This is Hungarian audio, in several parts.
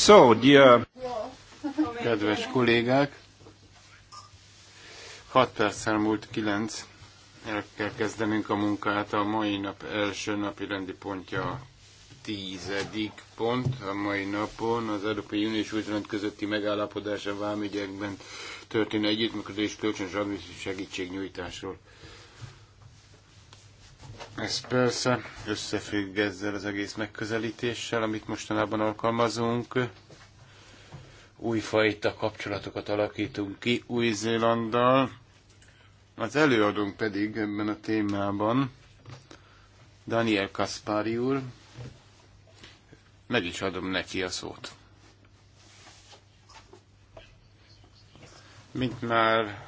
So, dear... Kedves kollégák, 6 perccel múlt 9, el kell kezdenünk a munkát. A mai nap első napi rendi pontja a tízedik pont a mai napon az Európai Uniós és közötti megállapodás a vámügyekben történő együttműködés kölcsönös adminisztrív segítségnyújtásról. Ez persze összefügg ezzel az egész megközelítéssel, amit mostanában alkalmazunk. Újfajta kapcsolatokat alakítunk ki Új-Zélanddal. Az előadónk pedig ebben a témában Daniel Kaspári úr. Meg is adom neki a szót. Mint már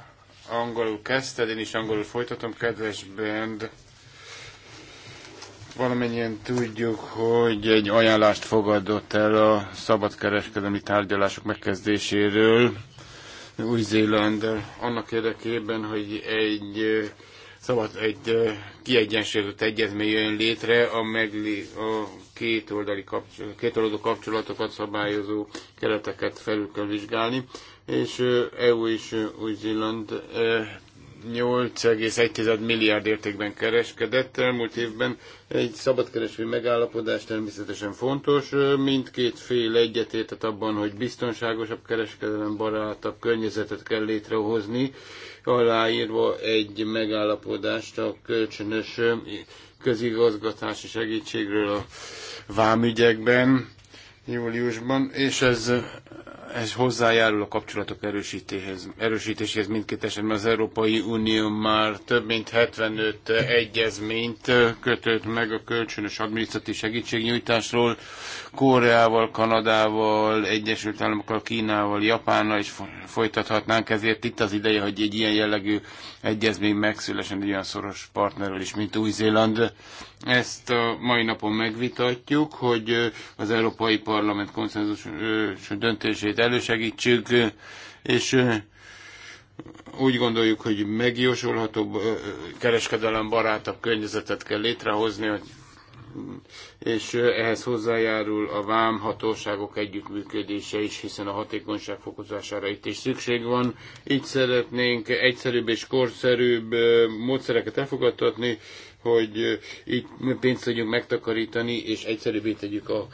angolul kezdted, én is angolul folytatom, kedves Bend Valamennyien tudjuk, hogy egy ajánlást fogadott el a szabadkereskedelmi tárgyalások megkezdéséről új zéland Annak érdekében, hogy egy szabad, egy kiegyensúlyozott egyezmény jön létre a, megli, a két, oldali kapcsol, két oldali kapcsolatokat szabályozó kereteket felül kell vizsgálni, és EU és Új-Zéland 8,1 milliárd értékben kereskedett elmúlt évben. Egy szabadkereső megállapodás természetesen fontos. Mindkét fél egyetértett abban, hogy biztonságosabb, kereskedelem barátabb környezetet kell létrehozni, aláírva egy megállapodást a kölcsönös közigazgatási segítségről a vámügyekben júliusban, és ez ez hozzájárul a kapcsolatok erősítéséhez mindkét esetben. Az Európai Unió már több mint 75 egyezményt kötött meg a kölcsönös adminisztratív segítségnyújtásról Koreával, Kanadával, Egyesült Államokkal, Kínával, Japánnal is folytathatnánk, ezért itt az ideje, hogy egy ilyen jellegű egyezmény megszülesen egy olyan szoros partnerrel is, mint Új-Zéland. Ezt a mai napon megvitatjuk, hogy az Európai Parlament konszenzus döntését elősegítsük, és úgy gondoljuk, hogy megjósolhatóbb kereskedelem barátabb környezetet kell létrehozni, és ehhez hozzájárul a vámhatóságok együttműködése is, hiszen a hatékonyság fokozására itt is szükség van. Így szeretnénk egyszerűbb és korszerűbb módszereket elfogadtatni, hogy így pénzt tudjunk megtakarítani, és egyszerűbbé tegyük a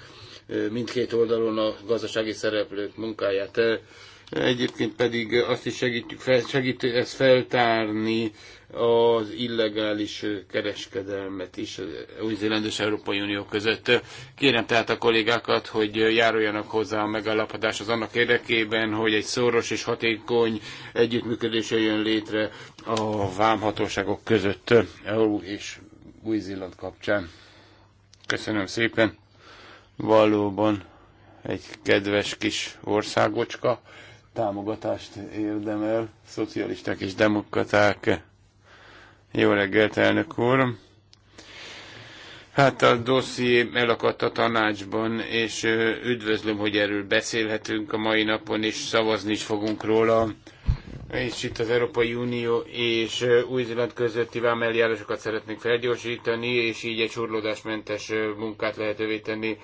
mindkét oldalon a gazdasági szereplők munkáját. Egyébként pedig azt is segítjük, fel, segít ezt feltárni, az illegális kereskedelmet is az Új-Zéland és Európai Unió között. Kérem tehát a kollégákat, hogy járuljanak hozzá a megállapodáshoz annak érdekében, hogy egy szoros és hatékony együttműködés jön létre a vámhatóságok között EU és Új-Zéland kapcsán. Köszönöm szépen. Valóban egy kedves kis országocska támogatást érdemel, szocialisták és demokraták jó reggelt, elnök úr! Hát a dosszié elakadt a tanácsban, és üdvözlöm, hogy erről beszélhetünk a mai napon, és szavazni is fogunk róla és itt az Európai Unió és Új-Zéland közötti vámeljárásokat szeretnénk felgyorsítani, és így egy surlódásmentes munkát lehetővé tenni.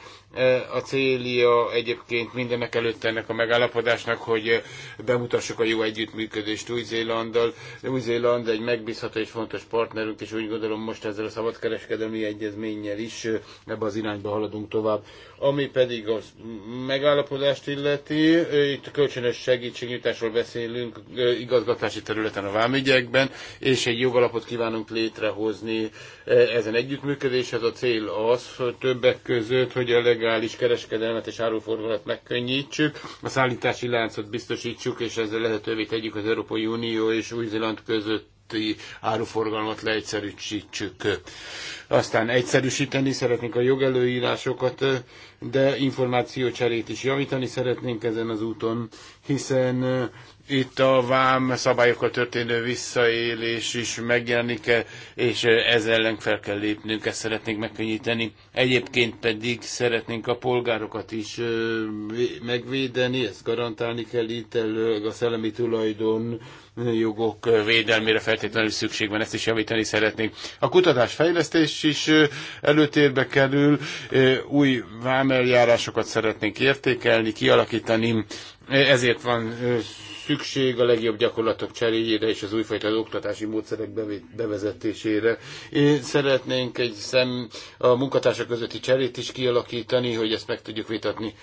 A célja egyébként mindenek előtt ennek a megállapodásnak, hogy bemutassuk a jó együttműködést Új-Zélanddal. Új-Zéland egy megbízható és fontos partnerünk, és úgy gondolom most ezzel a szabadkereskedelmi egyezménnyel is ebbe az irányba haladunk tovább. Ami pedig a megállapodást illeti, itt a kölcsönös segítségnyújtásról beszélünk igazgatási területen a vámügyekben, és egy jogalapot kívánunk létrehozni ezen együttműködéshez. A cél az hogy többek között, hogy a legális kereskedelmet és áruforgalmat megkönnyítsük, a szállítási láncot biztosítsuk, és ezzel lehetővé tegyük az Európai Unió és Új-Zéland között közötti áruforgalmat leegyszerűsítsük. Aztán egyszerűsíteni szeretnénk a jogelőírásokat, de információcserét is javítani szeretnénk ezen az úton, hiszen itt a vám szabályokkal történő visszaélés is megjelenik, és ez ellen fel kell lépnünk, ezt szeretnénk megkönnyíteni. Egyébként pedig szeretnénk a polgárokat is megvédeni, ezt garantálni kell itt a szellemi tulajdon jogok védelmére feltétlenül szükség van, ezt is javítani szeretnénk. A kutatás fejlesztés is előtérbe kerül, új vámeljárásokat szeretnénk értékelni, kialakítani, ezért van szükség a legjobb gyakorlatok cseréjére és az újfajta oktatási módszerek bevezetésére. Én szeretnénk egy szem a munkatársak közötti cserét is kialakítani, hogy ezt meg tudjuk vitatni.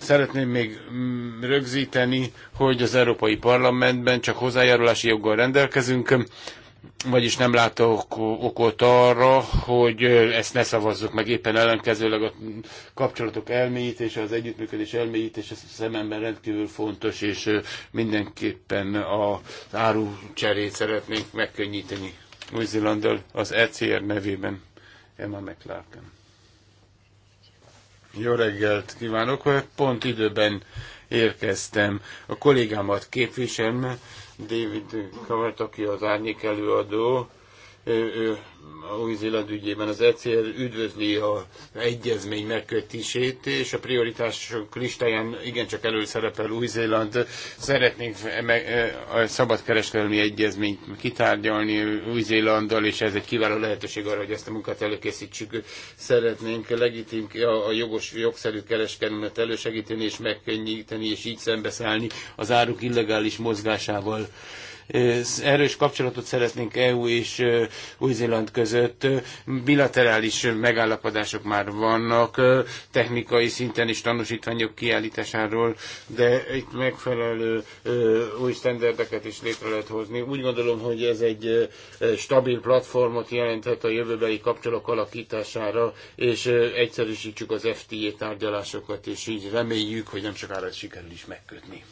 Szeretném még mm, rögzíteni, hogy az Európai Parlamentben csak hozzájárulási joggal rendelkezünk, vagyis nem látok okot arra, hogy ezt ne szavazzuk meg, éppen ellenkezőleg a kapcsolatok elmélyítése, az együttműködés elmélyítése szememben rendkívül fontos, és mindenképpen az árucserét szeretnénk megkönnyíteni. Új-Zélandal az ECR nevében Emma McLarken. Jó reggelt kívánok! Pont időben érkeztem. A kollégámat képviselme, David Kavart, aki az árnyék előadó, új-Zéland ügyében az ECR üdvözli a egyezmény megkötését, és a prioritások listáján igencsak előszerepel Új-Zéland. Szeretnénk a szabadkereskedelmi egyezményt kitárgyalni Új-Zélanddal, és ez egy kiváló lehetőség arra, hogy ezt a munkát előkészítsük. Szeretnénk legitim a jogos, jogszerű kereskedelmet elősegíteni és megkönnyíteni, és így szembeszállni az áruk illegális mozgásával erős kapcsolatot szeretnénk EU és Új-Zéland között. Bilaterális megállapodások már vannak, technikai szinten is tanúsítványok kiállításáról, de itt megfelelő új standardeket is létre lehet hozni. Úgy gondolom, hogy ez egy stabil platformot jelenthet a jövőbeli kapcsolatok alakítására, és egyszerűsítsük az FTA tárgyalásokat, és így reméljük, hogy nem sokára sikerül is megkötni.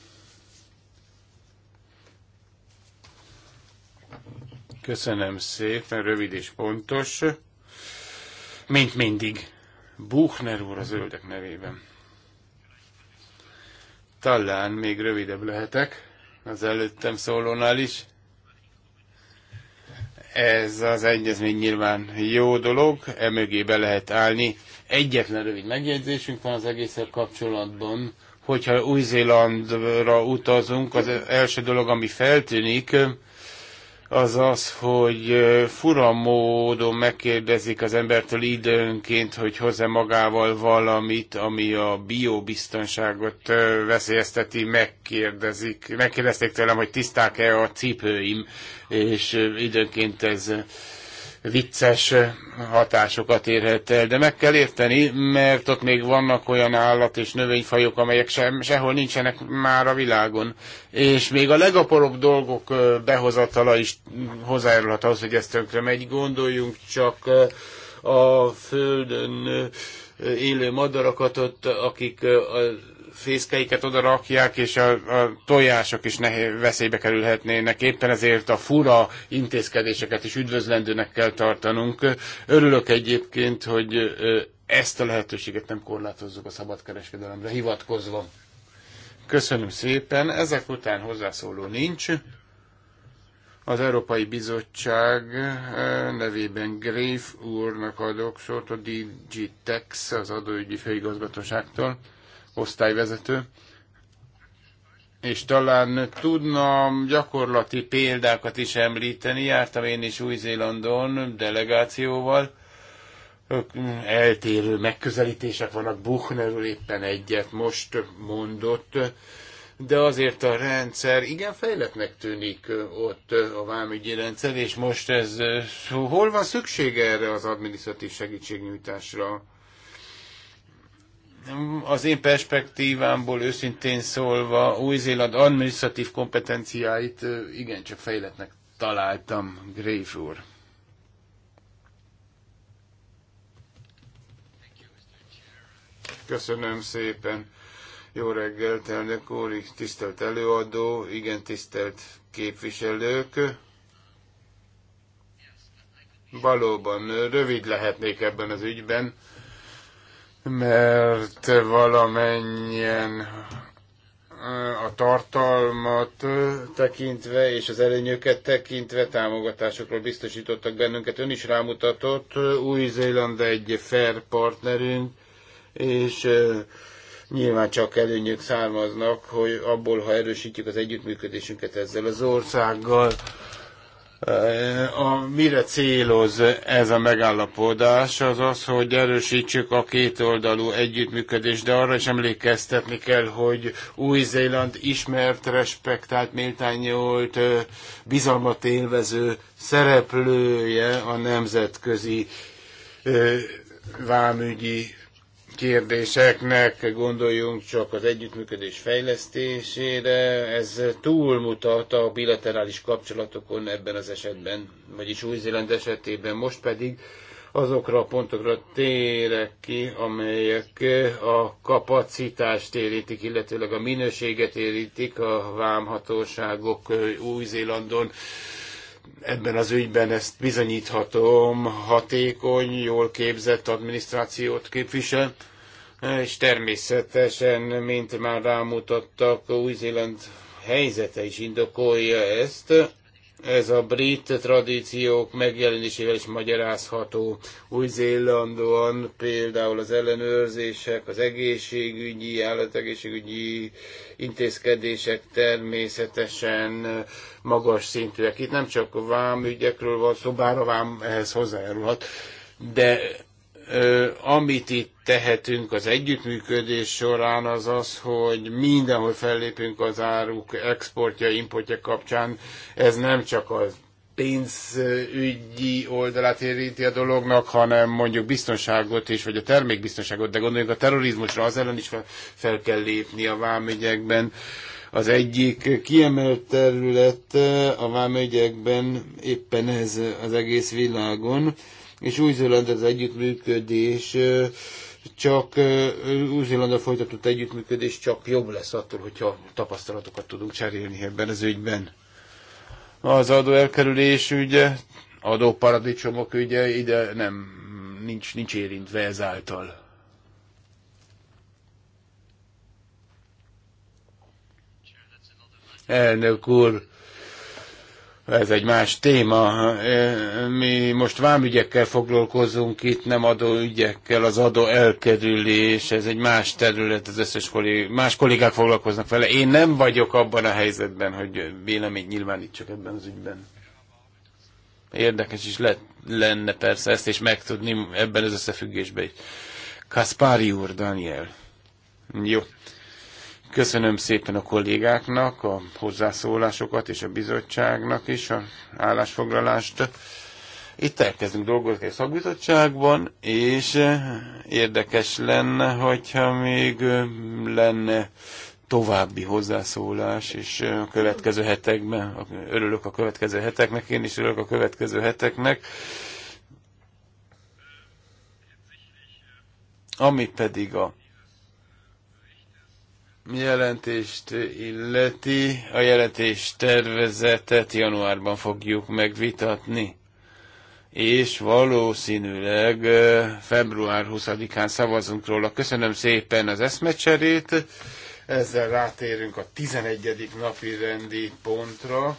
Köszönöm szépen, rövid és pontos. Mint mindig, Buchner úr a zöldek nevében. Talán még rövidebb lehetek az előttem szólónál is. Ez az egyezmény nyilván jó dolog, emögé be lehet állni. Egyetlen rövid megjegyzésünk van az egészen kapcsolatban, hogyha Új-Zélandra utazunk, az első dolog, ami feltűnik, az az, hogy fura módon megkérdezik az embertől időnként, hogy hozzá magával valamit, ami a biobiztonságot veszélyezteti, megkérdezik. Megkérdezték tőlem, hogy tiszták-e a cipőim, és időnként ez vicces hatásokat érhet el, de meg kell érteni, mert ott még vannak olyan állat és növényfajok, amelyek se, sehol nincsenek már a világon. És még a legaporobb dolgok behozatala is hozzájárulhat ahhoz, hogy ez tönkre megy. Gondoljunk csak a földön élő madarakat, ott, akik az fészkeiket oda rakják, és a, a tojások is nehé- veszélybe kerülhetnének. Éppen ezért a fura intézkedéseket is üdvözlendőnek kell tartanunk. Örülök egyébként, hogy ezt a lehetőséget nem korlátozzuk a szabadkereskedelemre hivatkozva. Köszönöm szépen. Ezek után hozzászóló nincs. Az Európai Bizottság nevében Grave úrnak adok szót a Digitex, Tex, az adóügyi főigazgatóságtól osztályvezető, és talán tudnom gyakorlati példákat is említeni. Jártam én is Új-Zélandon delegációval. Eltérő megközelítések vannak, Buchnerről éppen egyet most mondott, de azért a rendszer igen fejletnek tűnik ott a vámügyi rendszer, és most ez hol van szüksége erre az adminisztratív segítségnyújtásra? Az én perspektívámból őszintén szólva Új-Zéland administratív kompetenciáit igencsak fejletnek találtam, Gréf úr. Köszönöm szépen. Jó reggelt, elnök úr, tisztelt előadó, igen tisztelt képviselők. Valóban rövid lehetnék ebben az ügyben mert valamennyien a tartalmat tekintve és az előnyöket tekintve támogatásokról biztosítottak bennünket. Ön is rámutatott, Új-Zéland egy fair partnerünk, és nyilván csak előnyök származnak, hogy abból, ha erősítjük az együttműködésünket ezzel az országgal. Eh, a, mire céloz ez a megállapodás, az az, hogy erősítsük a kétoldalú együttműködést, de arra is emlékeztetni kell, hogy Új-Zéland ismert, respektált, méltányolt, eh, bizalmat élvező szereplője a nemzetközi eh, vámügyi kérdéseknek, gondoljunk csak az együttműködés fejlesztésére, ez túlmutat a bilaterális kapcsolatokon ebben az esetben, vagyis Új-Zéland esetében. Most pedig azokra a pontokra térek ki, amelyek a kapacitást érintik, illetőleg a minőséget érintik a vámhatóságok Új-Zélandon ebben az ügyben ezt bizonyíthatom, hatékony, jól képzett adminisztrációt képvisel, és természetesen, mint már rámutattak, Új-Zéland helyzete is indokolja ezt. Ez a brit tradíciók megjelenésével is magyarázható. Új-Zélandon például az ellenőrzések, az egészségügyi, állategészségügyi intézkedések természetesen magas szintűek. Itt nem csak vámügyekről van szó, bár a vám ehhez hozzájárulhat, de amit itt tehetünk az együttműködés során, az az, hogy mindenhol fellépünk az áruk exportja, importja kapcsán. Ez nem csak az pénzügyi oldalát érinti a dolognak, hanem mondjuk biztonságot is, vagy a termékbiztonságot, de gondoljunk a terrorizmusra, az ellen is fel, fel kell lépni a vámügyekben. Az egyik kiemelt terület a vámügyekben éppen ez az egész világon, és Új-Zéland az együttműködés csak Új-Zélandra folytatott együttműködés csak jobb lesz attól, hogyha tapasztalatokat tudunk cserélni ebben az ügyben. Az adó elkerülés ügye, paradicsomok ügye ide nem, nincs, nincs érintve ezáltal. Elnök úr, ez egy más téma. E, mi most vámügyekkel foglalkozunk itt, nem adóügyekkel, az adó elkerülés, ez egy más terület, az összes kollég, más kollégák foglalkoznak vele. Én nem vagyok abban a helyzetben, hogy véleményt nyilvánítsak ebben az ügyben. Érdekes is le, lenne persze ezt is megtudni ebben az összefüggésben is. Kaspári úr, Daniel. Jó. Köszönöm szépen a kollégáknak a hozzászólásokat és a bizottságnak is a állásfoglalást. Itt elkezdünk dolgozni a szakbizottságban, és eh, érdekes lenne, hogyha még eh, lenne további hozzászólás, és eh, a következő hetekben, örülök a következő heteknek, én is örülök a következő heteknek. Ami pedig a jelentést illeti, a jelentés tervezetet januárban fogjuk megvitatni, és valószínűleg február 20-án szavazunk róla. Köszönöm szépen az eszmecserét, ezzel rátérünk a 11. napi rendi pontra.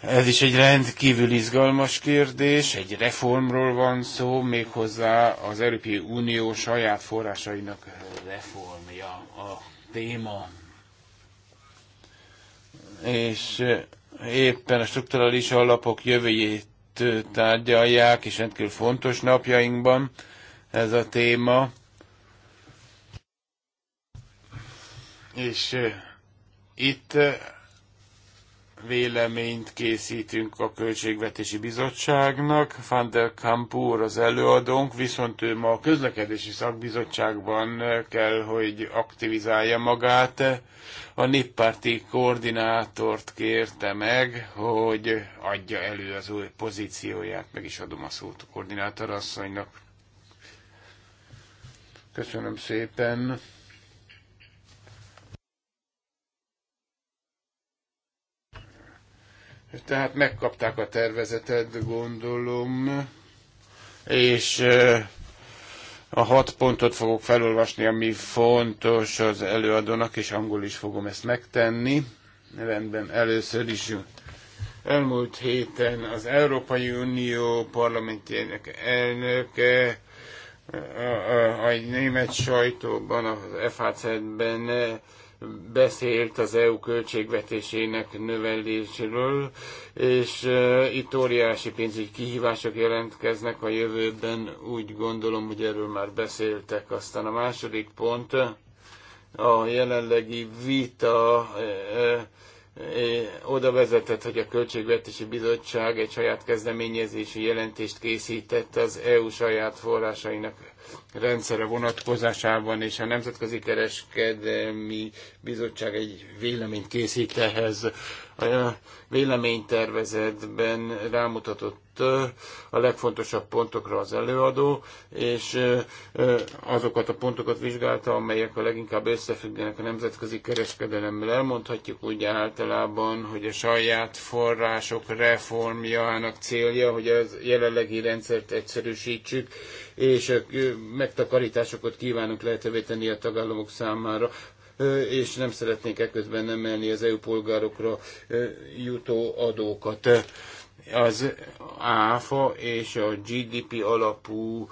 Ez is egy rendkívül izgalmas kérdés, egy reformról van szó, méghozzá az Európai Unió saját forrásainak reformja a téma. És eh, éppen a strukturális alapok jövőjét eh, tárgyalják, és rendkívül fontos napjainkban ez a téma. És eh, itt véleményt készítünk a Költségvetési Bizottságnak. Van der Kamp úr az előadónk, viszont ő ma a közlekedési szakbizottságban kell, hogy aktivizálja magát. A néppárti koordinátort kérte meg, hogy adja elő az új pozícióját. Meg is adom a szót a koordinátor asszonynak. Köszönöm szépen. Tehát megkapták a tervezetet, gondolom, és a hat pontot fogok felolvasni, ami fontos az előadónak, és angol is fogom ezt megtenni. Rendben, először is elmúlt héten az Európai Unió parlamentjének elnöke a, a, a, a német sajtóban, az FHC-ben beszélt az EU költségvetésének növelésről, és uh, itt óriási pénzügyi kihívások jelentkeznek a jövőben, úgy gondolom, hogy erről már beszéltek. Aztán a második pont, a jelenlegi vita uh, E, oda vezetett, hogy a Költségvetési Bizottság egy saját kezdeményezési jelentést készített az EU saját forrásainak rendszere vonatkozásában, és a Nemzetközi Kereskedelmi Bizottság egy véleményt készít ehhez. A véleménytervezetben rámutatott a legfontosabb pontokra az előadó, és azokat a pontokat vizsgálta, amelyek a leginkább összefüggenek a nemzetközi kereskedelemmel. Elmondhatjuk úgy általában, hogy a saját források reformjának célja, hogy az jelenlegi rendszert egyszerűsítsük, és megtakarításokat kívánunk lehetővé tenni a tagállamok számára és nem szeretnék eközben emelni az EU polgárokra jutó adókat az ÁFA és a GDP alapú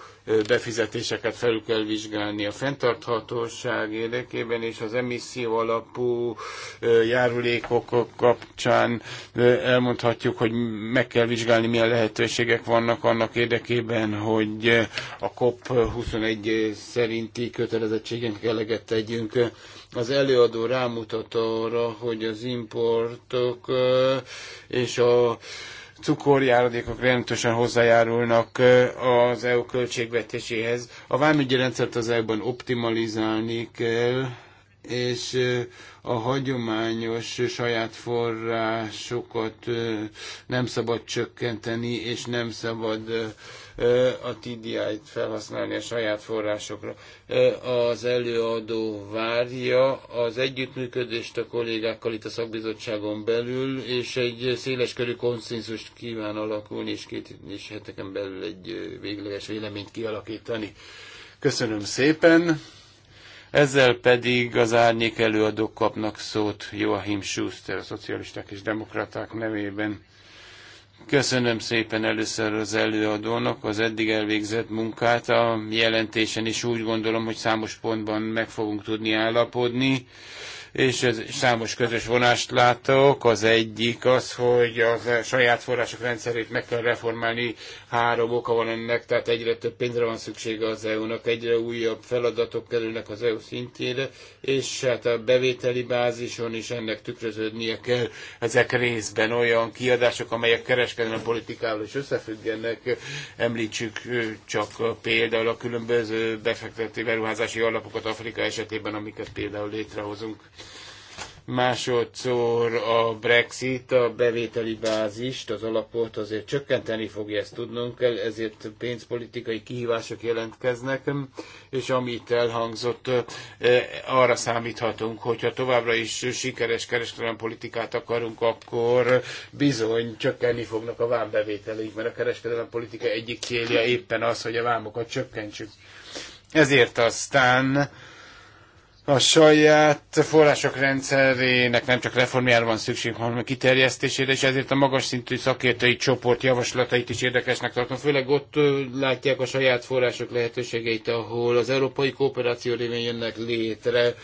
befizetéseket felül kell vizsgálni a fenntarthatóság érdekében, és az emisszió alapú járulékok kapcsán elmondhatjuk, hogy meg kell vizsgálni, milyen lehetőségek vannak annak érdekében, hogy a COP21 szerinti kötelezettségünk eleget tegyünk. Az előadó rámutat arra, hogy az importok és a cukorjáradékok rendősen hozzájárulnak az EU költségvetéséhez. A vámügyi rendszert az EU-ban optimalizálni kell, és a hagyományos saját forrásokat nem szabad csökkenteni, és nem szabad a TDI-t felhasználni a saját forrásokra. Az előadó várja az együttműködést a kollégákkal itt a szakbizottságon belül, és egy körű konszenzust kíván alakulni, és két és heteken belül egy végleges véleményt kialakítani. Köszönöm szépen! Ezzel pedig az árnyék előadók kapnak szót Joachim Schuster, a szocialisták és demokraták nevében. Köszönöm szépen először az előadónak az eddig elvégzett munkát. A jelentésen is úgy gondolom, hogy számos pontban meg fogunk tudni állapodni és ez számos közös vonást látok. Az egyik az, hogy a saját források rendszerét meg kell reformálni. Három oka van ennek, tehát egyre több pénzre van szüksége az EU-nak, egyre újabb feladatok kerülnek az EU szintjére, és hát a bevételi bázison is ennek tükröződnie kell. Ezek részben olyan kiadások, amelyek kereskedelmi politikával is összefüggenek. Említsük csak például a különböző befektető beruházási alapokat Afrika esetében, amiket például létrehozunk Másodszor a Brexit a bevételi bázist, az alapot azért csökkenteni fogja, ezt tudnunk kell, ezért pénzpolitikai kihívások jelentkeznek, és amit elhangzott, eh, arra számíthatunk, hogyha továbbra is sikeres kereskedelmi politikát akarunk, akkor bizony csökkenni fognak a vámbevételeink, mert a kereskedelmi politika egyik célja éppen az, hogy a vámokat csökkentsük. Ezért aztán a saját források rendszerének nem csak reformjára van szükség, hanem kiterjesztésére, és ezért a magas szintű szakértői csoport javaslatait is érdekesnek tartom. Főleg ott látják a saját források lehetőségeit, ahol az európai kooperáció révén jönnek létre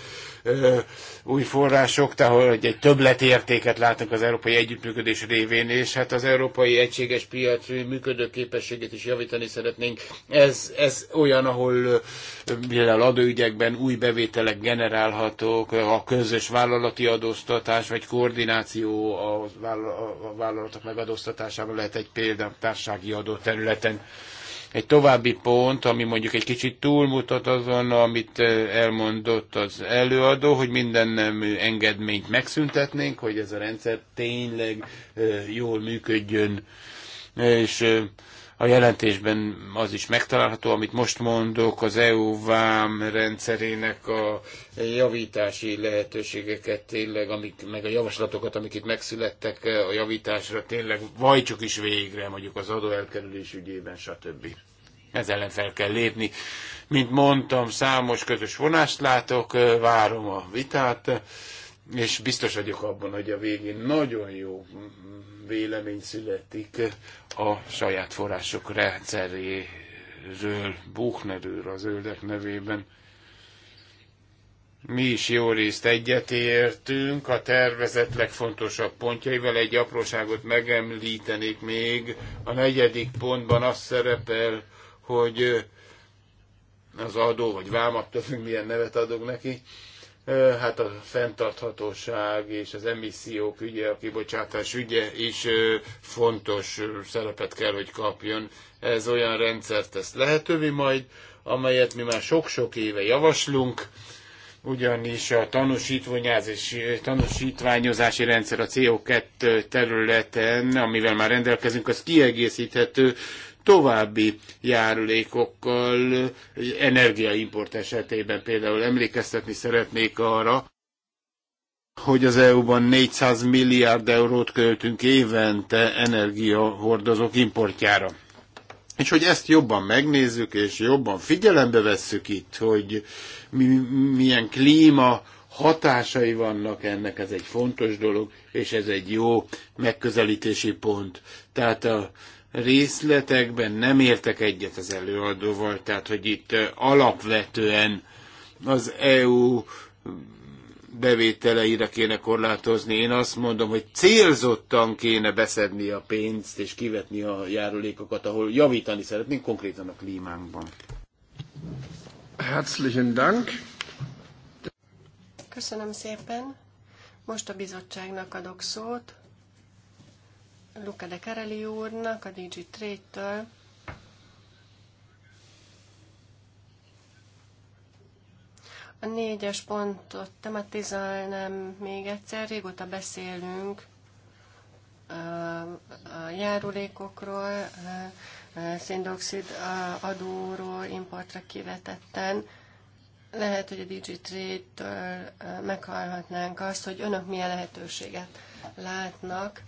új források, tehát egy többletértéket látunk az európai együttműködés révén, és hát az európai egységes piac működőképességét is javítani szeretnénk. Ez, ez olyan, ahol például adóügyekben új bevételek generálhatók, a közös vállalati adóztatás, vagy koordináció a vállalatok megadóztatásában lehet egy példa társági adó területen egy további pont, ami mondjuk egy kicsit túlmutat azon, amit eh, elmondott az előadó, hogy minden nemű engedményt megszüntetnénk, hogy ez a rendszer tényleg eh, jól működjön, és eh, a jelentésben az is megtalálható, amit most mondok, az EU vám rendszerének a javítási lehetőségeket tényleg, amik, meg a javaslatokat, amik itt megszülettek a javításra, tényleg csak is végre, mondjuk az adóelkerülés ügyében, stb. Ez ellen fel kell lépni. Mint mondtam, számos közös vonást látok, várom a vitát és biztos vagyok abban, hogy a végén nagyon jó vélemény születik a saját források rendszeréről, Buchnerről, az öldek nevében. Mi is jó részt egyetértünk a tervezet legfontosabb pontjaival. Egy apróságot megemlítenék még. A negyedik pontban az szerepel, hogy az adó, vagy vámat, milyen nevet adok neki, hát a fenntarthatóság és az emissziók ügye, a kibocsátás ügye is fontos szerepet kell, hogy kapjon. Ez olyan rendszert tesz lehetővé majd, amelyet mi már sok-sok éve javaslunk, ugyanis a tanúsítványozási, rendszer a CO2 területen, amivel már rendelkezünk, az kiegészíthető további járulékokkal, energiaimport esetében például emlékeztetni szeretnék arra, hogy az EU-ban 400 milliárd eurót költünk évente energiahordozók importjára. És hogy ezt jobban megnézzük, és jobban figyelembe vesszük itt, hogy mi, milyen klíma hatásai vannak ennek, ez egy fontos dolog, és ez egy jó megközelítési pont. Tehát a részletekben nem értek egyet az előadóval, tehát hogy itt alapvetően az EU bevételeire kéne korlátozni. Én azt mondom, hogy célzottan kéne beszedni a pénzt és kivetni a járulékokat, ahol javítani szeretnénk konkrétan a klímánkban. Herzlichen Dank. Köszönöm szépen. Most a bizottságnak adok szót. Luca de Carelli úrnak, a DG Trade-től. A négyes pontot tematizálnám még egyszer. Régóta beszélünk a járulékokról, széndiokszid adóról importra kivetetten. Lehet, hogy a DigiTrade-től meghallhatnánk azt, hogy önök milyen lehetőséget látnak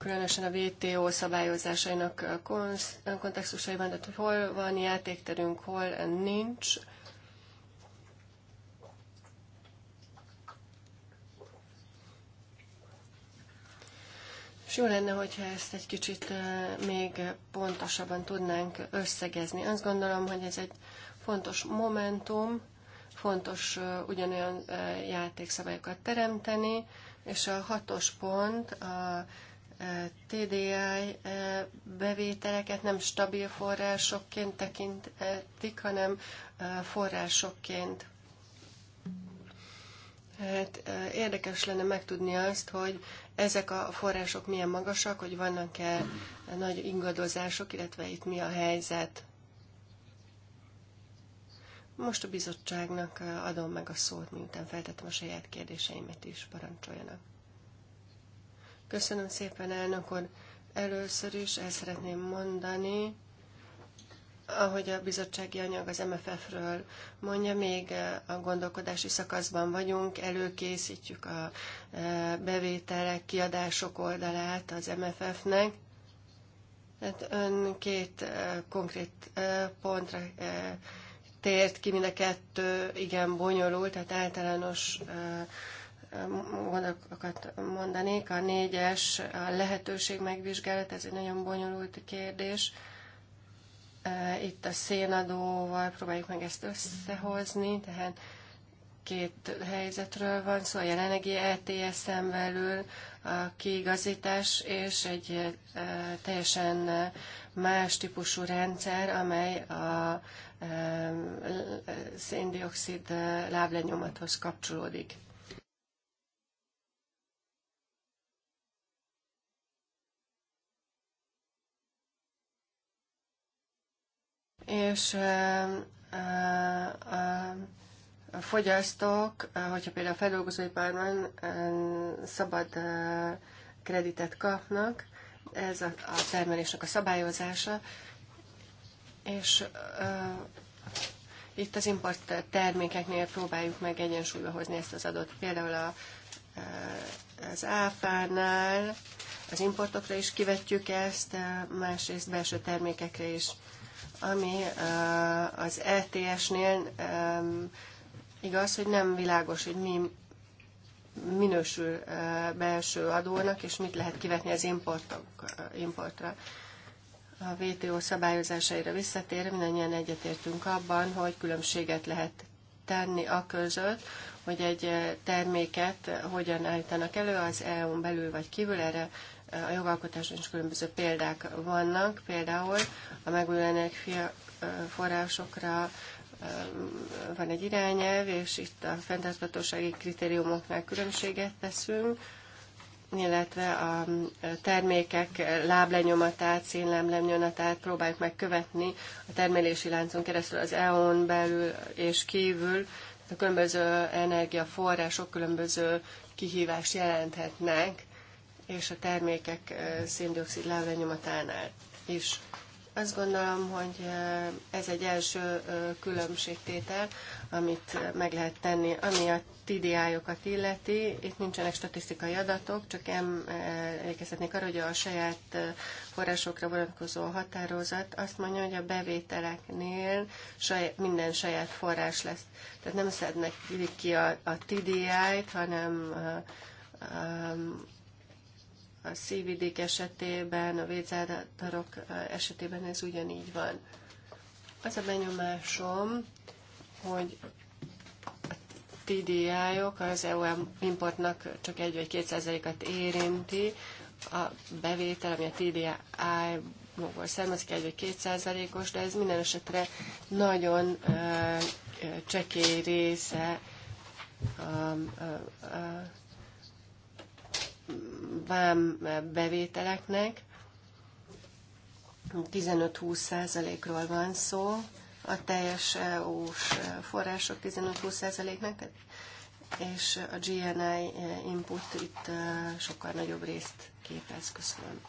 különösen a WTO szabályozásainak kontextusaiban, tehát hogy hol van játékterünk, hol nincs. És jó lenne, hogyha ezt egy kicsit még pontosabban tudnánk összegezni. Azt gondolom, hogy ez egy fontos momentum, fontos ugyanolyan játékszabályokat teremteni, és a hatos pont a TDI bevételeket nem stabil forrásokként tekintik, hanem forrásokként. Hát érdekes lenne megtudni azt, hogy ezek a források milyen magasak, hogy vannak-e nagy ingadozások, illetve itt mi a helyzet. Most a bizottságnak adom meg a szót, miután feltettem a saját kérdéseimet is, parancsoljanak. Köszönöm szépen, elnök úr. Először is el szeretném mondani, ahogy a bizottsági anyag az MFF-ről mondja, még eh, a gondolkodási szakaszban vagyunk, előkészítjük a eh, bevételek, kiadások oldalát az MFF-nek. Hát ön két eh, konkrét pontra tért ki, mind a kettő igen bonyolult, tehát általános gondolatokat mondanék. A négyes a lehetőség megvizsgálat, ez egy nagyon bonyolult kérdés. E, itt a szénadóval próbáljuk meg ezt összehozni, tehát két helyzetről van szó, szóval a jelenlegi ETS-en belül a kiigazítás és egy e, teljesen más típusú rendszer, amely a e, széndiokszid láblenyomathoz kapcsolódik. és a fogyasztók, hogyha például a feldolgozóiparban szabad kreditet kapnak, ez a termelésnek a szabályozása, és itt az import termékeknél próbáljuk meg egyensúlyba hozni ezt az adott. Például a, az áfánál az importokra is kivetjük ezt, másrészt belső termékekre is ami eh, az ETS-nél eh, igaz, hogy nem világos, hogy mi minősül eh, belső adónak, és mit lehet kivetni az importok, importra. A WTO szabályozásaira visszatér, mindannyian egyetértünk abban, hogy különbséget lehet tenni a között, hogy egy terméket hogyan állítanak elő az EU-n belül vagy kívül, erre a jogalkotáson is különböző példák vannak, például a megújuló forrásokra van egy irányelv, és itt a fenntarthatósági kritériumoknál különbséget teszünk, illetve a termékek láblenyomatát, szénláblenyomatát próbáljuk megkövetni a termelési láncon keresztül az EON belül és kívül. A különböző energiaforrások különböző kihívást jelenthetnek és a termékek széndiokszid láblenyomatánál is. Azt gondolom, hogy ez egy első különbségtétel, amit meg lehet tenni, ami a tdi illeti. Itt nincsenek statisztikai adatok, csak emlékeztetnék arra, hogy a saját forrásokra vonatkozó határozat azt mondja, hogy a bevételeknél saját minden saját forrás lesz. Tehát nem szednek ki a, a TDI-t, hanem a, a, a szívvidék esetében, a vécáratarok esetében ez ugyanígy van. Az a benyomásom, hogy a TDI-ok az EU importnak csak 1 vagy 2 százalékat érinti, a bevétel, ami a TDI magból származik, 1 vagy 2 százalékos, de ez minden esetre nagyon csekély része a, a, a vám bevételeknek. 15-20 százalékról van szó, a teljes EU-s források 15-20 százaléknek, és a GNI input itt sokkal nagyobb részt képez. Köszönöm.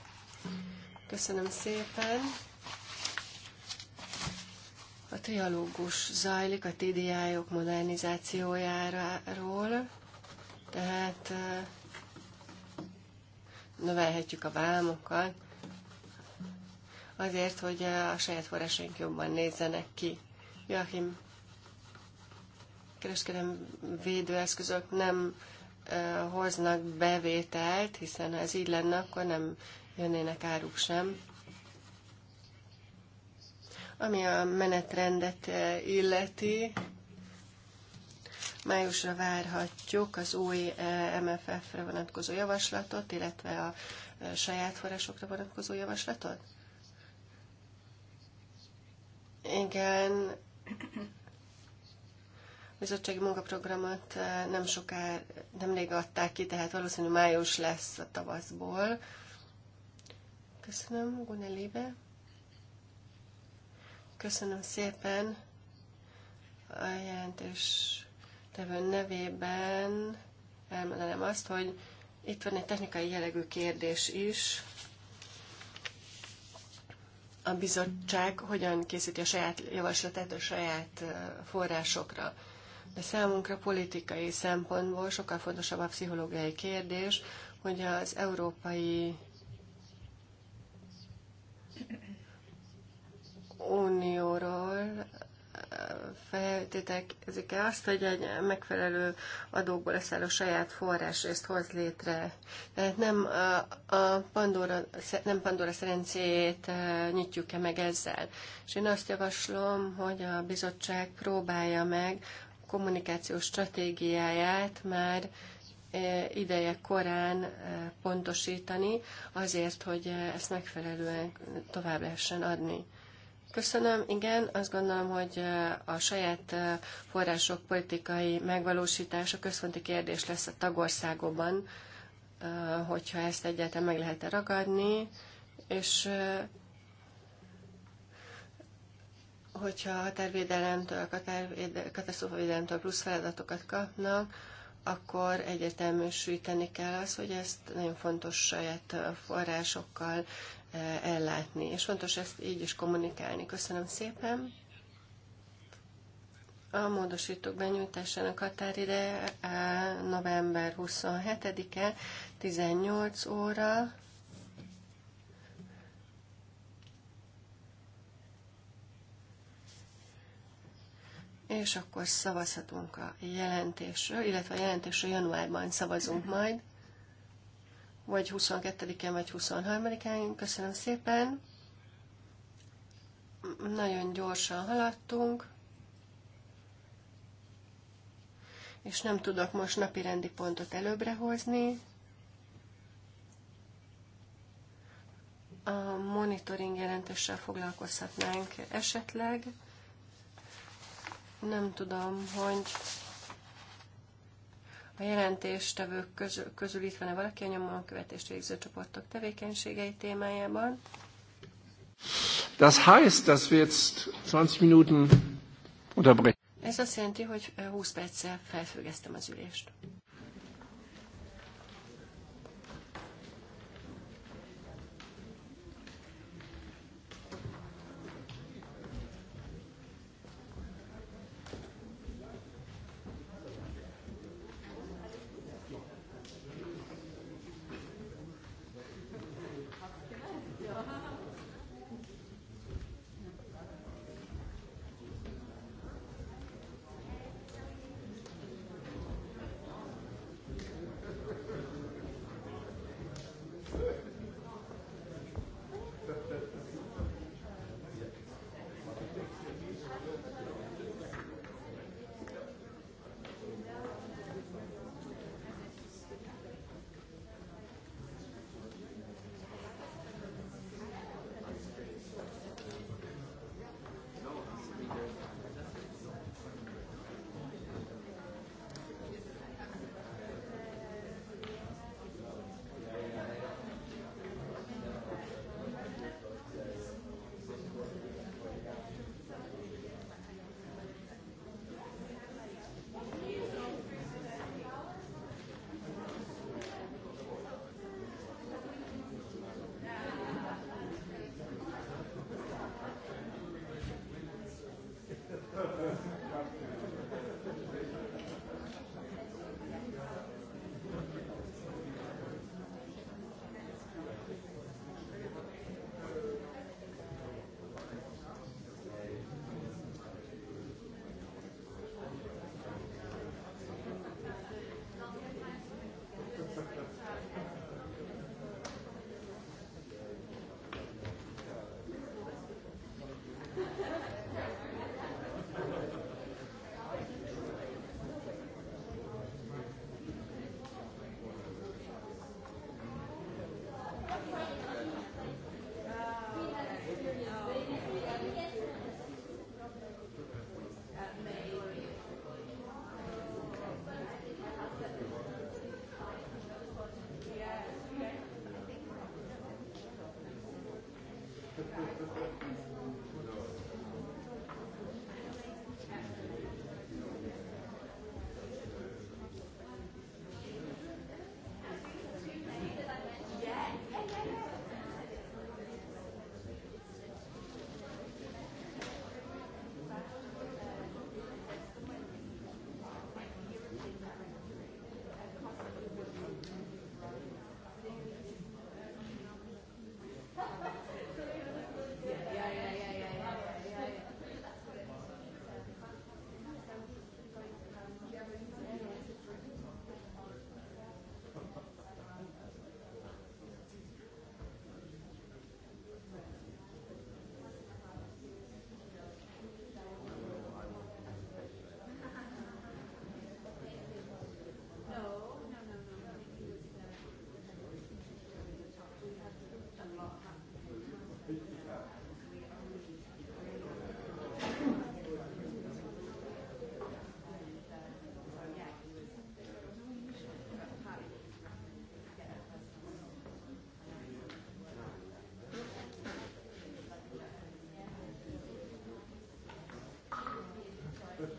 Köszönöm szépen. A trialógus zajlik a TDI-ok -ok modernizációjáról, tehát növelhetjük a vámokat, azért, hogy a saját forrásaink jobban nézzenek ki. Joachim, kereskedem védőeszközök nem hoznak bevételt, hiszen ha ez így lenne, akkor nem jönnének áruk sem. Ami a menetrendet illeti, Májusra várhatjuk az új e, MFF-re vonatkozó javaslatot, illetve a e, saját forrásokra vonatkozó javaslatot? Igen, bizottsági munkaprogramot e, nem nem nemrég adták ki, tehát valószínű május lesz a tavaszból. Köszönöm, Gunelibe. Köszönöm szépen a jelentés tevő nevében elmondanám azt, hogy itt van egy technikai jellegű kérdés is. A bizottság hogyan készíti a saját javaslatát a saját forrásokra. De számunkra politikai szempontból sokkal fontosabb a pszichológiai kérdés, hogy az Európai Unióról feltételezik-e azt, hogy egy megfelelő adókból a saját forrásrészt hoz létre. Tehát nem a, a Pandora, nem Pandora szerencéjét e, nyitjuk-e meg ezzel. És én azt javaslom, hogy a bizottság próbálja meg a kommunikációs stratégiáját már e, ideje korán e, pontosítani, azért, hogy ezt megfelelően tovább lehessen adni. Köszönöm, igen, azt gondolom, hogy a saját források politikai megvalósítása központi kérdés lesz a tagországokban, hogyha ezt egyáltalán meg lehet -e ragadni, és hogyha a határvédelemtől, katasztrófavédelemtől plusz feladatokat kapnak, akkor egyértelműsíteni kell az, hogy ezt nagyon fontos saját forrásokkal ellátni, és fontos ezt így is kommunikálni. Köszönöm szépen! A módosítók benyújtásának határideje eh, november 27-e, 18 óra. És akkor szavazhatunk a jelentésről, illetve a jelentésről januárban szavazunk majd vagy 22 en vagy 23-án. Köszönöm szépen. Nagyon gyorsan haladtunk. És nem tudok most napi rendi pontot előbbre hozni. A monitoring jelentéssel foglalkozhatnánk esetleg. Nem tudom, hogy a jelentéstevők közül, közül itt van-e valaki a követést végző csoportok tevékenységei témájában? Das heißt, dass wir jetzt 20 Minuten unterbrechen. Ez azt jelenti, hogy 20 perccel felfüggesztem az ülést.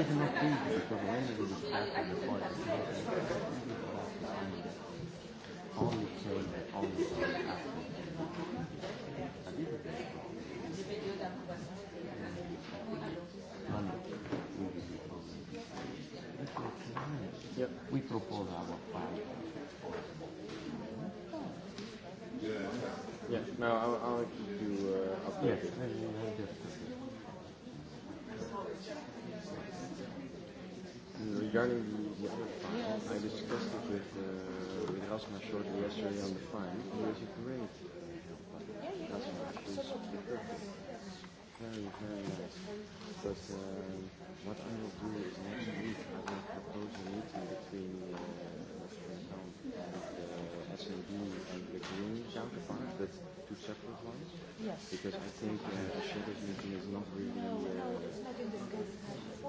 Yeah. no, Now I'll, I'll do you uh, updated. Yeah. regarding the, the other file, yes. I discussed it with, uh, with Rasmus shortly yesterday on the file. He was great. Rasmus uh, was perfect. Very, very nice. But um, what I will do is next week I will propose a meeting between uh, the uh, S&D and the Green counterpart, but two separate ones. Yes. Because I think uh, a shadow meeting is not really... Uh,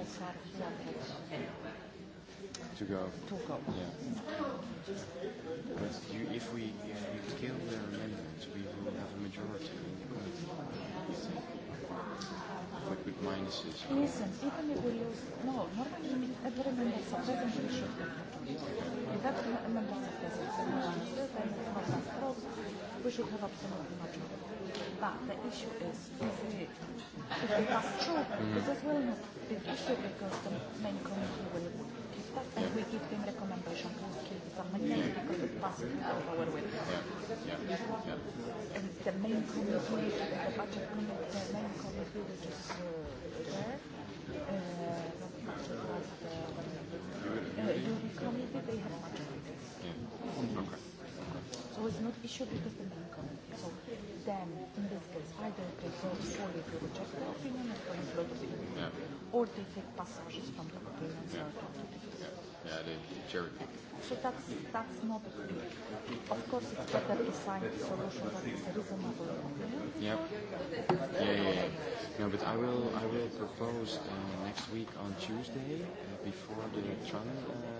pensar to go. To go. Yeah. But you, if we if kill their amendments, we will have a majority. But with minuses. Listen, even if we lose, no, not normally every member of state doesn't should If every member state doesn't, then we should have absolute majority. But the issue is, is it, if it was true, mm. this will not be issue because the main committee will keep that and we give them recommendation to keep some mandate because it passed out our will. Yeah. Yeah. Yeah. And the main committee, the budget committee, the main committee which is uh, there, uh, not uh, committee, they have budget. Yeah. Okay. So it's not issue because the main committee. So them in this case either they go solely to reject their opinion or they the opinion, yeah. or they take passages from the opinion and yeah. yeah. yeah, they, cherry pick. So that's, that's not a good Of course, it's better to find a solution that is reasonable. Yeah. Yeah, yeah, yeah. No, but I will, I will propose uh, next week on Tuesday uh, before the Tran uh,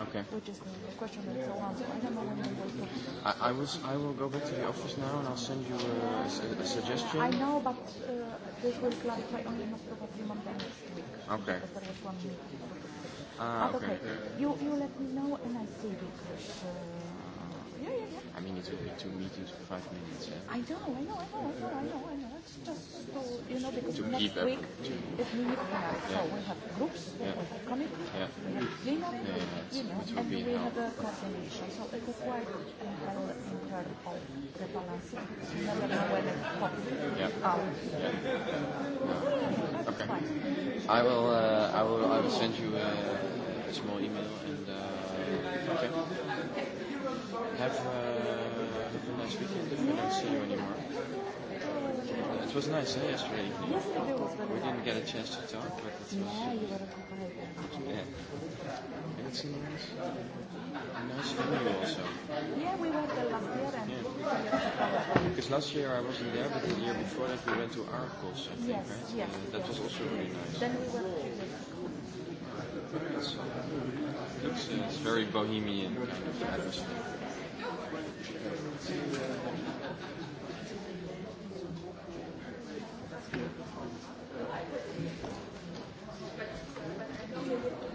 Okay. I I, was, I will go back to the office now and I'll send you a, a, a suggestion. I know, but uh, this will clarify only most probably Monday next week. Okay. there was one meeting. Ah, ah, okay. okay. You, you let me know and I see because... Uh, I mean, it's only two meetings for five minutes. Yeah? I know, I know, I know, I know, I know, I know. It's just to, you know, because to next keep week to... if we need cleanup, yeah. so we have groups, yeah. we have coming, yeah. we have cleanup, yeah, yeah, you know, and we help. have a coordination. So it is quite well in terms of the balancing. You never know when it pops yeah. out. Yeah. No. That's okay. fine. I will, uh, I will, I will send you a, a small email and. Uh, okay. Have, uh, a nice weekend if we? don't see you anymore. Uh, It was nice, eh, yesterday evening? Yesterday was very We didn't get a chance to talk, but it was... Yeah, you were occupied. Yeah. And it's a nice, a nice venue also. Yeah, we went there last year. And yeah. Because last year I wasn't there, but the year before that we went to Arcos, I think, yes, right? Yes, uh, That yes. was also really nice. Then we went to It's, uh, it's very bohemian kind of atmosphere. Thank you.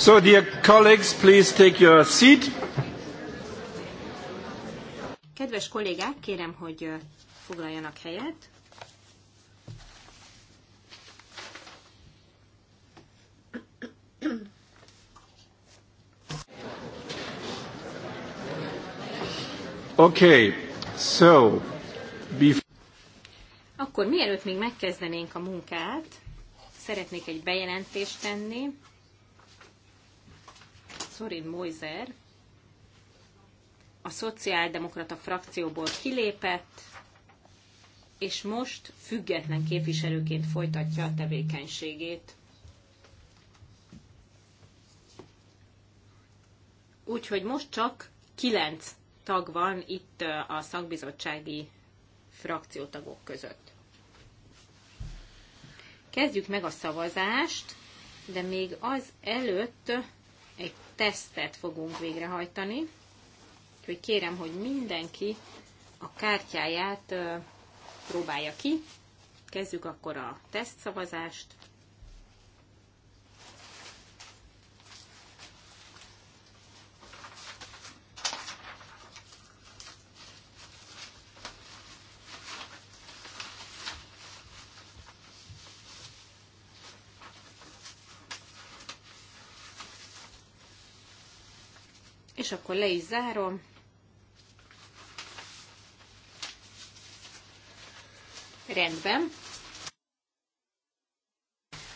So, dear colleagues, please take your seat. Kedves kollégák, kérem, hogy foglaljanak helyet. Okay, so before... Akkor mielőtt még megkezdenénk a munkát, szeretnék egy bejelentést tenni Sorin Moiser a szociáldemokrata frakcióból kilépett, és most független képviselőként folytatja a tevékenységét. Úgyhogy most csak kilenc tag van itt a szakbizottsági frakciótagok között. Kezdjük meg a szavazást, de még az előtt egy tesztet fogunk végrehajtani. Úgyhogy kérem, hogy mindenki a kártyáját próbálja ki. Kezdjük akkor a tesztszavazást. és akkor le is zárom. Rendben.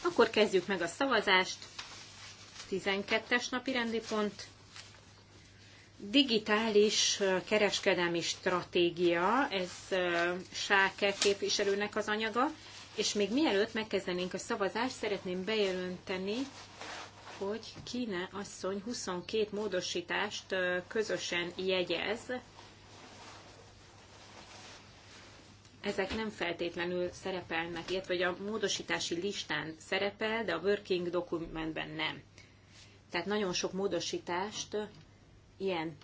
Akkor kezdjük meg a szavazást. 12-es napi rendi pont. Digitális kereskedelmi stratégia, ez Sáke képviselőnek az anyaga, és még mielőtt megkezdenénk a szavazást, szeretném bejelönteni, hogy kine asszony 22 módosítást közösen jegyez. Ezek nem feltétlenül szerepelnek, illetve hogy a módosítási listán szerepel, de a working dokumentben nem. Tehát nagyon sok módosítást ilyen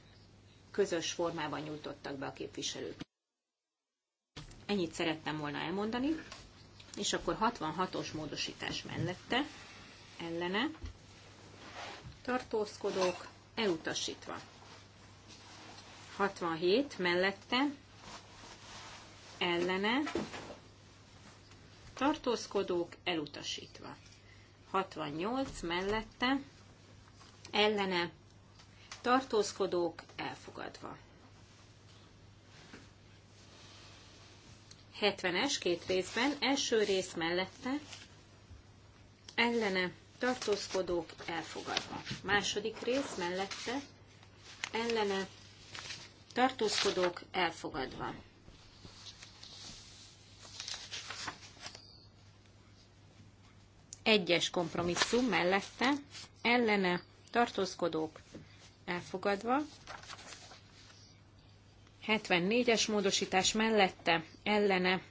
közös formában nyújtottak be a képviselők. Ennyit szerettem volna elmondani, és akkor 66-os módosítás mellette ellene tartózkodók, elutasítva. 67 mellette, ellene, tartózkodók, elutasítva. 68 mellette, ellene, tartózkodók, elfogadva. 70-es két részben, első rész mellette, ellene, tartózkodók elfogadva. Második rész mellette ellene tartózkodók elfogadva. Egyes kompromisszum mellette ellene tartózkodók elfogadva. 74-es módosítás mellette ellene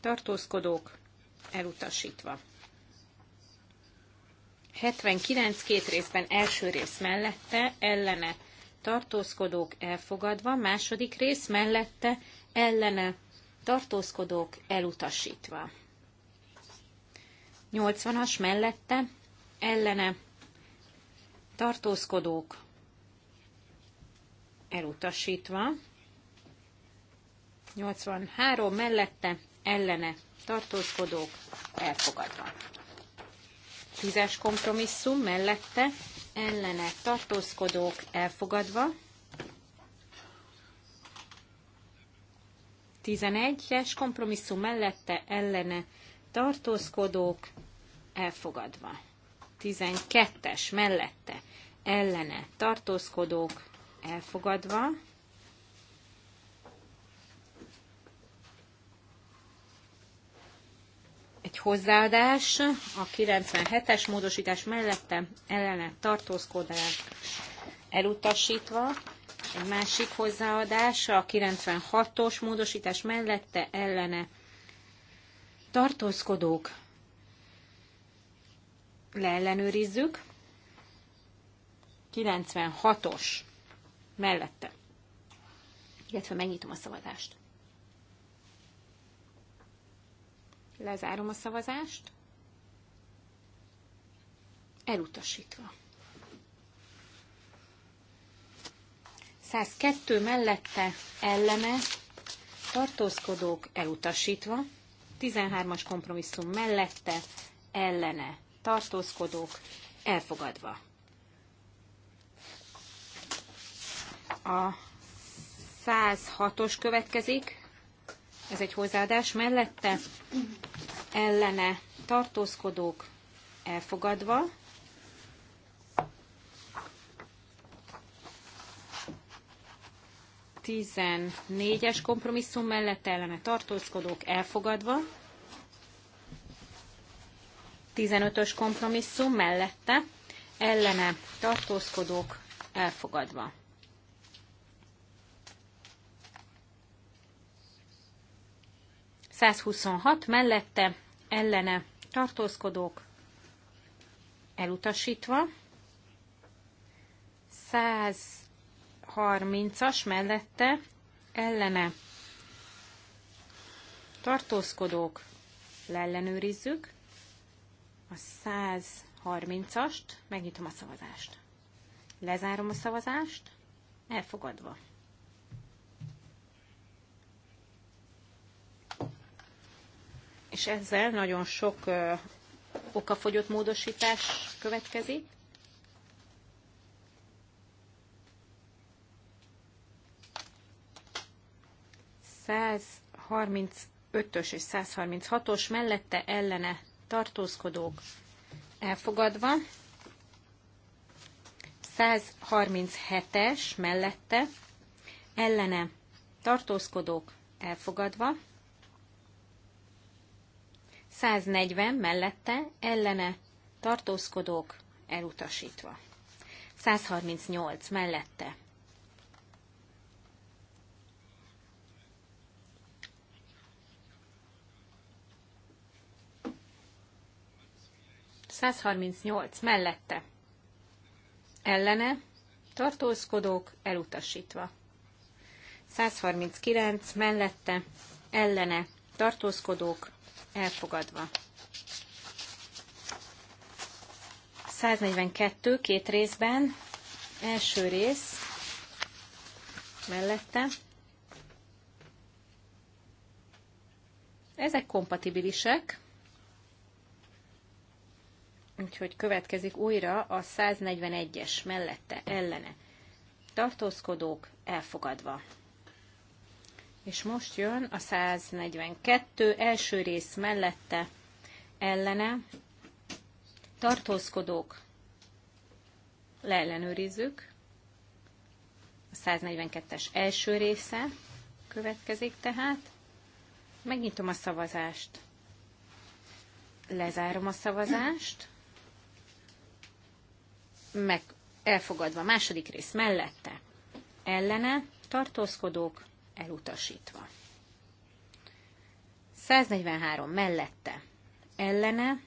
tartózkodók elutasítva. 79 két részben első rész mellette, ellene tartózkodók elfogadva, második rész mellette, ellene tartózkodók elutasítva. 80-as mellette, ellene tartózkodók elutasítva, 83 mellette, ellene tartózkodók elfogadva. Tízes kompromisszum mellette ellene tartózkodók elfogadva. 11-es kompromisszum mellette ellene tartózkodók elfogadva. 12-es mellette ellene tartózkodók elfogadva. egy hozzáadás a 97-es módosítás mellette ellene tartózkodás elutasítva, egy másik hozzáadás a 96-os módosítás mellette ellene tartózkodók leellenőrizzük, 96-os mellette. Illetve megnyitom a szavazást. Lezárom a szavazást. Elutasítva. 102 mellette elleme tartózkodók elutasítva, 13-as kompromisszum mellette ellene tartózkodók elfogadva. A 106-os következik, ez egy hozzáadás mellette, ellene tartózkodók elfogadva, tizennégyes kompromisszum mellett ellene tartózkodók elfogadva, 15-ös kompromisszum mellette ellene tartózkodók elfogadva. 126 mellette ellene tartózkodók elutasítva, 130-as mellette ellene tartózkodók leellenőrizzük a 130-ast, megnyitom a szavazást. Lezárom a szavazást, elfogadva. és ezzel nagyon sok okafogyott módosítás következik. Száz 135-ös és 136-os mellette ellene tartózkodók elfogadva, 137-es mellette ellene tartózkodók elfogadva, 140 mellette ellene tartózkodók elutasítva. 138 mellette Százharmincnyolc mellette ellene tartózkodók elutasítva. 139 mellette ellene tartózkodók elfogadva. 142 két részben, első rész mellette. Ezek kompatibilisek, úgyhogy következik újra a 141-es mellette ellene. Tartózkodók elfogadva. És most jön a 142 első rész mellette ellene tartózkodók leellenőrizzük. A 142-es első része következik tehát. Megnyitom a szavazást. Lezárom a szavazást. Meg elfogadva a második rész mellette. Ellene tartózkodók elutasítva. 143 mellette ellene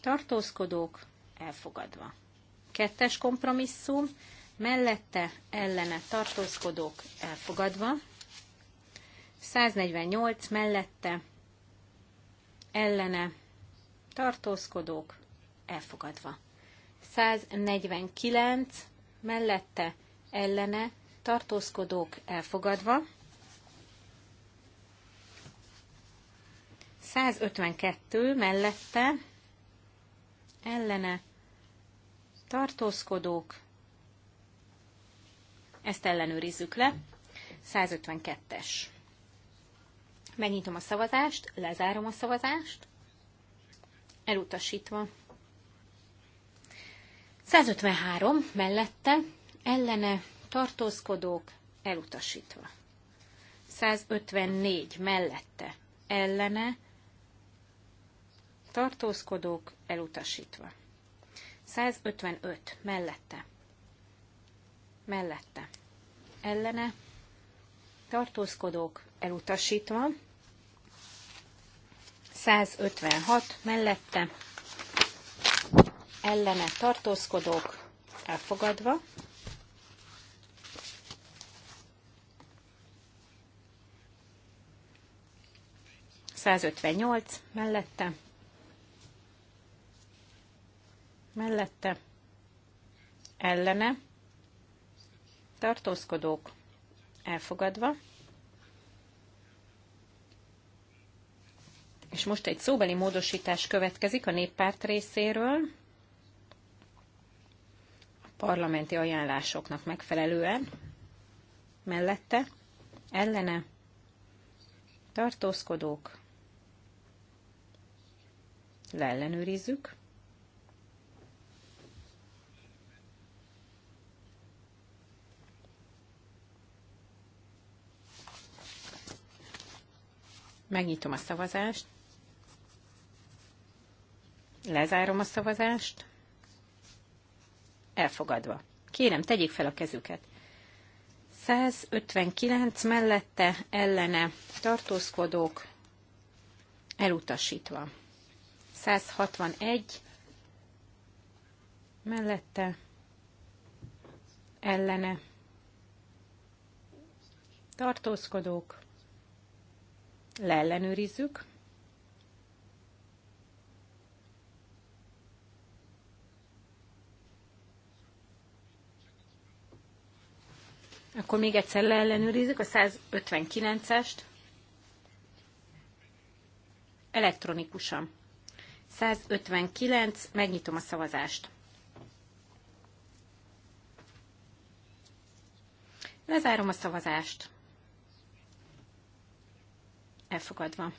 tartózkodók elfogadva. Kettes kompromisszum mellette ellene tartózkodók elfogadva. 148 mellette ellene tartózkodók elfogadva. 149 mellette ellene tartózkodók elfogadva. 152 mellette ellene tartózkodók, ezt ellenőrizzük le, 152-es. Megnyitom a szavazást, lezárom a szavazást, elutasítva. 153 mellette ellene tartózkodók elutasítva. 154 mellette ellene tartózkodók elutasítva. 155 mellette mellette ellene tartózkodók elutasítva. 156 mellette ellene tartózkodók elfogadva. 158 mellette, mellette, ellene, tartózkodók elfogadva, és most egy szóbeli módosítás következik a néppárt részéről, a parlamenti ajánlásoknak megfelelően, mellette, ellene, tartózkodók, leellenőrizzük. Megnyitom a szavazást. Lezárom a szavazást. Elfogadva. Kérem, tegyék fel a kezüket. 159 mellette ellene tartózkodók elutasítva. 161 mellette ellene tartózkodók, leellenőrizzük. Akkor még egyszer leellenőrizzük a 159-est elektronikusan. 159, megnyitom a szavazást. Lezárom a szavazást. Elfogadva.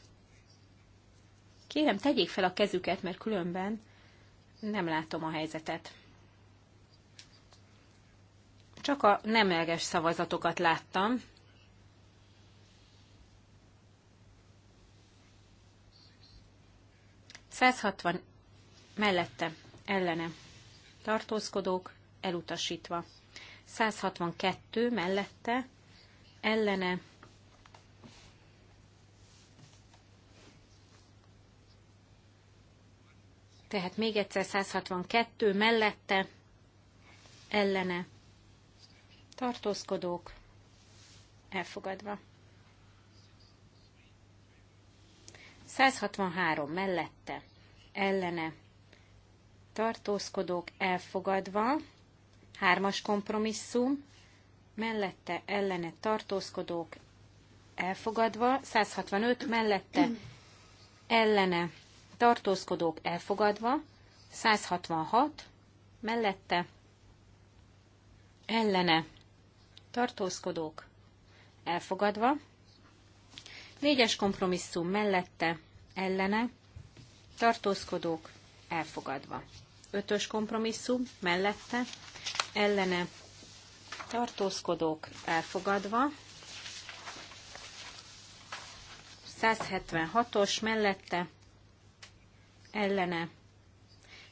Kérem, tegyék fel a kezüket, mert különben nem látom a helyzetet. Csak a nemleges szavazatokat láttam. 160 mellette ellene tartózkodók elutasítva. 162 mellette ellene tehát még egyszer 162 mellette ellene tartózkodók elfogadva. 163 mellette ellene tartózkodók elfogadva, hármas kompromisszum, mellette ellene tartózkodók elfogadva, 165 mellette ellene tartózkodók elfogadva, 166 mellette ellene tartózkodók elfogadva, négyes kompromisszum mellette ellene tartózkodók elfogadva. Ötös kompromisszum mellette ellene tartózkodók elfogadva. 176-os mellette ellene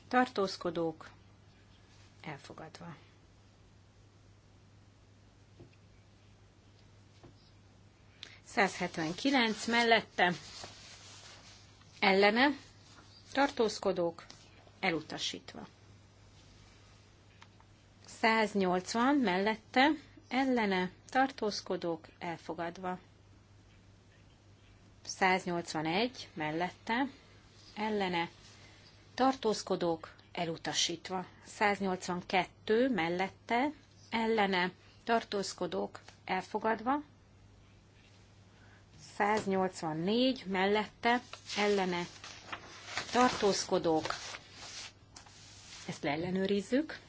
tartózkodók elfogadva. Száz mellette ellene tartózkodók elutasítva. 180 mellette ellene tartózkodók elfogadva. 181 mellette ellene tartózkodók elutasítva. 182 mellette ellene tartózkodók elfogadva. 184 mellette ellene tartózkodók, ezt leellenőrizzük.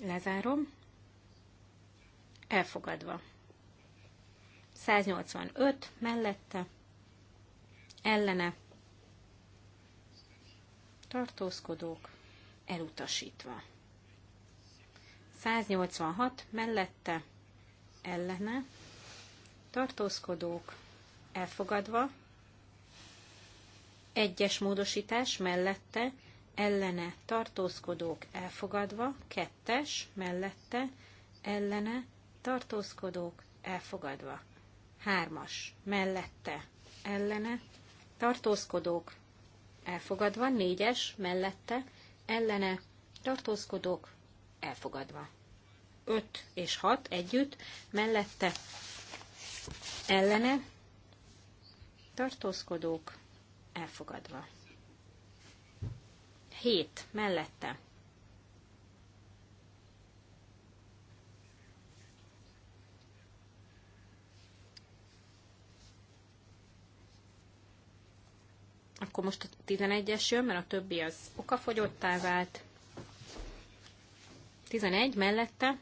Lezárom. Elfogadva. 185 mellette, ellene, tartózkodók, elutasítva. 186 mellette, ellene, tartózkodók elfogadva, egyes módosítás mellette, ellene tartózkodók elfogadva, kettes mellette, ellene tartózkodók elfogadva, hármas mellette, ellene tartózkodók elfogadva, négyes mellette, ellene tartózkodók elfogadva. 5 és 6 együtt, mellette ellene tartózkodók elfogadva. 7 mellette akkor most a 11-es jön, mert a többi az okafogyottá vált. 11 mellette,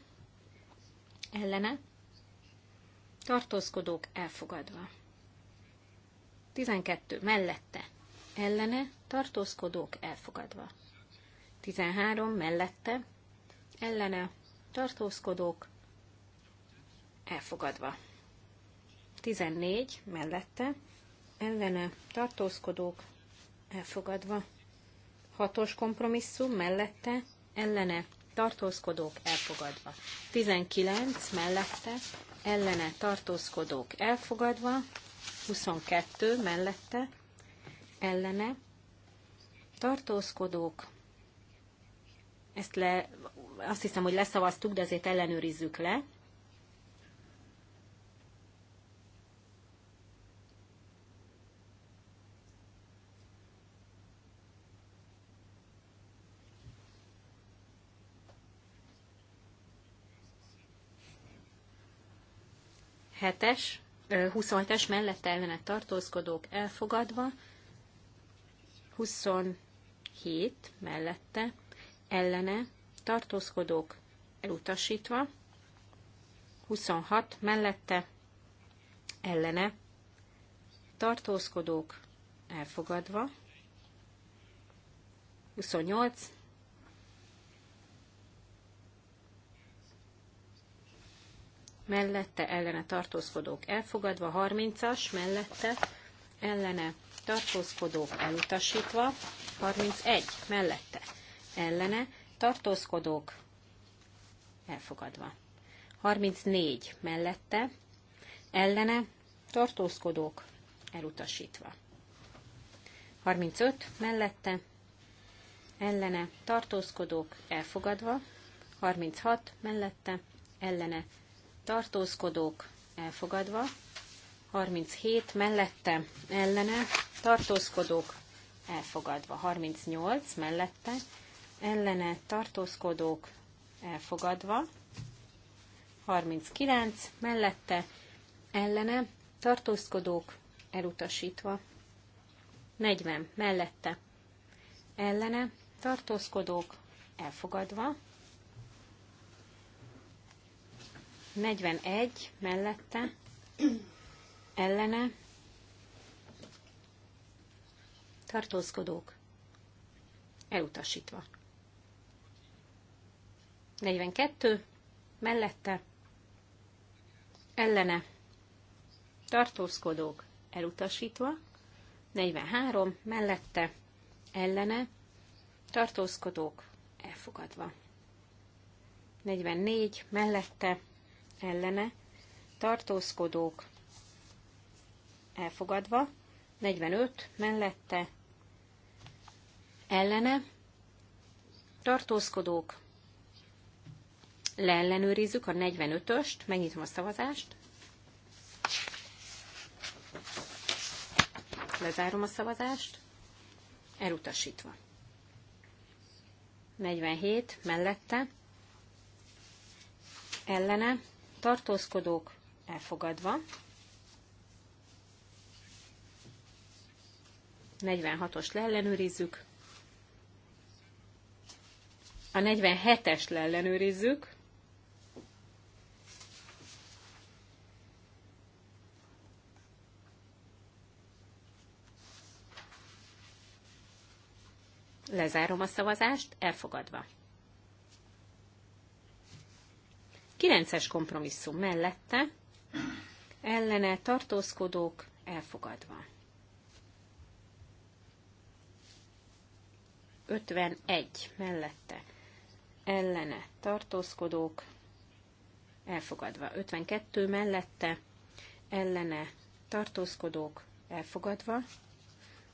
ellene, tartózkodók elfogadva. 12. Mellette, ellene, tartózkodók elfogadva. 13. Mellette, ellene, tartózkodók elfogadva. 14. Mellette, ellene, tartózkodók elfogadva. 6-os kompromisszum, mellette, ellene, tartózkodók elfogadva. 19. Mellette, ellene tartózkodók elfogadva, 22 mellette ellene tartózkodók, ezt le, azt hiszem, hogy leszavaztuk, de azért ellenőrizzük le. 7-es, 27-es mellette ellene tartózkodók elfogadva, 27 mellette ellene tartózkodók elutasítva, 26 mellette ellene tartózkodók elfogadva, 28 mellette ellene tartózkodók elfogadva, 30-as mellette ellene tartózkodók elutasítva, 31 mellette ellene tartózkodók elfogadva, 34 mellette ellene tartózkodók elutasítva, 35 mellette ellene tartózkodók elfogadva, 36 mellette ellene tartózkodók elfogadva, 37 mellette ellene, tartózkodók elfogadva, 38 mellette ellene, tartózkodók elfogadva, 39 mellette ellene, tartózkodók elutasítva, 40 mellette ellene, tartózkodók elfogadva, 41 mellette, ellene, tartózkodók, elutasítva. 42 mellette, ellene, tartózkodók, elutasítva. 43 mellette, ellene, tartózkodók, elfogadva. 44 mellette, ellene, tartózkodók elfogadva, 45 mellette, ellene, tartózkodók, leellenőrizzük a 45-öst, megnyitom a szavazást, lezárom a szavazást, elutasítva. 47 mellette, ellene, tartózkodók elfogadva. 46-os leellenőrizzük. A 47 es leellenőrizzük. Lezárom a szavazást, elfogadva. 9-es kompromisszum mellette, ellene tartózkodók elfogadva. 51 mellette, ellene tartózkodók elfogadva. 52 mellette, ellene tartózkodók elfogadva.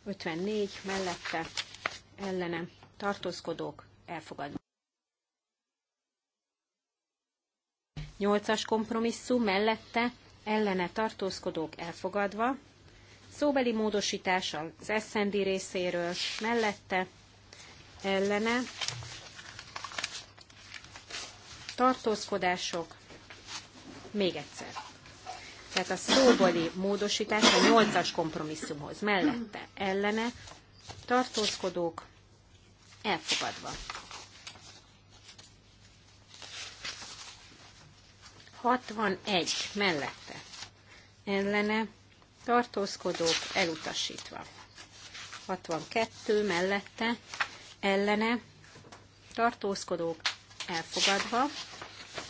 54 mellette, ellene tartózkodók elfogadva. Nyolcas kompromisszum mellette ellene tartózkodók elfogadva, szóbeli módosítás az SND részéről mellette ellene tartózkodások még egyszer. Tehát a szóbeli módosítás a nyolcas kompromisszumhoz mellette ellene tartózkodók elfogadva. 61 mellette ellene tartózkodók elutasítva. 62 mellette ellene tartózkodók elfogadva.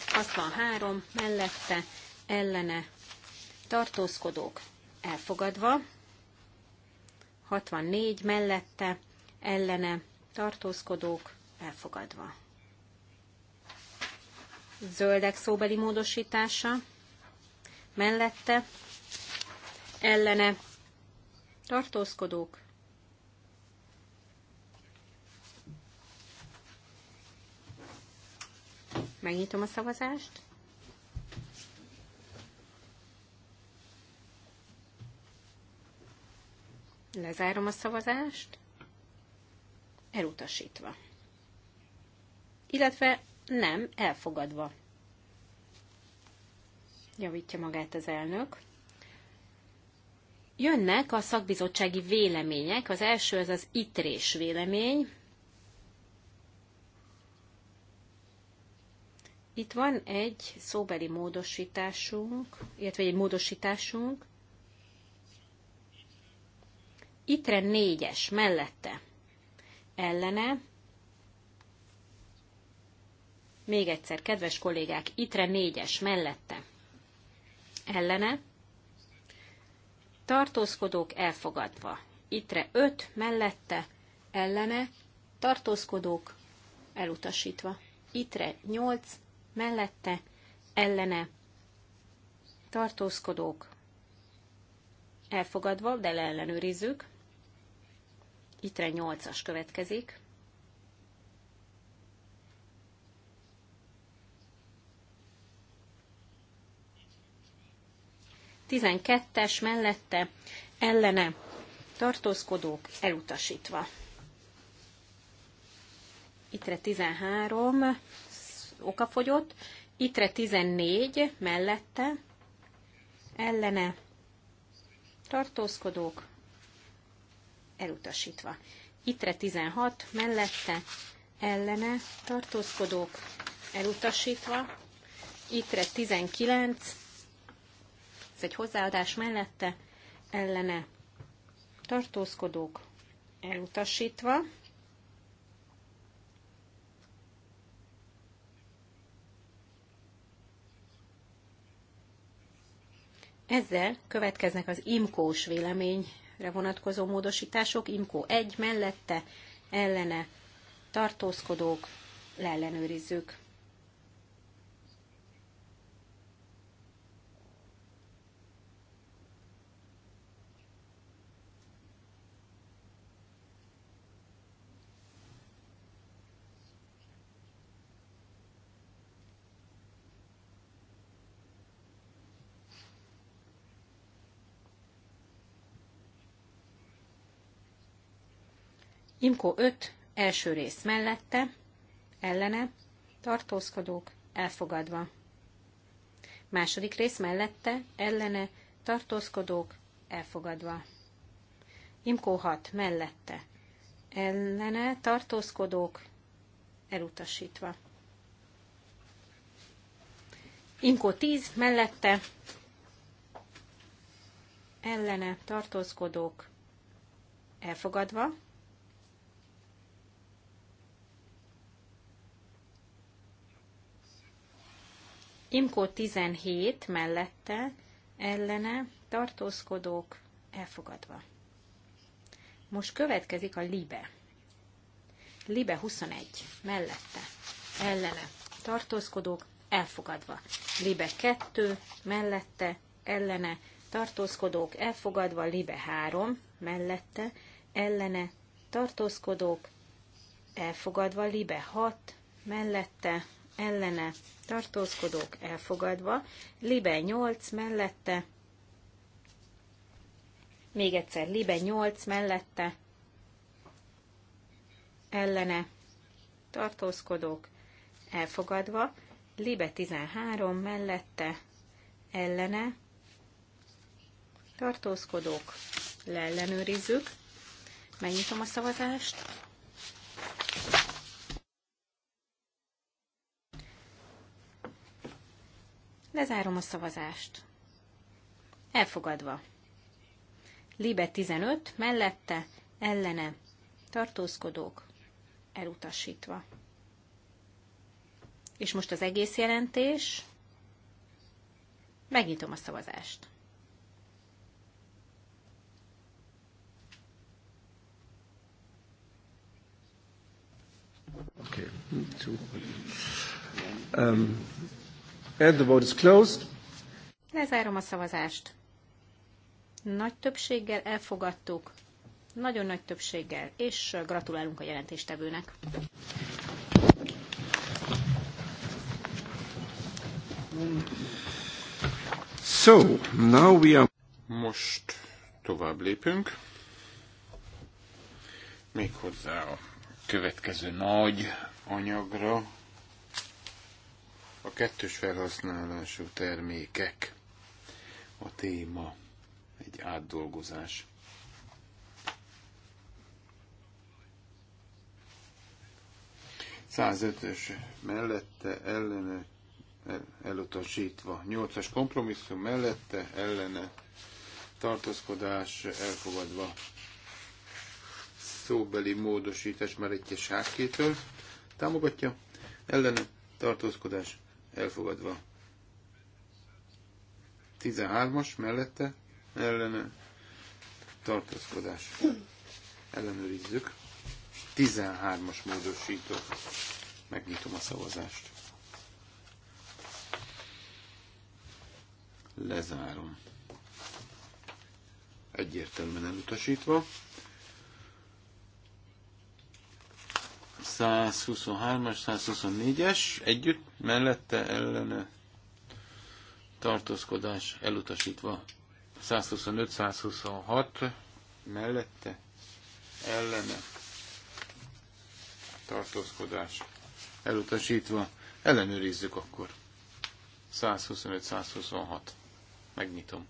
63 mellette ellene tartózkodók elfogadva. 64 mellette ellene tartózkodók elfogadva zöldek szóbeli módosítása, mellette, ellene, tartózkodók, Megnyitom a szavazást. Lezárom a szavazást. Elutasítva. Illetve nem, elfogadva. Javítja magát az elnök. Jönnek a szakbizottsági vélemények. Az első az az itrés vélemény. Itt van egy szóbeli módosításunk, illetve egy módosításunk. Itre négyes mellette ellene még egyszer, kedves kollégák, itre négyes mellette. Ellene. Tartózkodók elfogadva. Itre öt mellette. Ellene. Tartózkodók elutasítva. Itre nyolc mellette. Ellene. Tartózkodók elfogadva, de leellenőrizzük. Itre nyolcas következik. 12-es mellette ellene tartózkodók elutasítva. Itre 13 okafogyott, Itre 14 mellette ellene tartózkodók elutasítva. Itre 16 mellette ellene tartózkodók elutasítva. Itre 19 ez egy hozzáadás mellette ellene tartózkodók elutasítva. Ezzel következnek az imkós véleményre vonatkozó módosítások. Imkó 1 mellette ellene tartózkodók leellenőrizzük. Imko 5 első rész mellette, ellene, tartózkodók, elfogadva. Második rész mellette, ellene, tartózkodók, elfogadva. Imkó 6 mellette, ellene, tartózkodók, elutasítva. Imkó 10 mellette, ellene, tartózkodók, elfogadva. Imkó 17 mellette ellene tartózkodók elfogadva. Most következik a Libe. Libe 21 mellette ellene tartózkodók elfogadva. Libe 2 mellette ellene tartózkodók elfogadva. Libe 3 mellette ellene tartózkodók elfogadva. Libe 6 mellette ellene tartózkodók elfogadva, Libe 8 mellette, még egyszer Libe 8 mellette, ellene tartózkodók elfogadva, Libe 13 mellette, ellene tartózkodók leellenőrizzük, megnyitom a szavazást, Lezárom a szavazást. Elfogadva. Libe 15, mellette, ellene, tartózkodók, elutasítva. És most az egész jelentés. Megnyitom a szavazást. Okay. Um, And the vote is closed. Lezárom a szavazást. Nagy többséggel elfogadtuk. Nagyon nagy többséggel, és gratulálunk a jelentéstevőnek. So, now we are... Most tovább lépünk. Méghozzá a következő nagy anyagra, a kettős felhasználású termékek a téma, egy átdolgozás. Százötös mellette ellene el, elutasítva. Nyolcas kompromisszum mellette ellene tartózkodás elfogadva. Szóbeli módosítás már egy sákétől támogatja. Ellene tartózkodás elfogadva. 13-as mellette ellene tartózkodás. Ellenőrizzük. 13-as módosító. Megnyitom a szavazást. Lezárom. Egyértelműen elutasítva. 123-as, 124-es együtt, mellette ellene tartózkodás elutasítva. 125-126 mellette ellene tartózkodás elutasítva. Ellenőrizzük akkor. 125-126. Megnyitom.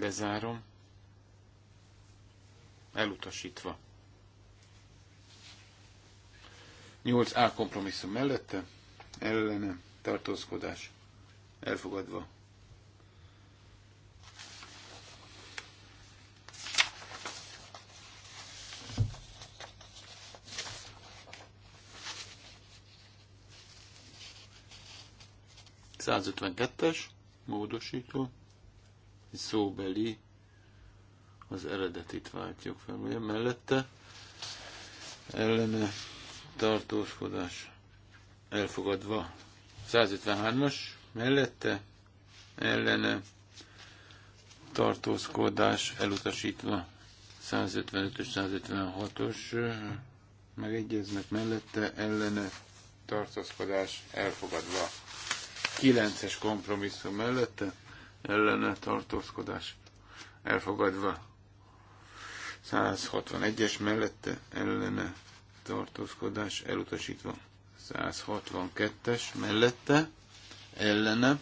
Lezárom elutasítva. 8A kompromisszum mellette, ellene tartózkodás elfogadva. Százötvenkettes módosító, szóbeli az eredetit váltjuk fel. Mellette ellene tartózkodás elfogadva. 153-as mellette ellene tartózkodás elutasítva. 155-ös, 156-os megegyeznek mellette ellene tartózkodás elfogadva. 9-es kompromisszum mellette ellene tartózkodás elfogadva. 161-es mellette ellene tartózkodás elutasítva. 162-es mellette ellene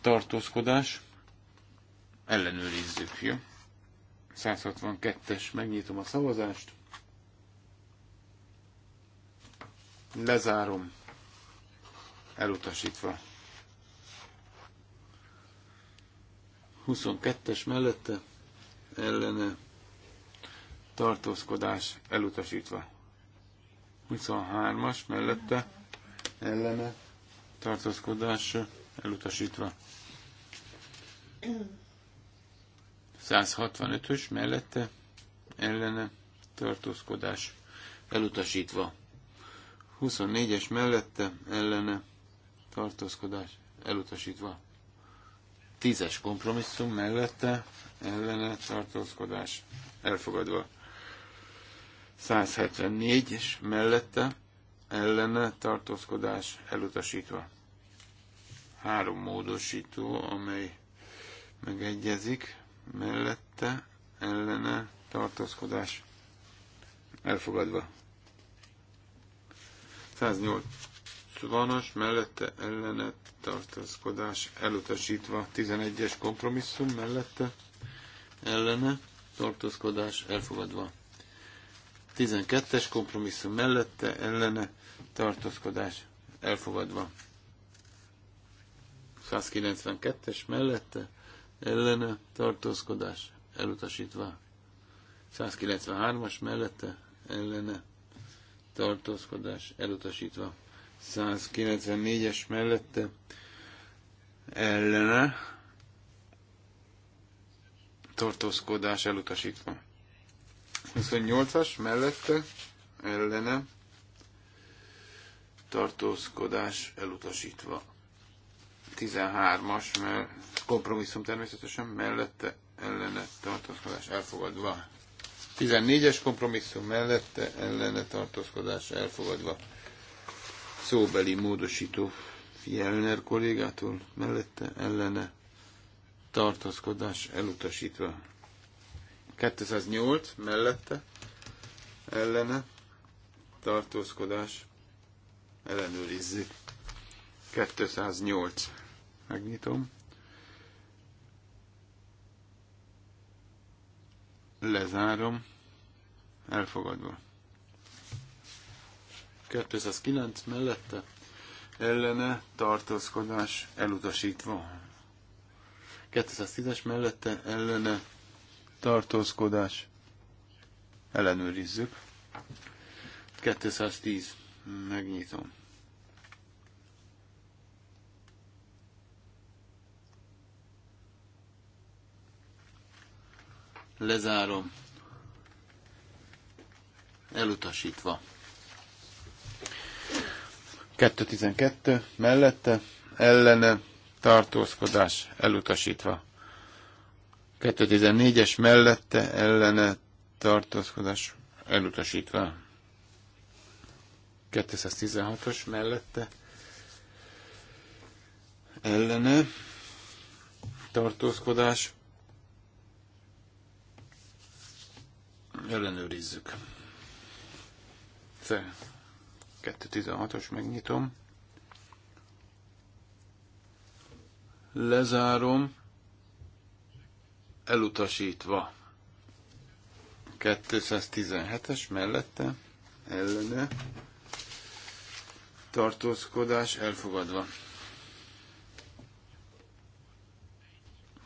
tartózkodás ellenőrizzük, jó? 162-es, megnyitom a szavazást. Lezárom. Elutasítva. 22-es mellette ellene tartózkodás elutasítva. 23-as mellette ellene tartózkodás elutasítva. 165-ös mellette ellene tartózkodás elutasítva. 24-es mellette ellene tartózkodás elutasítva. 10-es kompromisszum mellette ellene tartózkodás elfogadva. 174 és mellette ellene tartózkodás elutasítva. Három módosító, amely megegyezik, mellette ellene tartózkodás elfogadva. 180-as, mellette ellene tartózkodás elutasítva, 11-es kompromisszum mellette ellene tartózkodás elfogadva. 12-es kompromisszum mellette ellene tartózkodás elfogadva. 192-es mellette ellene tartózkodás elutasítva. 193-as mellette ellene tartózkodás elutasítva. 194-es mellette ellene tartózkodás elutasítva. 28-as mellette ellene tartózkodás elutasítva. 13-as, mert kompromisszum természetesen mellette ellene tartózkodás elfogadva. 14-es kompromisszum mellette ellene tartózkodás elfogadva. Szóbeli módosító Fjellner kollégától mellette ellene tartózkodás elutasítva. 208 mellette ellene tartózkodás ellenőrizzük. 208. Megnyitom. Lezárom. Elfogadva. 209 mellette ellene tartózkodás elutasítva. 210-es mellette ellene tartózkodás. Ellenőrizzük. 210. Megnyitom. Lezárom. Elutasítva. 212 mellette ellene tartózkodás elutasítva. 2014-es mellette ellene tartózkodás elutasítva. 216-os mellette ellene tartózkodás ellenőrizzük. 216-os megnyitom. Lezárom. Elutasítva. 217-es mellette, ellene, tartózkodás elfogadva.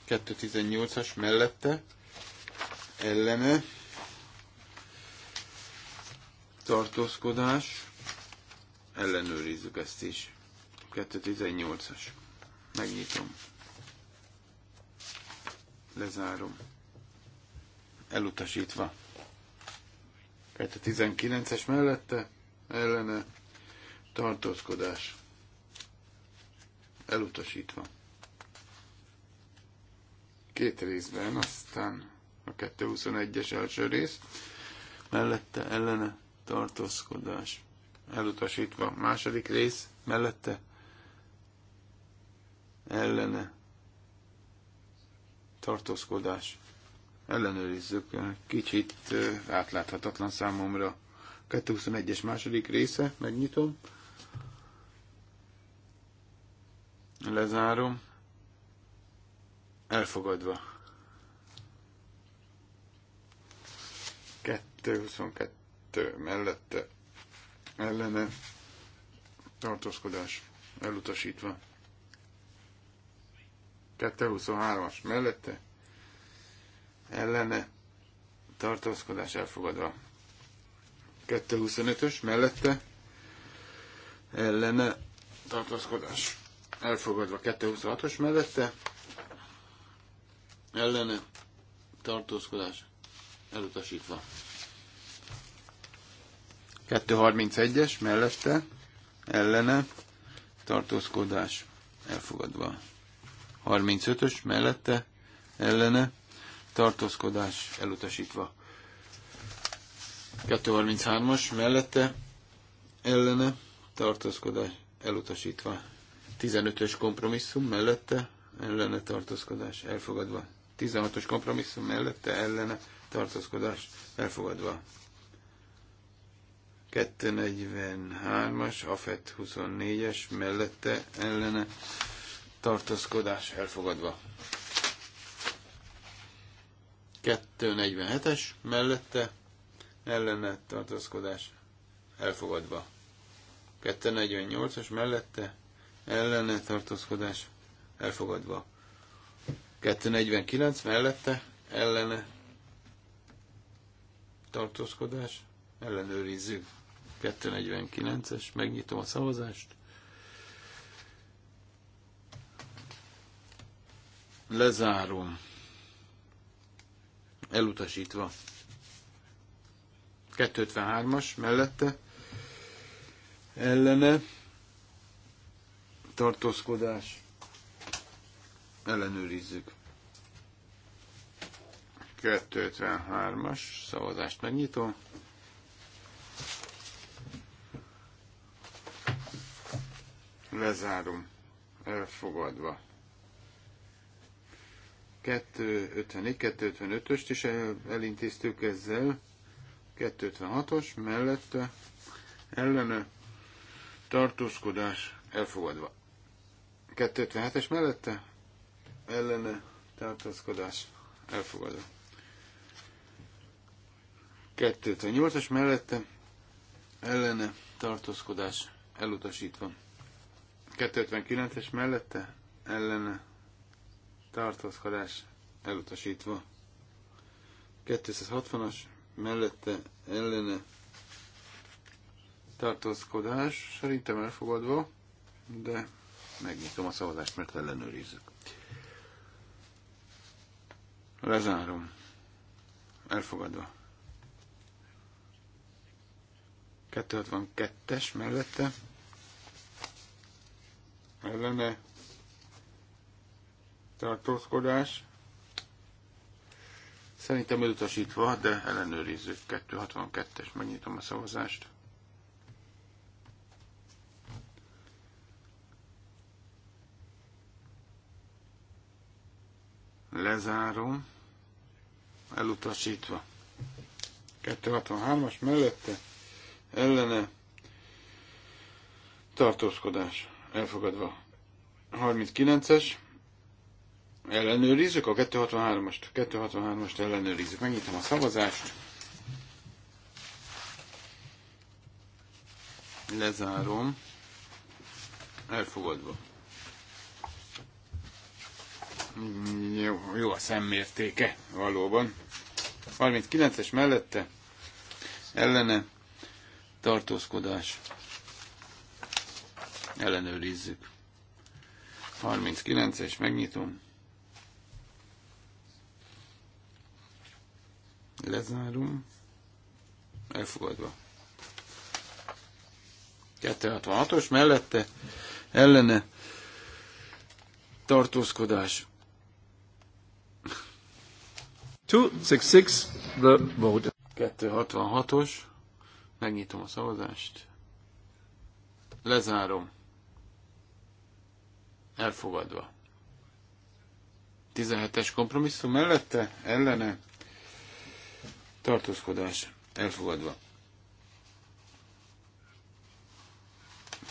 218-as mellette, ellene, tartózkodás, ellenőrizzük ezt is. 218-as. Megnyitom. Lezárom. Elutasítva. Tehát a 19-es mellette ellene tartózkodás. Elutasítva. Két részben, aztán a 221-es első rész, mellette ellene tartózkodás. Elutasítva. Második rész, mellette ellene tartózkodás. Ellenőrizzük. Kicsit átláthatatlan számomra. 221-es második része, megnyitom. Lezárom. Elfogadva. 222 mellette ellene tartózkodás elutasítva. 223-as mellette ellene tartózkodás elfogadva. 225-ös mellette ellene tartózkodás elfogadva. 226-os mellette ellene tartózkodás elutasítva. 231-es mellette ellene tartózkodás elfogadva. 35-ös mellette ellene tartózkodás elutasítva. 233-as mellette ellene tartózkodás elutasítva. 15-ös kompromisszum mellette ellene tartózkodás elfogadva. 16-os kompromisszum mellette ellene tartózkodás elfogadva. 243-as, AFET 24-es mellette ellene tartózkodás elfogadva. 247-es mellette ellene tartózkodás elfogadva. 248-as mellette ellene tartózkodás elfogadva. 249 mellette ellene tartózkodás ellenőrizzük. 249-es, megnyitom a szavazást. Lezárom. Elutasítva. 253-as mellette. Ellene. Tartózkodás. Ellenőrizzük. 253-as szavazást megnyitom. Lezárom. Elfogadva. 254-255-öst is elintéztük ezzel. 256-os mellette ellene tartózkodás elfogadva. 257-es mellette ellene tartózkodás elfogadva. 258-as mellette ellene tartózkodás elutasítva. 259-es mellette ellene tartózkodás elutasítva. 260-as mellette ellene tartózkodás szerintem elfogadva, de megnyitom a szavazást, mert ellenőrizzük. Lezárom. Elfogadva. 262-es mellette ellene tartózkodás. Szerintem elutasítva, de ellenőrizzük. 262-es, megnyitom a szavazást. Lezárom. Elutasítva. 263-as mellette ellene tartózkodás elfogadva. 39-es Ellenőrizzük a 263-ast. 263-ast ellenőrizzük. Megnyitom a szavazást. Lezárom. Elfogadva. Jó, jó a szemmértéke, valóban. 39-es mellette ellene tartózkodás. Ellenőrizzük. 39-es, megnyitom. lezárom. Elfogadva. 266-os mellette ellene tartózkodás. 266 the vote. os Megnyitom a szavazást. Lezárom. Elfogadva. 17-es kompromisszum mellette, ellene tartózkodás elfogadva.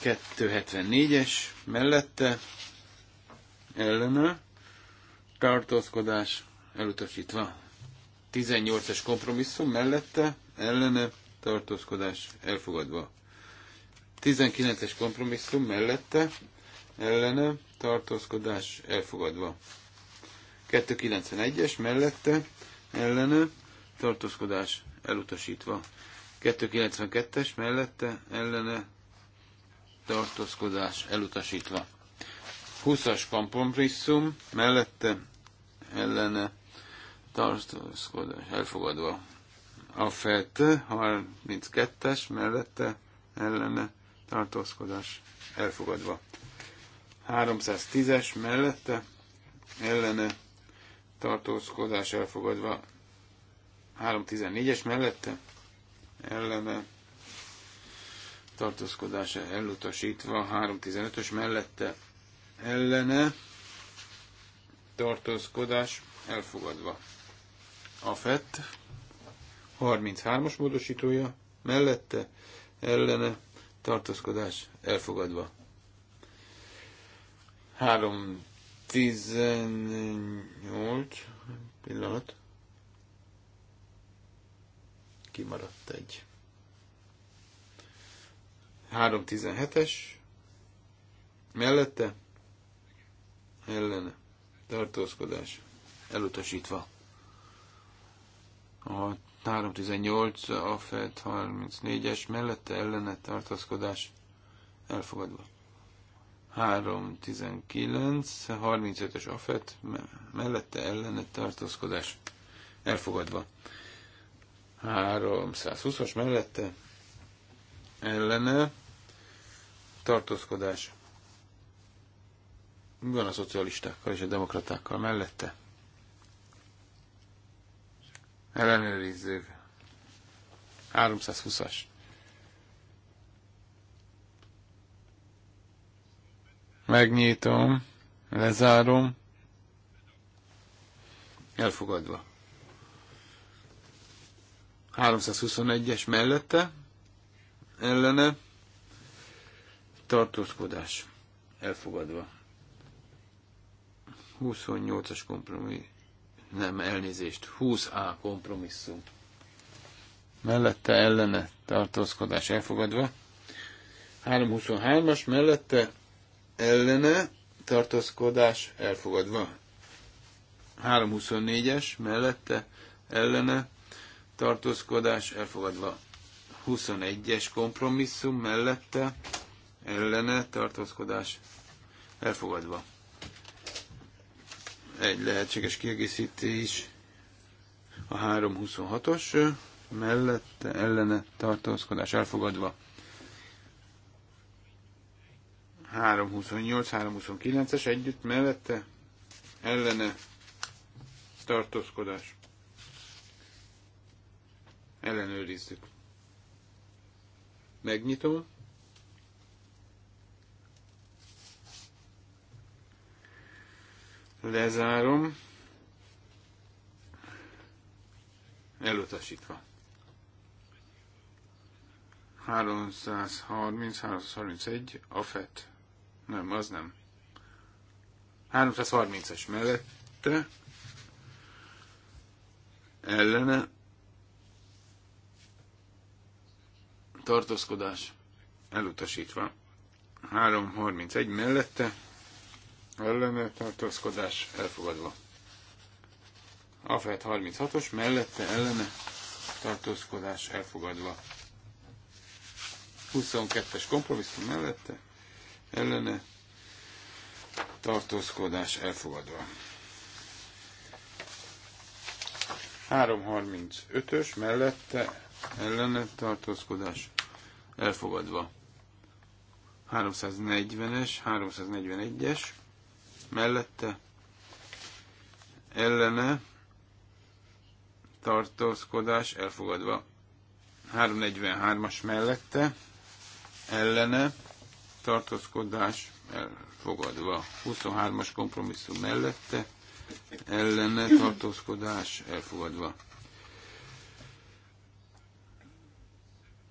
274-es mellette ellene tartózkodás elutasítva. 18-es kompromisszum mellette ellene tartózkodás elfogadva. 19-es kompromisszum mellette ellene tartózkodás elfogadva. 291-es mellette ellene tartózkodás elutasítva. 292-es mellette ellene tartózkodás elutasítva. 20-as kompromisszum mellette ellene tartózkodás elfogadva. A FET 32-es mellette ellene tartózkodás elfogadva. 310-es mellette ellene tartózkodás elfogadva. 314-es mellette ellene tartózkodása elutasítva, 315-ös mellette ellene tartózkodás elfogadva. A FET 33-as módosítója mellette ellene tartózkodás elfogadva. 318 pillanat kimaradt egy. 3.17-es, mellette, ellene, tartózkodás, elutasítva. A 318, a FED 34-es, mellette ellene tartózkodás elfogadva. 319, 35-ös AFET, mellette ellene tartózkodás elfogadva. 320-as mellette ellene tartózkodás. Mi van a szocialistákkal és a demokratákkal mellette? Ellenőrizzük. 320-as. Megnyitom, lezárom. Elfogadva. 321-es mellette ellene tartózkodás elfogadva. 28-as kompromisszum, nem elnézést, 20A kompromisszum. Mellette ellene tartózkodás elfogadva. 323-as mellette ellene tartózkodás elfogadva. 324-es mellette ellene tartózkodás elfogadva. 21-es kompromisszum mellette ellene tartózkodás elfogadva. Egy lehetséges kiegészítés a 326-os mellette ellene tartózkodás elfogadva. 328-329-es együtt mellette ellene tartózkodás ellenőrizzük. Megnyitom. Lezárom. Elutasítva. 330, 331, AFET. Nem, az nem. 330-es mellette ellene tartózkodás elutasítva. 331 mellette ellene tartózkodás elfogadva. Afet 36-os mellette ellene tartózkodás elfogadva. 22-es kompromisszum mellette ellene tartózkodás elfogadva. 335-ös mellette ellene tartózkodás elfogadva. 340-es, 341-es, mellette, ellene, tartózkodás elfogadva. 343-as mellette, ellene, tartózkodás elfogadva. 23-as kompromisszum mellette, ellene, tartózkodás elfogadva.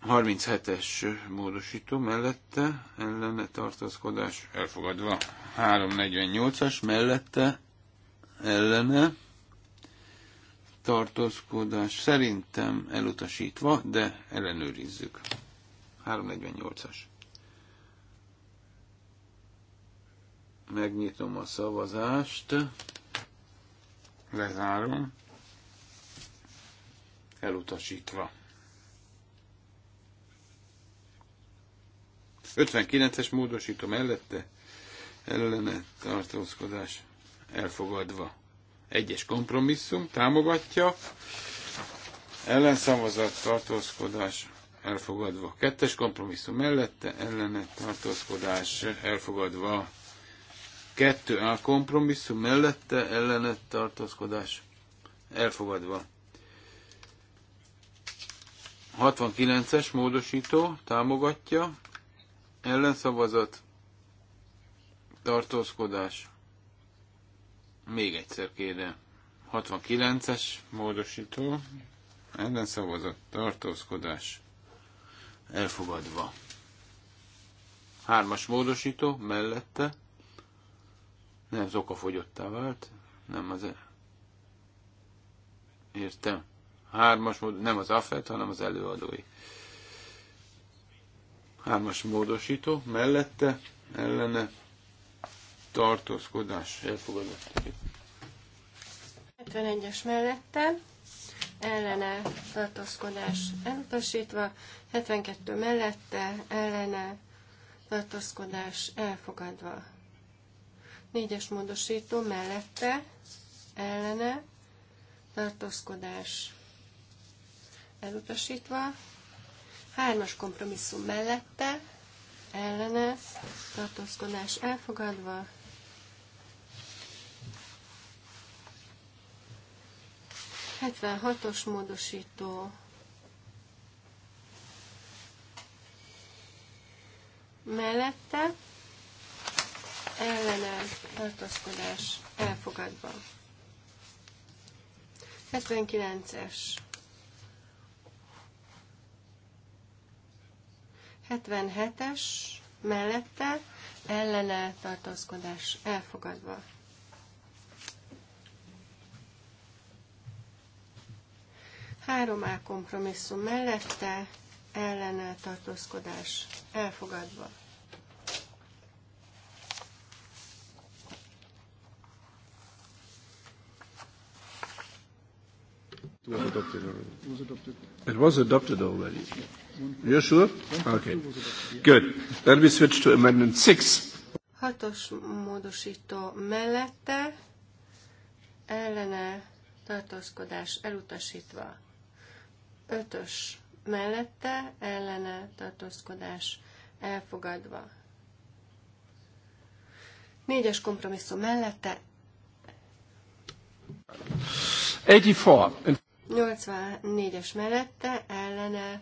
37-es módosító mellette ellene tartózkodás elfogadva. 348-as mellette ellene tartózkodás szerintem elutasítva, de ellenőrizzük. 348-as. Megnyitom a szavazást. Lezárom. Elutasítva. 59-es módosító mellette ellene tartózkodás elfogadva. Egyes kompromisszum támogatja, ellenszavazat tartózkodás elfogadva. Kettes kompromisszum mellette ellene tartózkodás elfogadva. 2A kompromisszum mellette ellene tartózkodás elfogadva. 69-es módosító támogatja, Ellenszavazat. Tartózkodás. Még egyszer kérem. 69-es módosító. Ellenszavazat. Tartózkodás. Elfogadva. Hármas módosító mellette. Nem, az okafogyottá vált. Nem az... El. Értem. Hármas mód, nem az AFET, hanem az előadói. Hármas módosító, mellette, ellene, tartózkodás, elfogadott. 71-es mellette, ellene, tartózkodás elutasítva, 72 mellette, ellene, tartózkodás elfogadva. 4-es módosító mellette, ellene, tartózkodás elutasítva, Hármas kompromisszum mellette, ellene, tartózkodás elfogadva. Hetvenhatos módosító mellette, ellene, tartózkodás elfogadva. 79-es 77-es mellette ellene tartózkodás elfogadva. Három A kompromisszum mellette ellene tartózkodás elfogadva. It was adopted already. It was adopted already. You're sure? Okay. Good. Then we switch to amendment 6. Hatos módosító mellette ellene tartózkodás elutasítva. Ötös mellette ellene tartózkodás elfogadva. Négyes kompromisszum mellette. 84. 84-es mellette ellene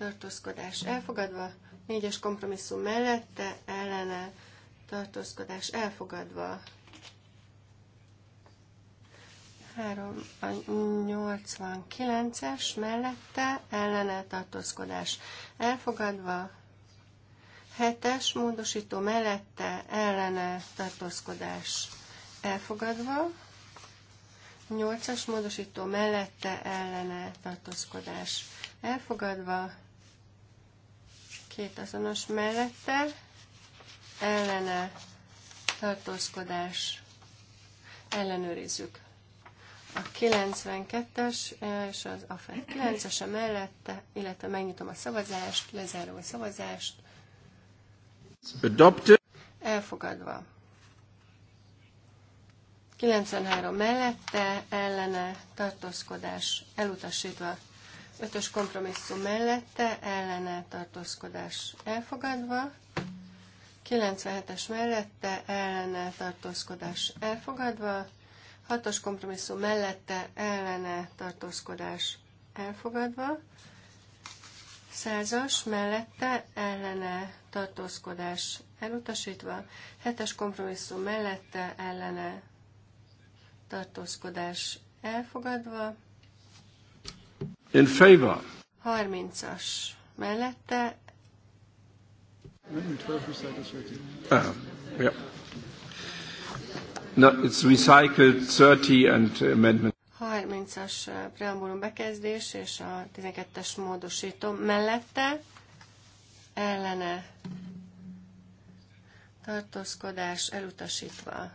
tartózkodás elfogadva, négyes kompromisszum mellette ellene tartózkodás elfogadva, 389-es mellette ellene tartózkodás elfogadva, 7-es módosító mellette ellene tartózkodás elfogadva, 8-as módosító mellette ellene tartózkodás elfogadva, két azonos mellette, ellene tartózkodás ellenőrizzük. A 92-es és az a 9-es mellette, illetve megnyitom a szavazást, lezárom a szavazást. Adopted. Elfogadva. 93 mellette, ellene tartózkodás elutasítva. Ötös kompromisszum mellette ellene tartózkodás elfogadva. 97-es mellette ellene tartózkodás elfogadva. 6-os kompromisszum mellette ellene tartózkodás elfogadva. 100-as mellette ellene tartózkodás elutasítva. 7-es kompromisszum mellette ellene tartózkodás elfogadva. In favor. 30-as mellette. Ah, yeah. No, it's recycled 30 and amendment. 30-as uh, preambulum bekezdés és a 12-es módosító mellette ellene tartózkodás elutasítva.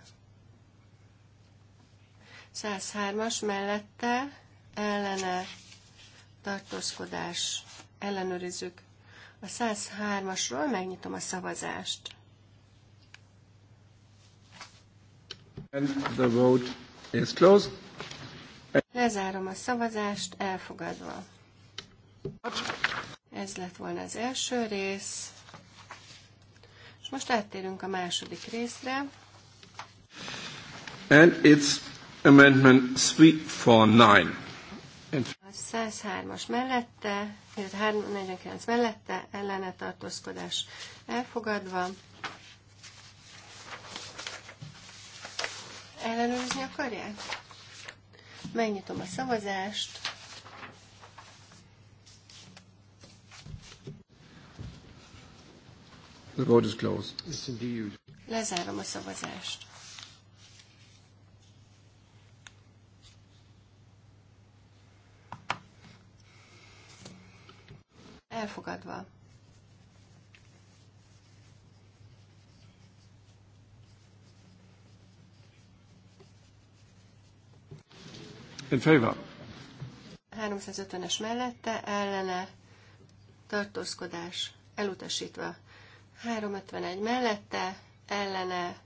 103-as mellette ellene tartózkodás, ellenőrizzük. A 103-asról megnyitom a szavazást. And the vote is closed. Lezárom a szavazást, elfogadva. Ez lett volna az első rész. És most áttérünk a második részre. And it's amendment 349. 103-as mellette, illetve 349 mellette ellene tartózkodás elfogadva. Ellenőrizni akarják? Megnyitom a szavazást. The vote is closed. Lezárom a szavazást. Elfogadva. In favor. 350-es mellette ellene tartózkodás elutasítva. 351 mellette ellene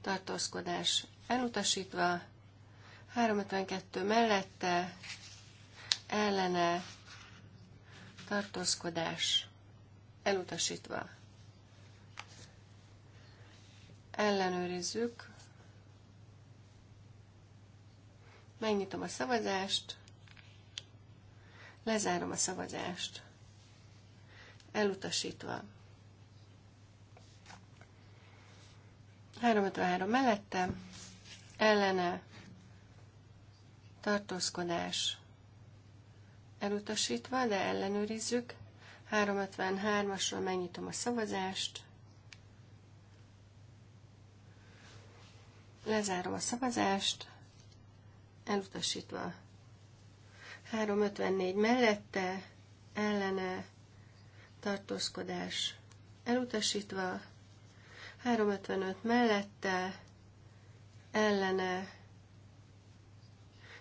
tartózkodás elutasítva. 352 mellette ellene tartózkodás elutasítva. Ellenőrizzük. Megnyitom a szavazást. Lezárom a szavazást. Elutasítva. 353 mellette, ellene, tartózkodás, elutasítva, de ellenőrizzük. 353 asra megnyitom a szavazást. Lezárom a szavazást. Elutasítva. 354 mellette, ellene, tartózkodás. Elutasítva. 355 mellette, ellene,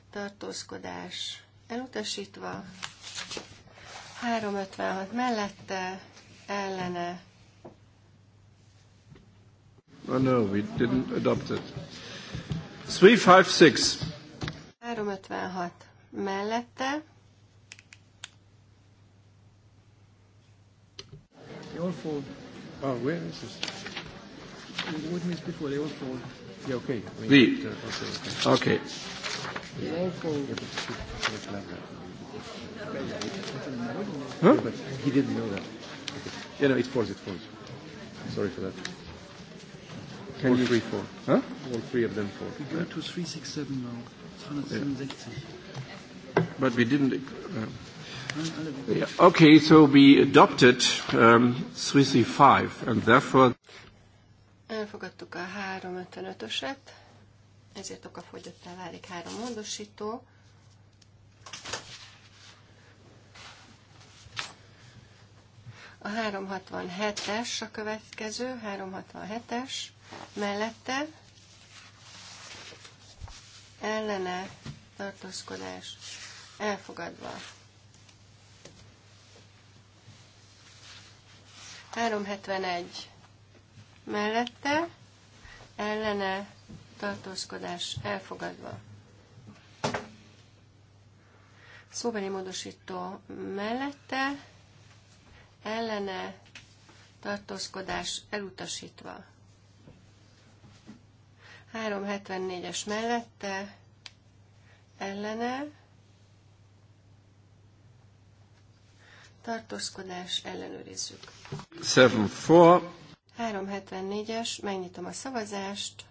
tartózkodás elutasítva, 356 mellette, ellene. Oh no, we didn't adopt it. 356. 356 mellette. They all Oh, where is this? What means before they all fall? Okay. Oui. Ok. Huh? He didn't know that. Yeah, no, it falls, it falls. Sorry for that. Can All you three fall. Huh? All three of them fall. We go to 367 now. 367. Yeah. But we didn't. Uh, yeah. Okay, so we adopted um, 335, and therefore. Elfogadtuk a 355-öset, ezért a fogyottá válik három módosító. A 367-es a következő, 367-es mellette ellene tartózkodás elfogadva. 371 mellette, ellene tartózkodás elfogadva. Szóbeli módosító mellette, ellene tartózkodás elutasítva. 374-es mellette, ellene, tartózkodás ellenőrizzük. 7 374-es, megnyitom a szavazást.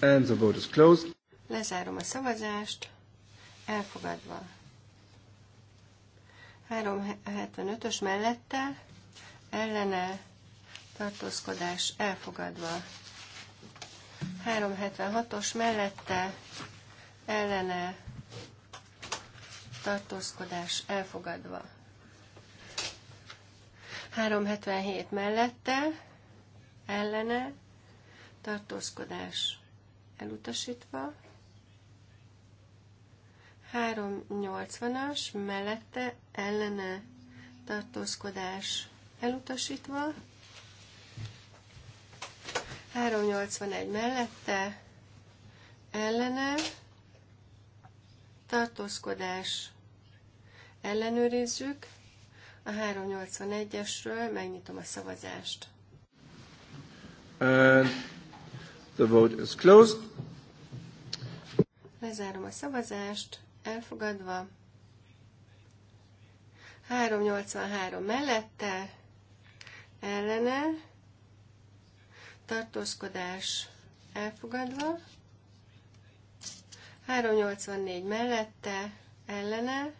And the vote is closed. Lezárom a szavazást. Elfogadva. 375-ös mellette ellene tartózkodás elfogadva. 376-os mellette ellene tartózkodás elfogadva. 377 mellette, ellene, tartózkodás elutasítva. 380-as mellette, ellene, tartózkodás elutasítva. 381 mellette, ellene, tartózkodás, ellenőrizzük. A 381-esről megnyitom a szavazást. And the vote is closed. Lezárom a szavazást, elfogadva. 383 mellette, ellene, tartózkodás elfogadva. 384 mellette ellene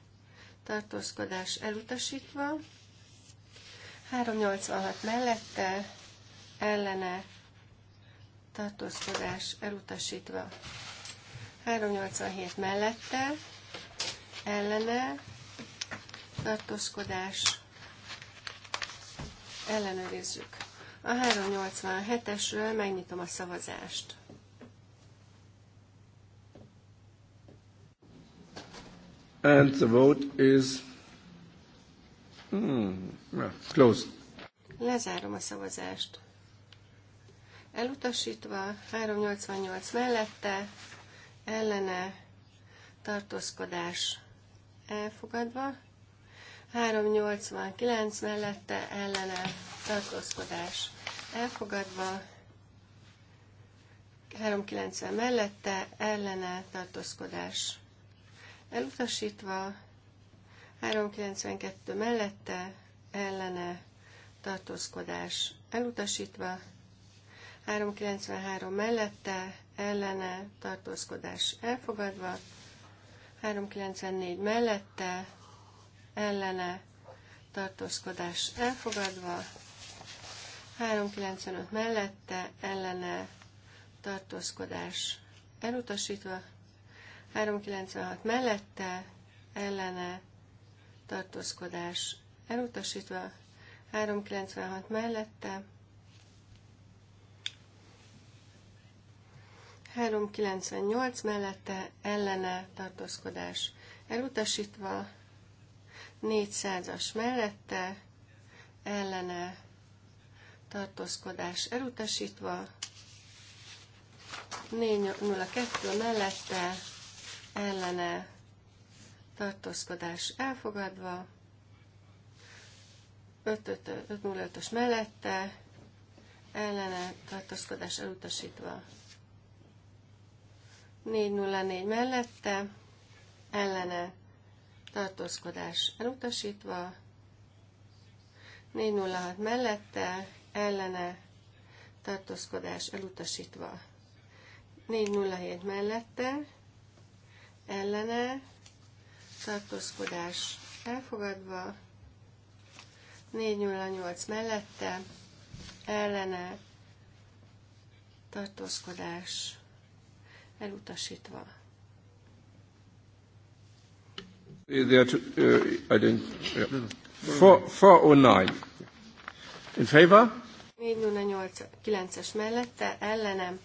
tartózkodás elutasítva, 386 mellette ellene tartózkodás elutasítva, 387 mellette ellene tartózkodás ellenőrizzük. A 387-esről megnyitom a szavazást. And the vote is hmm, yeah, closed. Lezárom a szavazást. Elutasítva 388 mellette, ellene tartózkodás elfogadva, 389 mellette ellene tartózkodás elfogadva, 390 mellette ellene tartózkodás elutasítva, 392 mellette, ellene, tartózkodás elutasítva, 393 mellette, ellene, tartózkodás elfogadva, 394 mellette, ellene, tartózkodás elfogadva, 395 mellette, ellene, tartózkodás elutasítva, 396 mellette ellene tartózkodás elutasítva, 396 mellette, 398 mellette ellene tartózkodás elutasítva, 400-as mellette ellene tartózkodás elutasítva, 402 mellette ellene tartózkodás elfogadva, 505-ös mellette, ellene tartózkodás elutasítva, 404 mellette, ellene tartózkodás elutasítva, 406 mellette, ellene tartózkodás elutasítva, 407 mellette, ellene, tartózkodás elfogadva, 408 mellette, ellene, tartózkodás elutasítva. They are uh, four, four or oh nine. In favor? 409-es mellette, ellenem,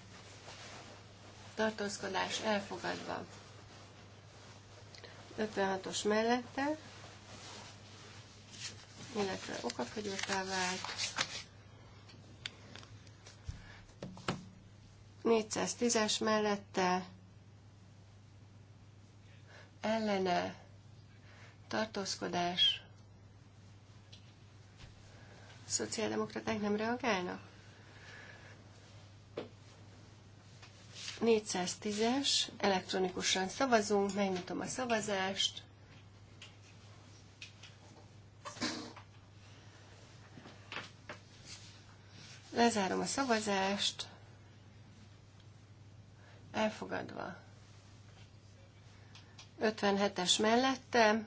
tartózkodás elfogadva. 56-os mellette, illetve okafogyottá vált. 410-es mellette ellene tartózkodás. A szociáldemokraták nem reagálnak? 410-es, elektronikusan szavazunk, megnyitom a szavazást. Lezárom a szavazást. Elfogadva. 57-es mellette.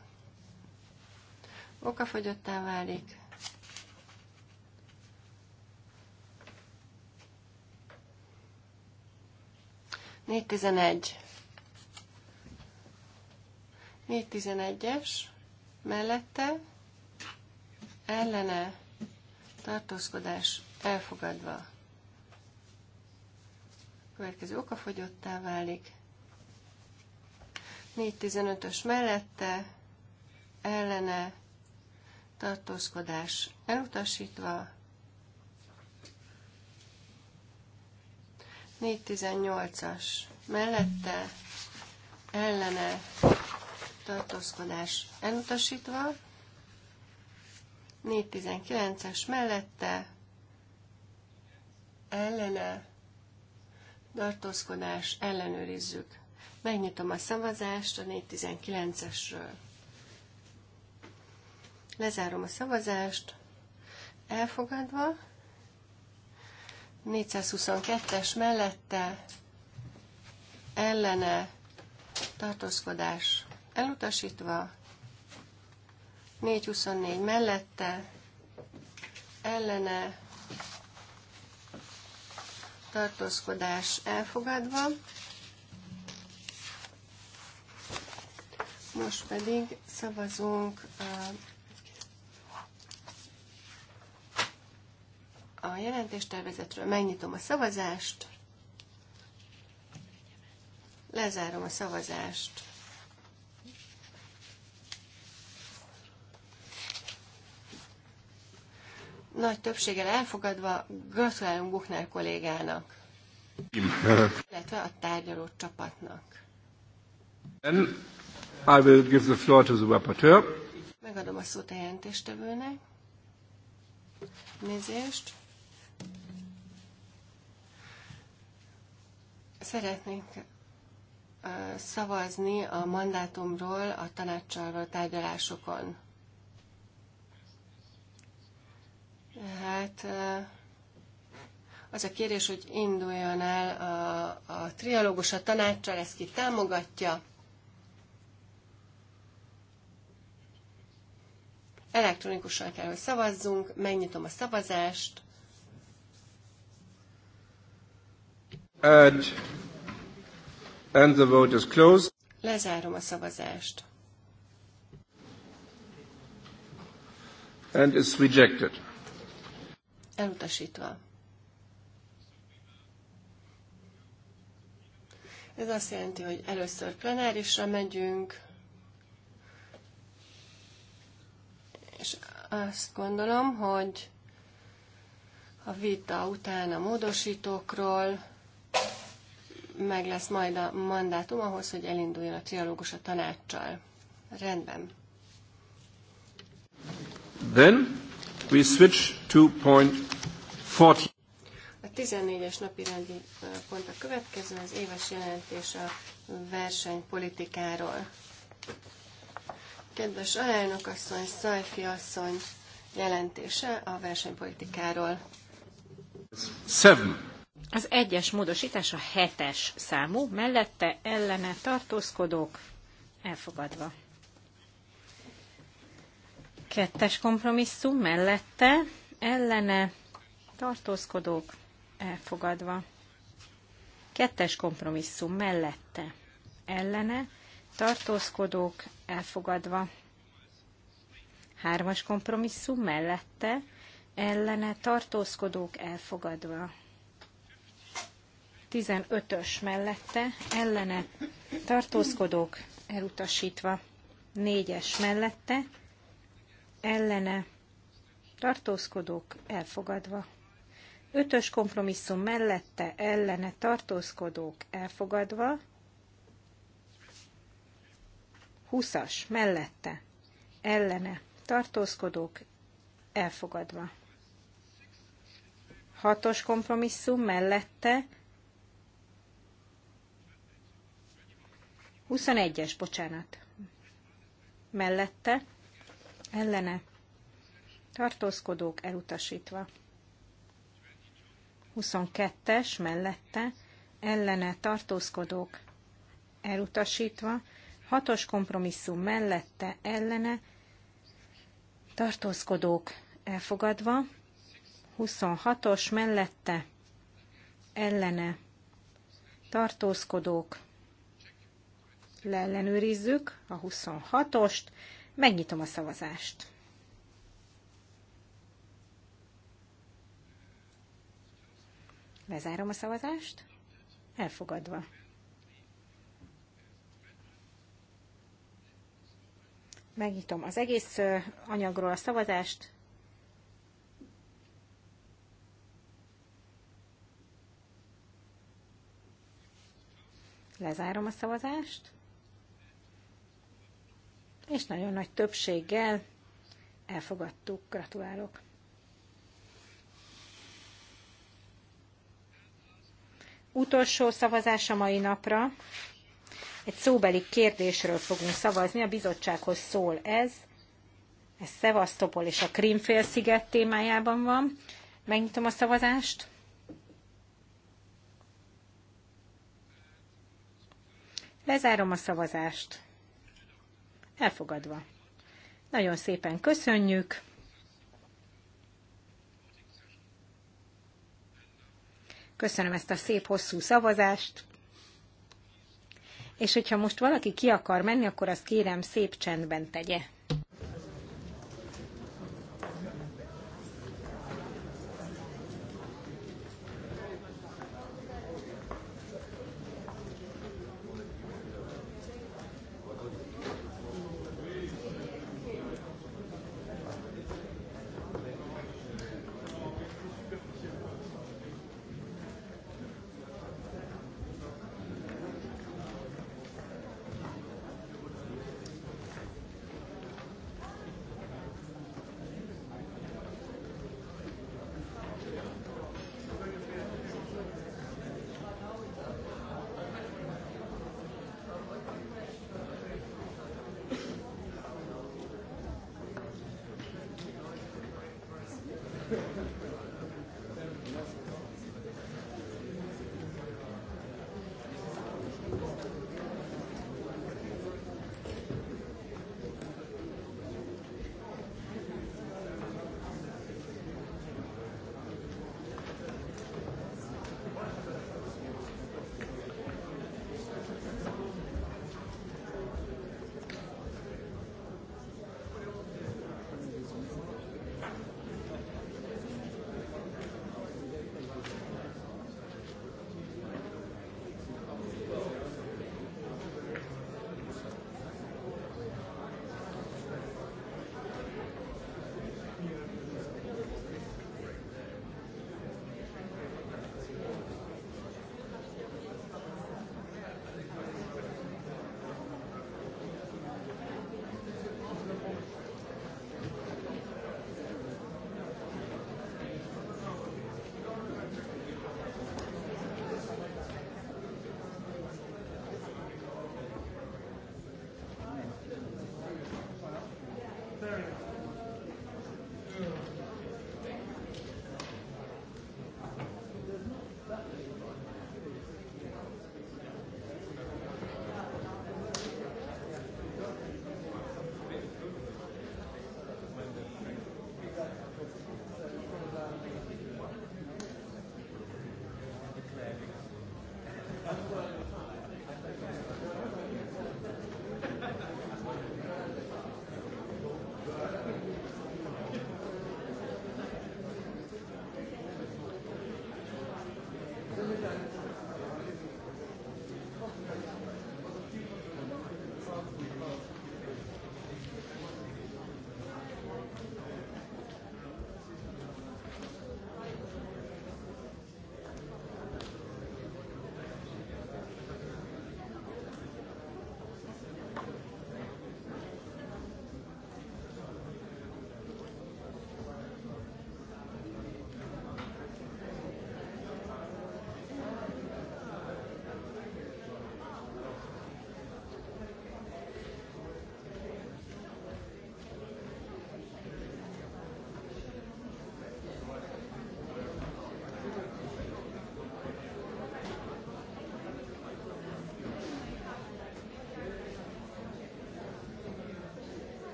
Okafogyottá válik. 411. 411-es mellette ellene tartózkodás elfogadva. Következő okafogyottá válik. 415-ös mellette ellene tartózkodás elutasítva. 418-as mellette ellene tartózkodás elutasítva, 419-es mellette ellene tartózkodás ellenőrizzük. Megnyitom a szavazást a 419-esről. Lezárom a szavazást, elfogadva, 422-es mellette ellene tartózkodás elutasítva, 424 mellette ellene tartózkodás elfogadva, most pedig szavazunk a a jelentéstervezetről, megnyitom a szavazást, lezárom a szavazást. Nagy többséggel elfogadva gratulálunk Buchner kollégának, illetve a tárgyaló csapatnak. Then I will give the floor to the rapporteur. Megadom a szót a jelentéstevőnek. Nézést. Szeretnék szavazni a mandátumról a a tárgyalásokon. Hát az a kérés, hogy induljon el a, a trialógus a tanácssal, ezt ki támogatja. Elektronikusan kell, hogy szavazzunk, megnyitom a szavazást. And, and the vote is closed. Lezárom a szavazást. And is rejected. Elutasítva. Ez azt jelenti, hogy először plenárisra megyünk, és azt gondolom, hogy a vita után a módosítókról meg lesz majd a mandátum ahhoz, hogy elinduljon a trialógus a tanácssal. Rendben. Then we switch to point 40. A 14-es napi rendi pont a következő, az éves jelentés a versenypolitikáról. Kedves alelnök asszony, Szajfi asszony jelentése a versenypolitikáról. Seven. Az egyes módosítás a hetes számú, mellette ellene tartózkodók elfogadva. Kettes kompromisszum mellette ellene tartózkodók elfogadva. Kettes kompromisszum mellette ellene tartózkodók elfogadva. Hármas kompromisszum mellette ellene tartózkodók elfogadva. 15-ös mellette ellene tartózkodók elutasítva. 4-es mellette ellene tartózkodók elfogadva. 5-ös kompromisszum mellette ellene tartózkodók elfogadva. 20-as mellette ellene tartózkodók elfogadva. Hatos kompromisszum mellette 21-es, bocsánat. Mellette, ellene, tartózkodók elutasítva. 22-es, mellette, ellene, tartózkodók elutasítva. 6-os kompromisszum mellette, ellene, tartózkodók elfogadva. 26-os mellette, ellene, tartózkodók leellenőrizzük a 26-ost, megnyitom a szavazást. Lezárom a szavazást. Elfogadva. Megnyitom az egész anyagról a szavazást. Lezárom a szavazást és nagyon nagy többséggel elfogadtuk. Gratulálok! Utolsó szavazás a mai napra. Egy szóbeli kérdésről fogunk szavazni, a bizottsághoz szól ez. Ez Szevasztopol és a Krimfélsziget témájában van. Megnyitom a szavazást. Lezárom a szavazást. Elfogadva. Nagyon szépen köszönjük. Köszönöm ezt a szép hosszú szavazást. És hogyha most valaki ki akar menni, akkor azt kérem szép csendben tegye.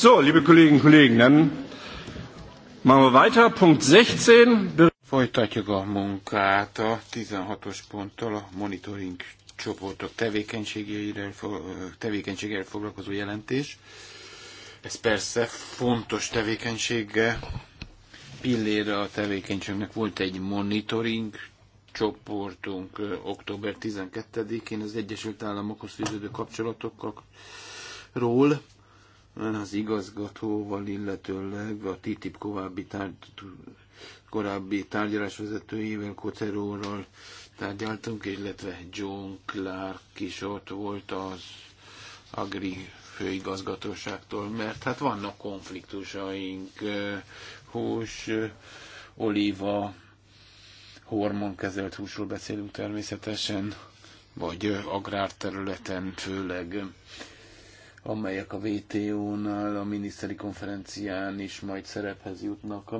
So, liebe Kolleginnen und Kollegen, dann machen wir weiter. Punkt 16. Folytatjuk a munkát a 16-os ponttal a monitoring csoportok tevékenységére foglalkozó jelentés. Ez persze fontos tevékenysége, pillére a tevékenységnek volt egy monitoring csoportunk október 12-én az Egyesült Államokhoz fűződő kapcsolatokról, az igazgatóval, illetőleg a TTIP korábbi, tárgy, korábbi tárgyalásvezetőjével, Koceróral tárgyaltunk, illetve John Clark is ott volt az Agri főigazgatóságtól, mert hát vannak konfliktusaink, hús, olíva, hormonkezelt húsról beszélünk természetesen, vagy agrárterületen főleg amelyek a WTO-nál, a miniszteri konferencián is majd szerephez jutnak.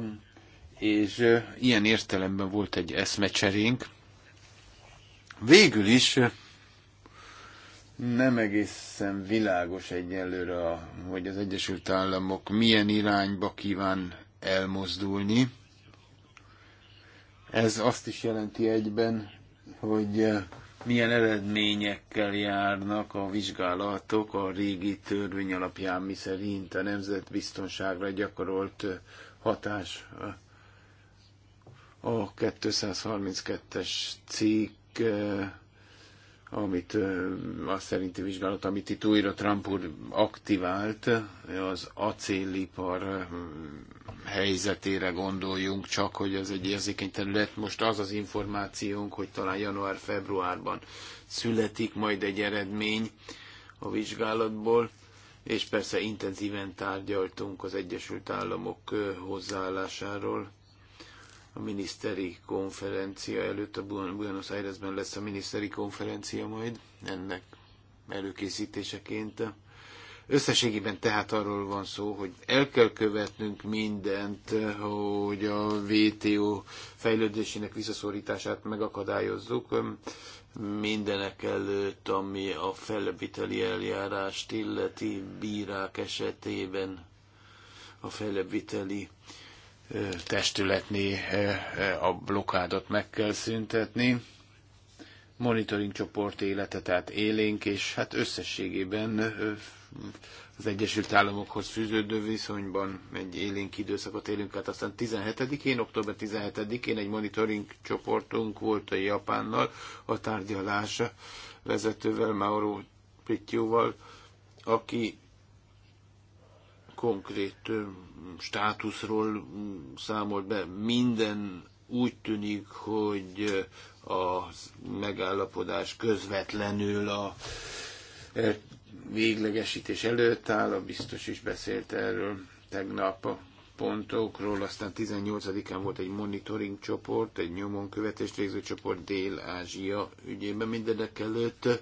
És ilyen értelemben volt egy eszmecserénk. Végül is nem egészen világos egyelőre, hogy az Egyesült Államok milyen irányba kíván elmozdulni. Ez azt is jelenti egyben, hogy milyen eredményekkel járnak a vizsgálatok a régi törvény alapján, miszerint a nemzetbiztonságra gyakorolt hatás a 232-es cikk eh, amit azt szerinti vizsgálat, amit itt újra Trump úr aktivált, az acélipar helyzetére gondoljunk, csak hogy ez egy érzékeny terület. Most az az információnk, hogy talán január-februárban születik majd egy eredmény a vizsgálatból, és persze intenzíven tárgyaltunk az Egyesült Államok hozzáállásáról, a miniszteri konferencia előtt, a Buenos Airesben lesz a miniszteri konferencia majd, ennek előkészítéseként. Összességében tehát arról van szó, hogy el kell követnünk mindent, hogy a WTO fejlődésének visszaszorítását megakadályozzuk, mindenek előtt, ami a fellebbviteli eljárást illeti bírák esetében a fellebbviteli testületni, eh, eh, a blokádot meg kell szüntetni. Monitoring csoport élete, tehát élénk, és hát összességében eh, az Egyesült Államokhoz fűződő viszonyban egy élénk időszakot élünk Hát Aztán 17-én, október 17-én egy monitoring csoportunk volt a Japánnal, a tárgyalás vezetővel, Mauro Pityóval, aki konkrét státuszról számolt be. Minden úgy tűnik, hogy a megállapodás közvetlenül a e, véglegesítés előtt áll, a biztos is beszélt erről tegnap a pontokról, aztán 18-án volt egy monitoring csoport, egy nyomon követést végző csoport Dél-Ázsia ügyében mindenek előtt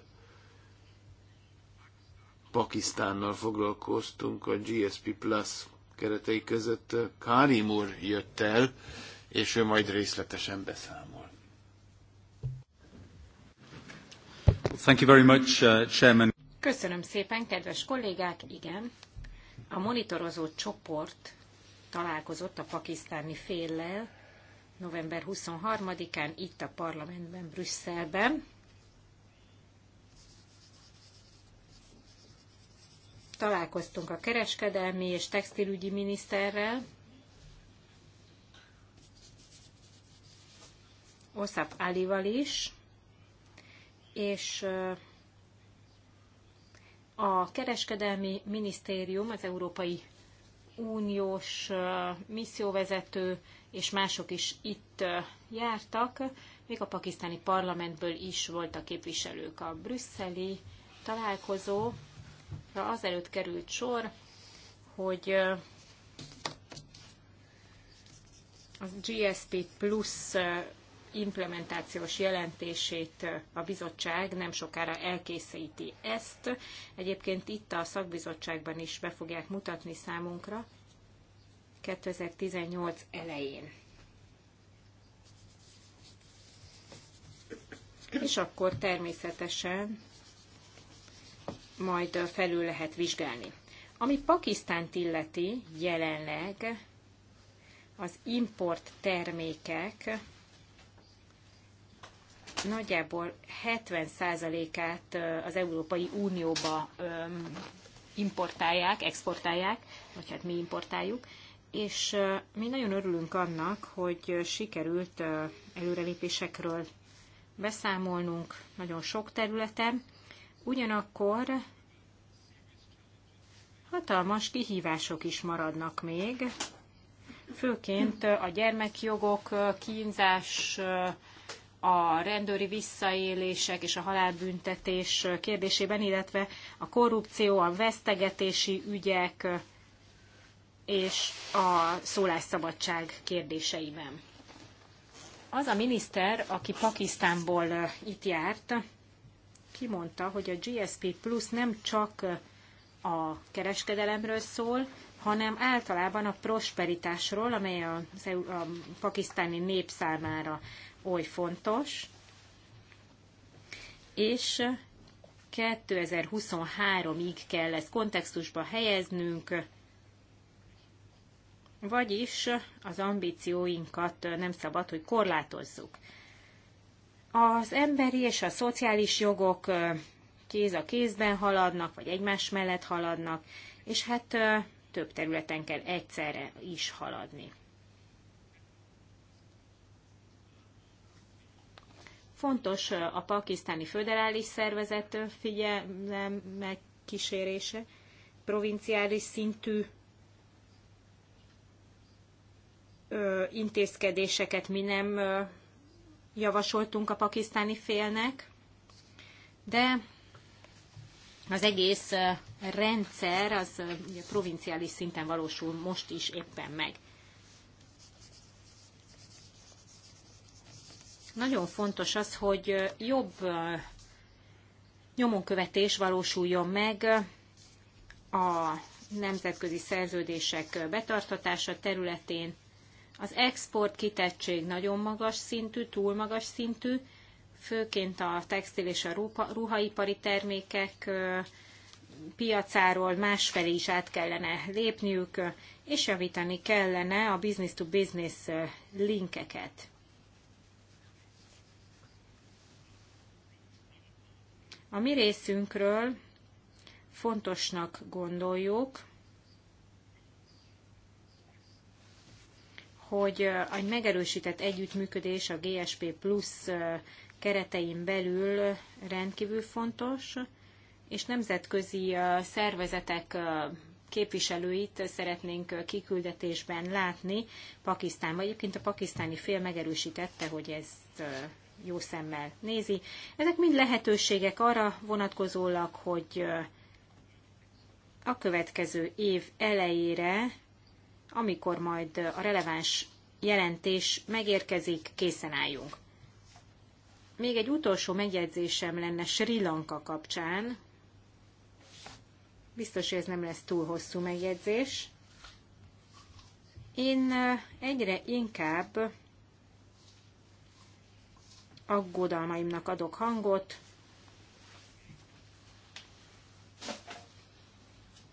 Pakisztánnal foglalkoztunk a GSP Plus keretei között. Kárim úr jött el, és ő majd részletesen beszámol. Thank you very much, uh, Chairman. Köszönöm szépen, kedves kollégák! Igen, a monitorozó csoport találkozott a pakisztáni féllel november 23-án itt a parlamentben, Brüsszelben. találkoztunk a kereskedelmi és textilügyi miniszterrel, Oszap Alival is, és a kereskedelmi minisztérium, az Európai Uniós misszióvezető és mások is itt jártak, még a pakisztáni parlamentből is voltak képviselők. A brüsszeli találkozó azelőtt került sor, hogy a GSP Plus implementációs jelentését a bizottság nem sokára elkészíti ezt. Egyébként itt a szakbizottságban is be fogják mutatni számunkra 2018 elején. És akkor természetesen majd felül lehet vizsgálni. Ami Pakisztánt illeti, jelenleg az import termékek nagyjából 70%-át az Európai Unióba importálják, exportálják, vagy hát mi importáljuk, és mi nagyon örülünk annak, hogy sikerült előrelépésekről beszámolnunk nagyon sok területen, Ugyanakkor hatalmas kihívások is maradnak még, főként a gyermekjogok, kínzás, a rendőri visszaélések és a halálbüntetés kérdésében, illetve a korrupció, a vesztegetési ügyek és a szólásszabadság kérdéseiben. Az a miniszter, aki Pakisztánból itt járt, kimondta, hogy a GSP Plus nem csak a kereskedelemről szól, hanem általában a prosperitásról, amely a, a pakisztáni nép számára oly fontos. És 2023-ig kell ezt kontextusba helyeznünk, vagyis az ambícióinkat nem szabad, hogy korlátozzuk. Az emberi és a szociális jogok kéz a kézben haladnak, vagy egymás mellett haladnak, és hát több területen kell egyszerre is haladni. Fontos a pakisztáni föderális szervezet figyelme kísérése, provinciális szintű intézkedéseket mi nem javasoltunk a pakisztáni félnek, de az egész rendszer az ugye, provinciális szinten valósul most is éppen meg. Nagyon fontos az, hogy jobb nyomonkövetés valósuljon meg a nemzetközi szerződések betartatása területén, az export kitettség nagyon magas szintű, túl magas szintű, főként a textil és a ruhaipari termékek piacáról másfelé is át kellene lépniük, és javítani kellene a business-to-business linkeket. A mi részünkről fontosnak gondoljuk, hogy a megerősített együttműködés a GSP Plus keretein belül rendkívül fontos, és nemzetközi szervezetek képviselőit szeretnénk kiküldetésben látni Pakisztánba. Egyébként a pakisztáni fél megerősítette, hogy ezt jó szemmel nézi. Ezek mind lehetőségek arra vonatkozólag, hogy a következő év elejére amikor majd a releváns jelentés megérkezik, készen álljunk. Még egy utolsó megjegyzésem lenne Sri Lanka kapcsán. Biztos, hogy ez nem lesz túl hosszú megjegyzés. Én eh, egyre inkább aggodalmaimnak adok hangot.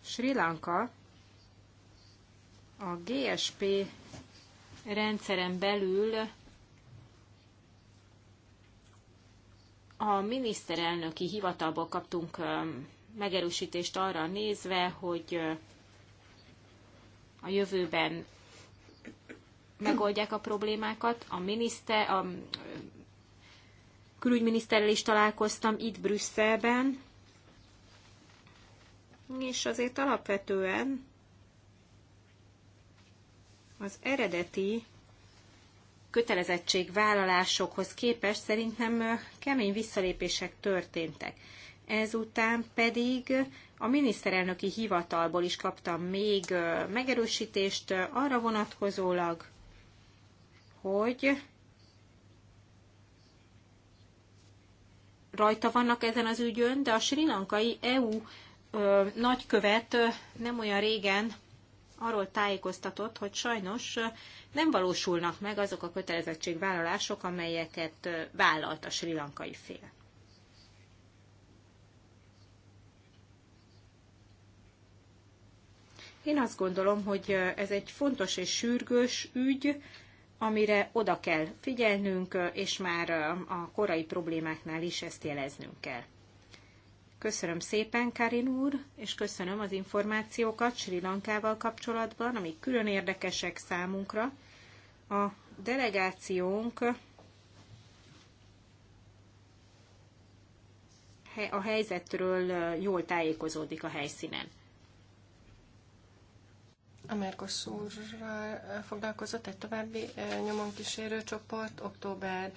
Sri Lanka a GSP rendszeren belül a miniszterelnöki hivatalból kaptunk megerősítést arra nézve, hogy a jövőben megoldják a problémákat. A, miniszter, a külügyminiszterrel is találkoztam itt Brüsszelben, és azért alapvetően az eredeti kötelezettségvállalásokhoz képest szerintem kemény visszalépések történtek. Ezután pedig a miniszterelnöki hivatalból is kaptam még megerősítést arra vonatkozólag, hogy rajta vannak ezen az ügyön, de a sri lankai EU nagykövet nem olyan régen arról tájékoztatott, hogy sajnos nem valósulnak meg azok a kötelezettségvállalások, amelyeket vállalt a sri lankai fél. Én azt gondolom, hogy ez egy fontos és sürgős ügy, amire oda kell figyelnünk, és már a korai problémáknál is ezt jeleznünk kell. Köszönöm szépen, Karin úr, és köszönöm az információkat Sri Lankával kapcsolatban, amik külön érdekesek számunkra. A delegációnk a helyzetről jól tájékozódik a helyszínen. A Mercosurral foglalkozott egy további nyomonkísérő csoport október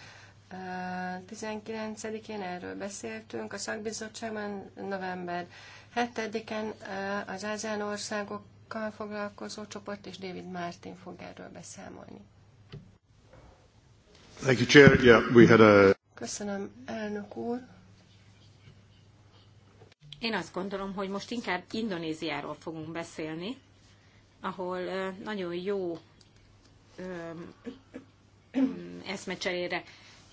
19-én erről beszéltünk a szakbizottságban, november 7-en az ázsiai országokkal foglalkozó csoport és David Martin fog erről beszámolni. Thank you, Chair. Yeah, we had a... Köszönöm, elnök úr. Én azt gondolom, hogy most inkább Indonéziáról fogunk beszélni, ahol nagyon jó eszmecserére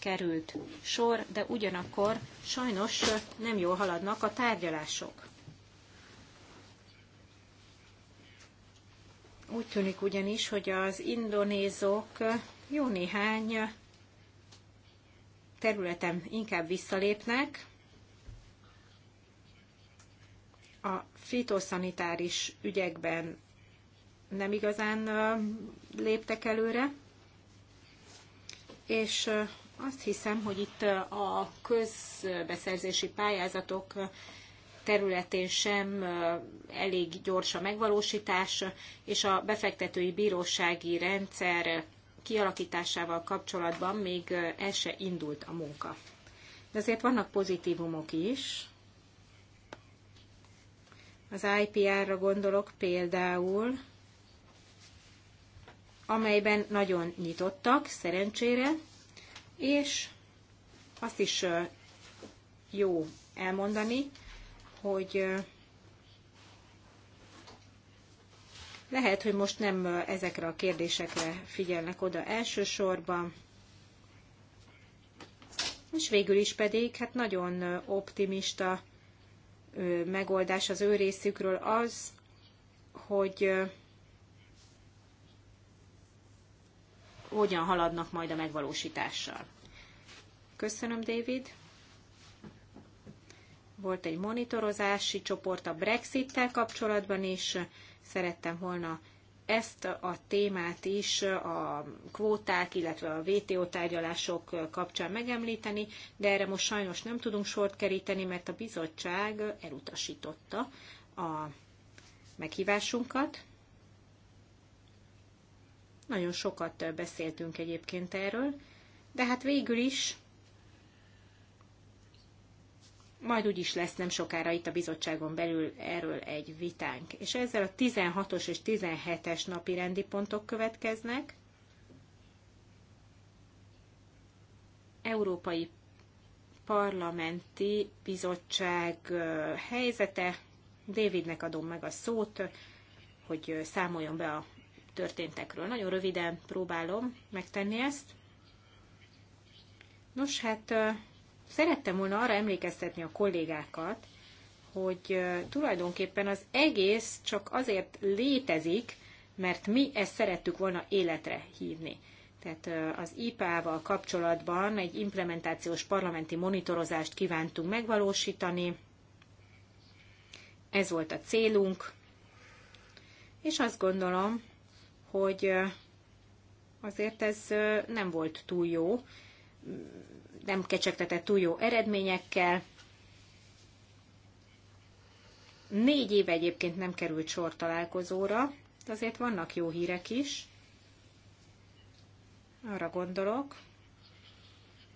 került sor, de ugyanakkor sajnos nem jól haladnak a tárgyalások. Úgy tűnik ugyanis, hogy az indonézok jó néhány területen inkább visszalépnek. A fitoszanitáris ügyekben nem igazán léptek előre, és azt hiszem, hogy itt a közbeszerzési pályázatok területén sem elég gyors a megvalósítás, és a befektetői bírósági rendszer kialakításával kapcsolatban még el se indult a munka. De azért vannak pozitívumok is. Az IPR-ra gondolok például, amelyben nagyon nyitottak, szerencsére, és azt is jó elmondani, hogy lehet, hogy most nem ezekre a kérdésekre figyelnek oda elsősorban, és végül is pedig, hát nagyon optimista megoldás az ő részükről az, hogy hogyan haladnak majd a megvalósítással. Köszönöm, David. Volt egy monitorozási csoport a Brexit-tel kapcsolatban is. Szerettem volna ezt a témát is a kvóták, illetve a VTO tárgyalások kapcsán megemlíteni, de erre most sajnos nem tudunk sort keríteni, mert a bizottság elutasította a meghívásunkat. Nagyon sokat beszéltünk egyébként erről, de hát végül is majd úgy is lesz nem sokára itt a bizottságon belül erről egy vitánk. És ezzel a 16-os és 17-es napi rendi pontok következnek. Európai Parlamenti Bizottság helyzete. Davidnek adom meg a szót, hogy számoljon be a történtekről. Nagyon röviden próbálom megtenni ezt. Nos, hát szerettem volna arra emlékeztetni a kollégákat, hogy tulajdonképpen az egész csak azért létezik, mert mi ezt szerettük volna életre hívni. Tehát az IPA-val kapcsolatban egy implementációs parlamenti monitorozást kívántunk megvalósítani. Ez volt a célunk, és azt gondolom, hogy azért ez nem volt túl jó, nem kecsegtetett túl jó eredményekkel. Négy éve egyébként nem került sor találkozóra, de azért vannak jó hírek is. Arra gondolok,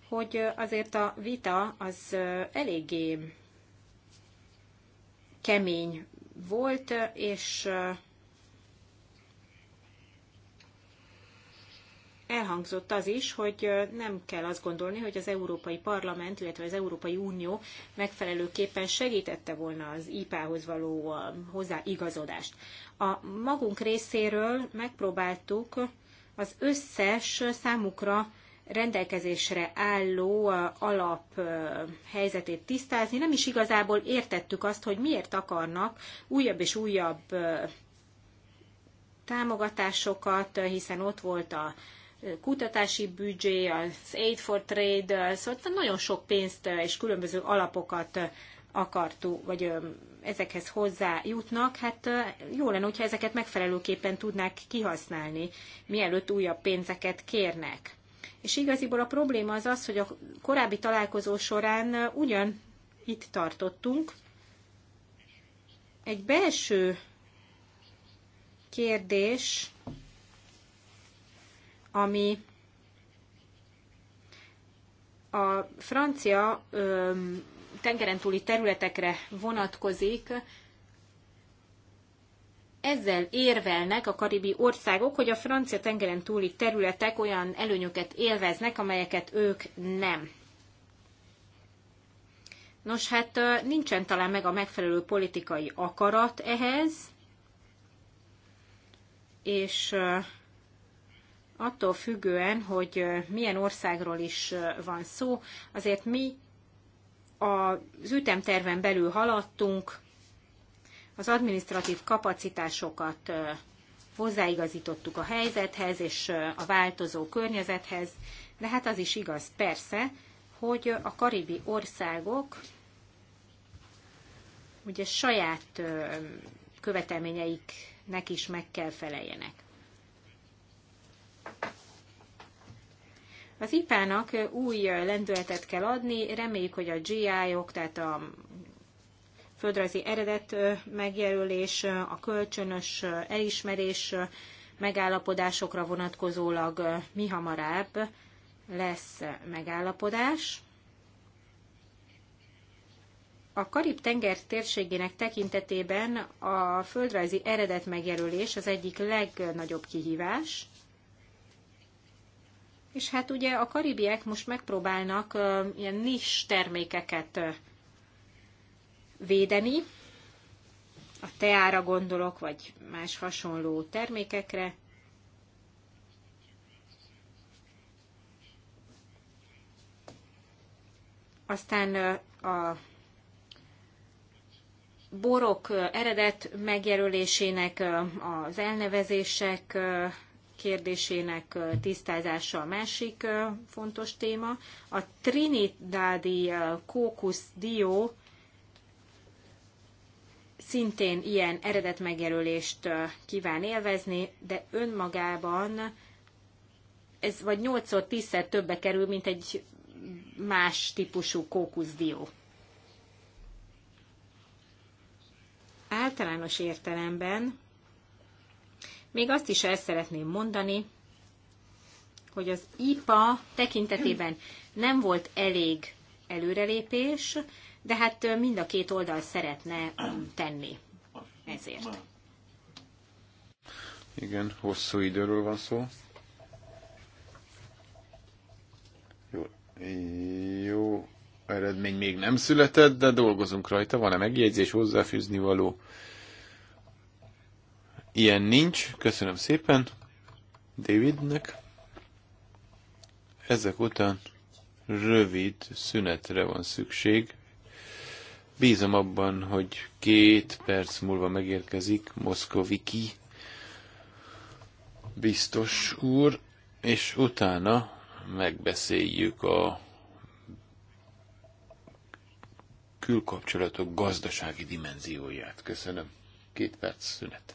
hogy azért a vita az eléggé kemény volt, és elhangzott az is, hogy nem kell azt gondolni, hogy az Európai Parlament, illetve az Európai Unió megfelelőképpen segítette volna az IPA-hoz való hozzáigazodást. A magunk részéről megpróbáltuk az összes számukra rendelkezésre álló alap helyzetét tisztázni. Nem is igazából értettük azt, hogy miért akarnak újabb és újabb támogatásokat, hiszen ott volt a kutatási büdzsé, az Aid for Trade, szóval nagyon sok pénzt és különböző alapokat akartó, vagy ezekhez hozzájutnak, hát jó lenne, hogyha ezeket megfelelőképpen tudnák kihasználni, mielőtt újabb pénzeket kérnek. És igaziból a probléma az az, hogy a korábbi találkozó során ugyan itt tartottunk, egy belső kérdés ami a francia ö, tengeren túli területekre vonatkozik, ezzel érvelnek a karibi országok, hogy a francia tengeren túli területek olyan előnyöket élveznek, amelyeket ők nem. Nos, hát nincsen talán meg a megfelelő politikai akarat ehhez, és attól függően, hogy milyen országról is van szó, azért mi az ütemterven belül haladtunk, az administratív kapacitásokat hozzáigazítottuk a helyzethez és a változó környezethez, de hát az is igaz persze, hogy a karibi országok ugye saját követelményeiknek is meg kell feleljenek. Az IPA-nak új lendületet kell adni, reméljük, hogy a GI-ok, -ok, tehát a földrajzi eredet megjelölés, a kölcsönös elismerés megállapodásokra vonatkozólag mi hamarabb lesz megállapodás. A Karib-tenger térségének tekintetében a földrajzi eredet megjelölés az egyik legnagyobb kihívás. És hát ugye a karibiek most megpróbálnak ilyen nis termékeket védeni, a teára gondolok, vagy más hasonló termékekre. Aztán a borok eredet megjelölésének az elnevezések kérdésének tisztázása a másik fontos téma. A Trinidádi kókusz dió szintén ilyen eredetmegjelölést kíván élvezni, de önmagában ez vagy 8 10-szer többe kerül, mint egy más típusú kókuszdió. Általános értelemben még azt is el szeretném mondani, hogy az IPA tekintetében nem volt elég előrelépés, de hát mind a két oldal szeretne tenni ezért. Igen, hosszú időről van szó. Jó, jó eredmény még nem született, de dolgozunk rajta. Van-e megjegyzés, hozzáfűzni való? Ilyen nincs. Köszönöm szépen Davidnek. Ezek után rövid szünetre van szükség. Bízom abban, hogy két perc múlva megérkezik Moszkoviki biztos úr, és utána megbeszéljük a külkapcsolatok gazdasági dimenzióját. Köszönöm. Két perc szünet.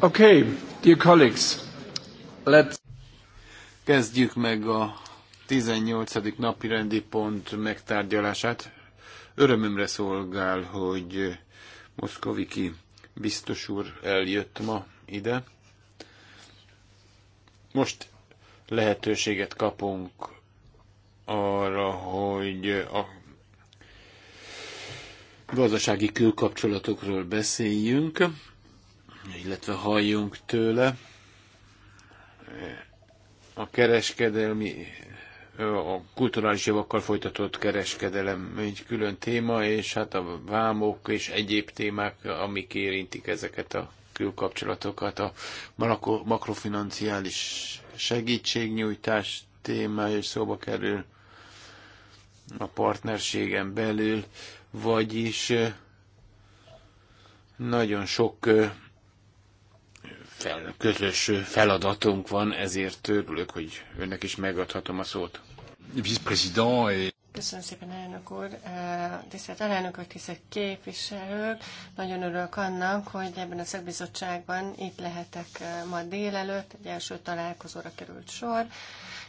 Okay, dear colleagues, let's... Kezdjük meg a 18. napi rendi pont megtárgyalását. Örömömre szolgál, hogy Moszkoviki biztos úr eljött ma ide. Most lehetőséget kapunk arra, hogy a gazdasági külkapcsolatokról beszéljünk illetve halljunk tőle. A kereskedelmi, a kulturális javakkal folytatott kereskedelem egy külön téma, és hát a vámok és egyéb témák, amik érintik ezeket a külkapcsolatokat, a makrofinanciális segítségnyújtás témája is szóba kerül a partnerségen belül, vagyis eh, nagyon sok eh, fel, közös feladatunk van, ezért örülök, hogy önnek is megadhatom a szót. Köszönöm szépen, elnök úr. Tisztelt elnökök, tisztelt képviselők. Nagyon örülök annak, hogy ebben a szakbizottságban itt lehetek ma délelőtt, egy első találkozóra került sor,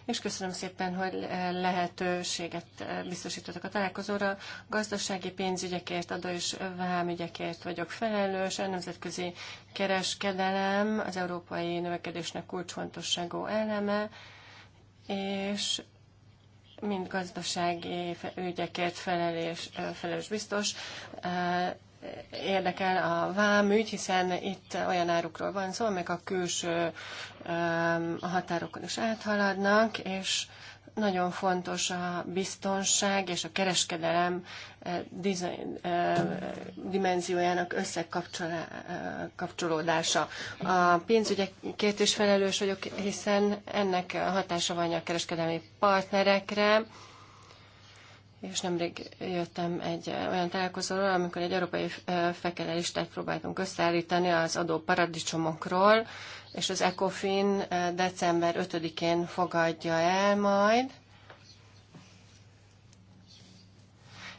és köszönöm szépen, hogy lehetőséget biztosítottak a találkozóra. Gazdasági pénzügyekért, adó és vámügyekért vagyok felelős, a nemzetközi kereskedelem az európai növekedésnek kulcsfontosságú eleme, és mint gazdasági ügyekért felelés, felelős biztos, érdekel a vámügy, hiszen itt olyan árukról van szó, amelyek a külső határokon is áthaladnak, és nagyon fontos a biztonság és a kereskedelem eh, eh, dimenziójának összekapcsolódása. Eh, a pénzügyekért is felelős vagyok, hiszen ennek hatása van a kereskedelmi partnerekre, és nemrég jöttem egy eh, olyan találkozóról, amikor egy európai eh, fekete listát próbáltunk összeállítani az adó paradicsomokról, és az ECOFIN eh, december 5-én fogadja el majd.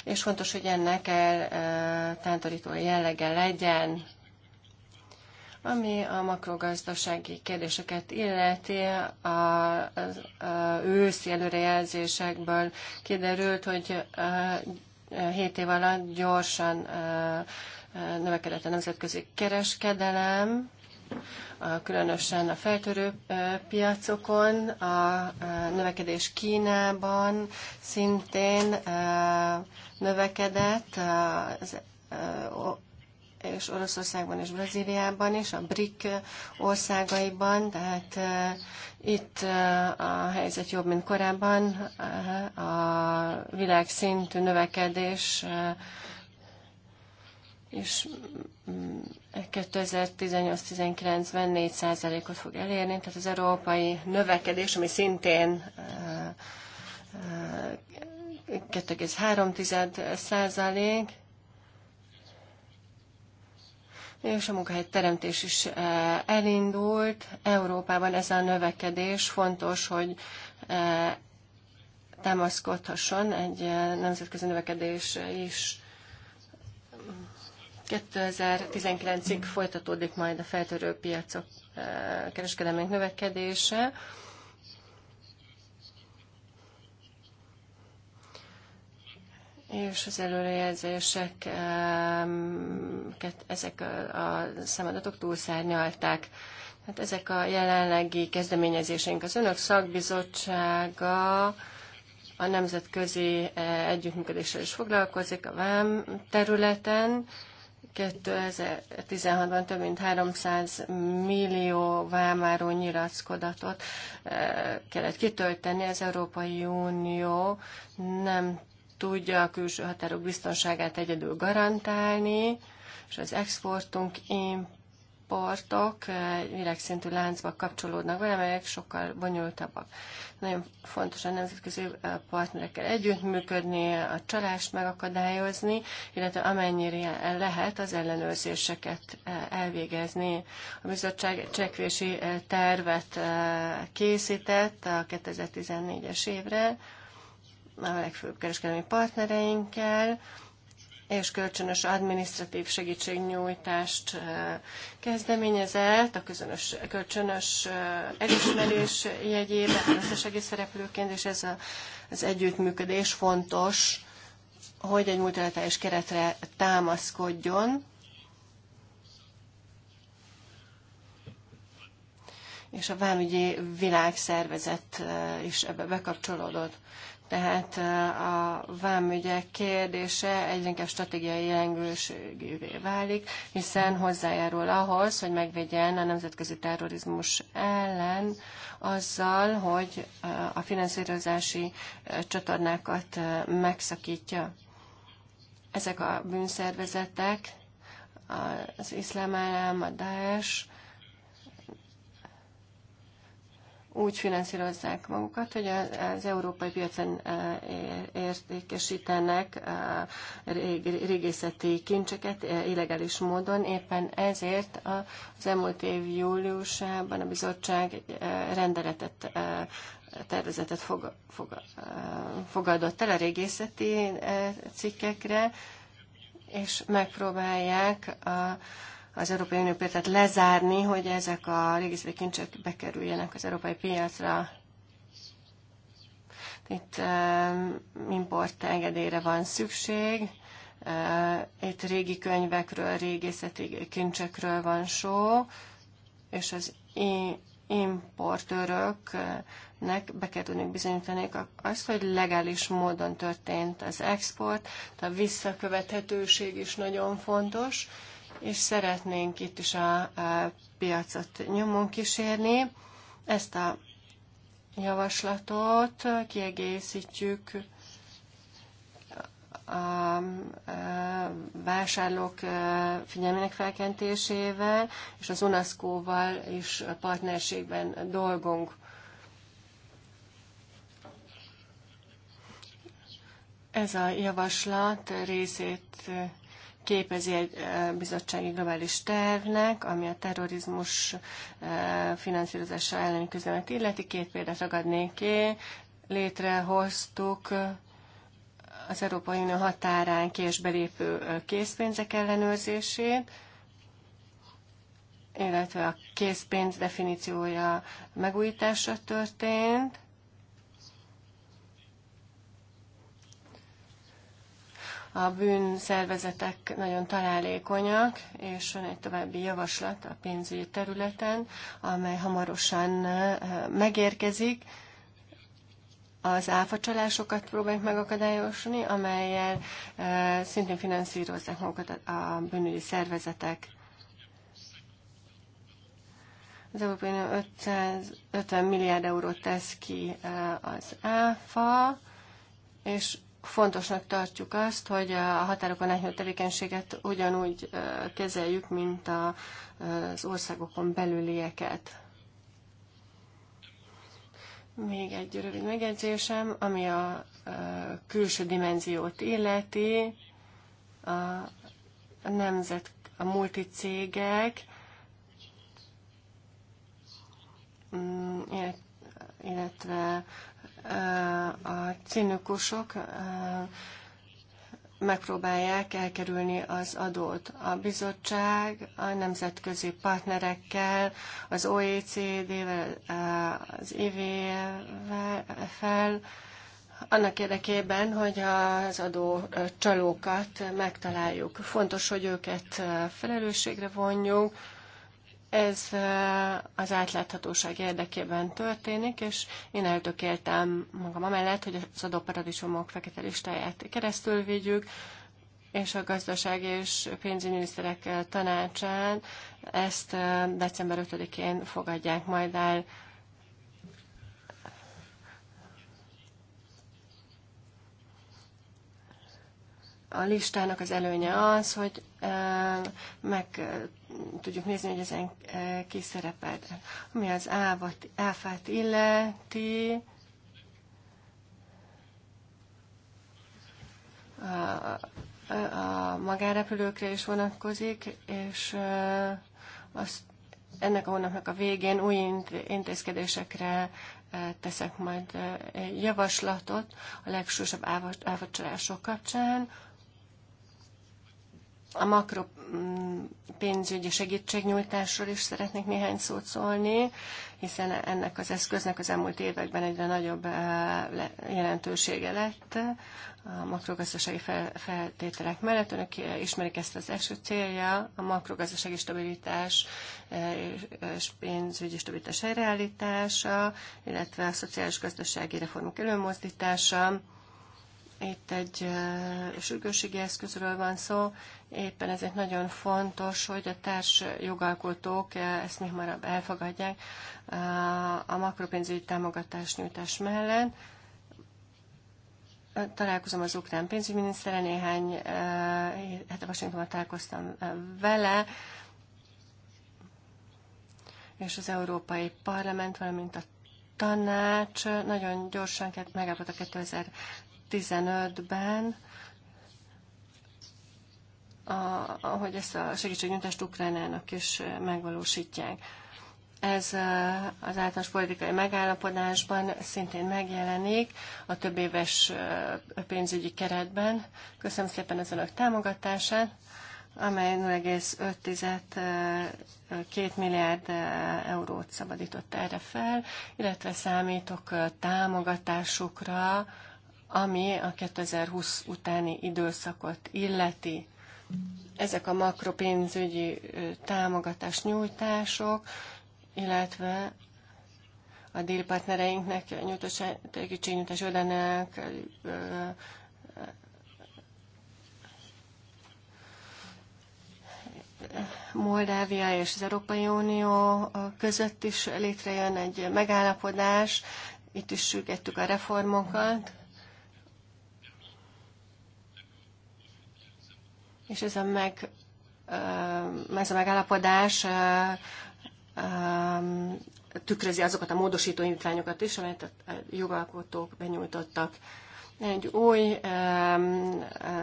És fontos, hogy ennek eltántorító jellege legyen. Ami a makrogazdasági kérdéseket illeti, a, az a őszi előrejelzésekből kiderült, hogy a, a 7 év alatt gyorsan a, növekedett a nemzetközi kereskedelem, különösen a feltörő piacokon, a növekedés Kínában szintén növekedett, az és Oroszországban és Brazíliában és a BRIC országaiban, tehát itt a helyzet jobb, mint korábban. A világszintű növekedés és 2018-19-ben 4 ot fog elérni, tehát az európai növekedés, ami szintén 2,3 százalék, és a munkahely teremtés is eh, elindult. Európában ez a növekedés fontos, hogy eh, támaszkodhasson egy eh, nemzetközi növekedés is. 2019-ig folytatódik majd a feltörő piacok kereskedelmének növekedése. és az előrejelzések, ezek a szemadatok túlszárnyalták. Hát ezek a jelenlegi kezdeményezéseink. Az Önök szakbizottsága a nemzetközi eh, együttműködéssel is foglalkozik a VAM területen. 2016-ban több mint 300 millió vámáró nyilatkozatot eh, kellett kitölteni. Az Európai Unió nem tudja a külső határok biztonságát egyedül garantálni, és az exportunk, importok eh, világszintű láncba kapcsolódnak vele, amelyek sokkal bonyolultabbak. Nagyon fontos a nemzetközi eh, partnerekkel együttműködni, a csalást megakadályozni, illetve amennyire lehet az ellenőrzéseket eh, elvégezni. A bizottság csekvési tervet készített a 2014-es évre, a legfőbb kereskedelmi partnereinkkel, és kölcsönös adminisztratív segítségnyújtást kezdeményezett a közönös, kölcsönös elismerés jegyében összesegi szereplőként, és ez a, az együttműködés fontos, hogy egy multilaterális keretre támaszkodjon, és a Vámügyi Világszervezet is ebbe bekapcsolódott. Tehát a vámügyek kérdése egy inkább stratégiai jelengőségűvé válik, hiszen hozzájárul ahhoz, hogy megvédjen a nemzetközi terrorizmus ellen azzal, hogy a finanszírozási csatornákat megszakítja. Ezek a bűnszervezetek, az iszlám állam, a Daesh, úgy finanszírozzák magukat, hogy az európai piacon e, értékesítenek e, régészeti kincseket e, illegális módon. Éppen ezért az elmúlt év júliusában a bizottság rendeletet tervezetet fog, fog, fogadott el a régészeti cikkekre, és megpróbálják a az Európai Unió példát lezárni, hogy ezek a kincsek bekerüljenek az európai piacra. Itt import engedélyre van szükség, itt régi könyvekről, régészeti kincsekről van szó, és az importőröknek be kell tudni bizonyítani azt, hogy legális módon történt az export, a visszakövethetőség is nagyon fontos, és szeretnénk itt is a, a piacot nyomon kísérni. Ezt a javaslatot kiegészítjük a vásárlók figyelmének felkentésével, és az UNESCO-val is partnerségben dolgunk. Ez a javaslat részét képezi egy bizottsági globális tervnek, ami a terrorizmus finanszírozása elleni küzdelmet illeti. Két példát ragadnék ki. Létrehoztuk az Európai Unió határán ki és belépő készpénzek ellenőrzését, illetve a készpénz definíciója megújítása történt. A bűnszervezetek nagyon találékonyak, és van egy további javaslat a pénzügyi területen, amely hamarosan eh, megérkezik. Az áfacsalásokat próbáljuk megakadályozni, amelyel eh, szintén finanszírozzák magukat a bűnügyi szervezetek. Az Európai Unió 550 milliárd eurót tesz ki eh, az áfa, és fontosnak tartjuk azt, hogy a határokon átnyúló tevékenységet ugyanúgy kezeljük, mint a, az országokon belülieket. Még egy rövid megjegyzésem, ami a külső dimenziót illeti, a nemzet, a multicégek, mm, illetve a cinikusok megpróbálják elkerülni az adót. A bizottság a nemzetközi partnerekkel, az OECD-vel, az IVF-vel, annak érdekében, hogy az adó csalókat megtaláljuk. Fontos, hogy őket felelősségre vonjuk ez az átláthatóság érdekében történik, és én eltökéltem magam amellett, hogy az adóparadicsomok fekete listáját keresztül vigyük, és a gazdaság és pénzügyminiszterek tanácsán ezt december 5-én fogadják majd el a listának az előnye az, hogy meg tudjuk nézni, hogy ezen ki szerepelt. Ami az ávat, áfát illeti, a, a magárepülőkre is vonatkozik, és azt ennek a hónapnak a végén új intézkedésekre teszek majd javaslatot a legsúlyosabb álvacsalások kapcsán, a makro mm, pénzügyi segítségnyújtásról is szeretnék néhány szót szólni, hiszen ennek az eszköznek az elmúlt években egyre nagyobb eh, jelentősége lett a makrogazdasági feltételek mellett. Önök eh, ismerik ezt az első célja, a makrogazdasági stabilitás eh, és pénzügyi stabilitás helyreállítása, illetve a szociális gazdasági reformok előmozdítása itt egy sürgősségi eszközről van szó, éppen ezért nagyon fontos, hogy a társ jogalkotók ezt még marabb elfogadják a makropénzügyi támogatás nyújtás mellett. Találkozom az ukrán pénzügyminiszterrel, néhány hete Washingtonban találkoztam vele, és az Európai Parlament, valamint a tanács nagyon gyorsan megállapodott a 15-ben, hogy ezt a segítségnyújtást Ukrajnának is megvalósítják. Ez az általános politikai megállapodásban szintén megjelenik a több éves pénzügyi keretben. Köszönöm szépen az önök támogatását, amely 0,5-2 milliárd eurót szabadított erre fel, illetve számítok támogatásukra, ami a 2020 utáni időszakot illeti. Ezek a makropénzügyi támogatás nyújtások, illetve a dílpartnereinknek nyújtott segítségnyújtás ödenek Moldávia és az Európai Unió között is létrejön egy megállapodás, itt is sürgettük a reformokat. és ez a, meg, ez a megállapodás tükrözi azokat a módosító indítványokat is, amelyet a jogalkotók benyújtottak. Egy új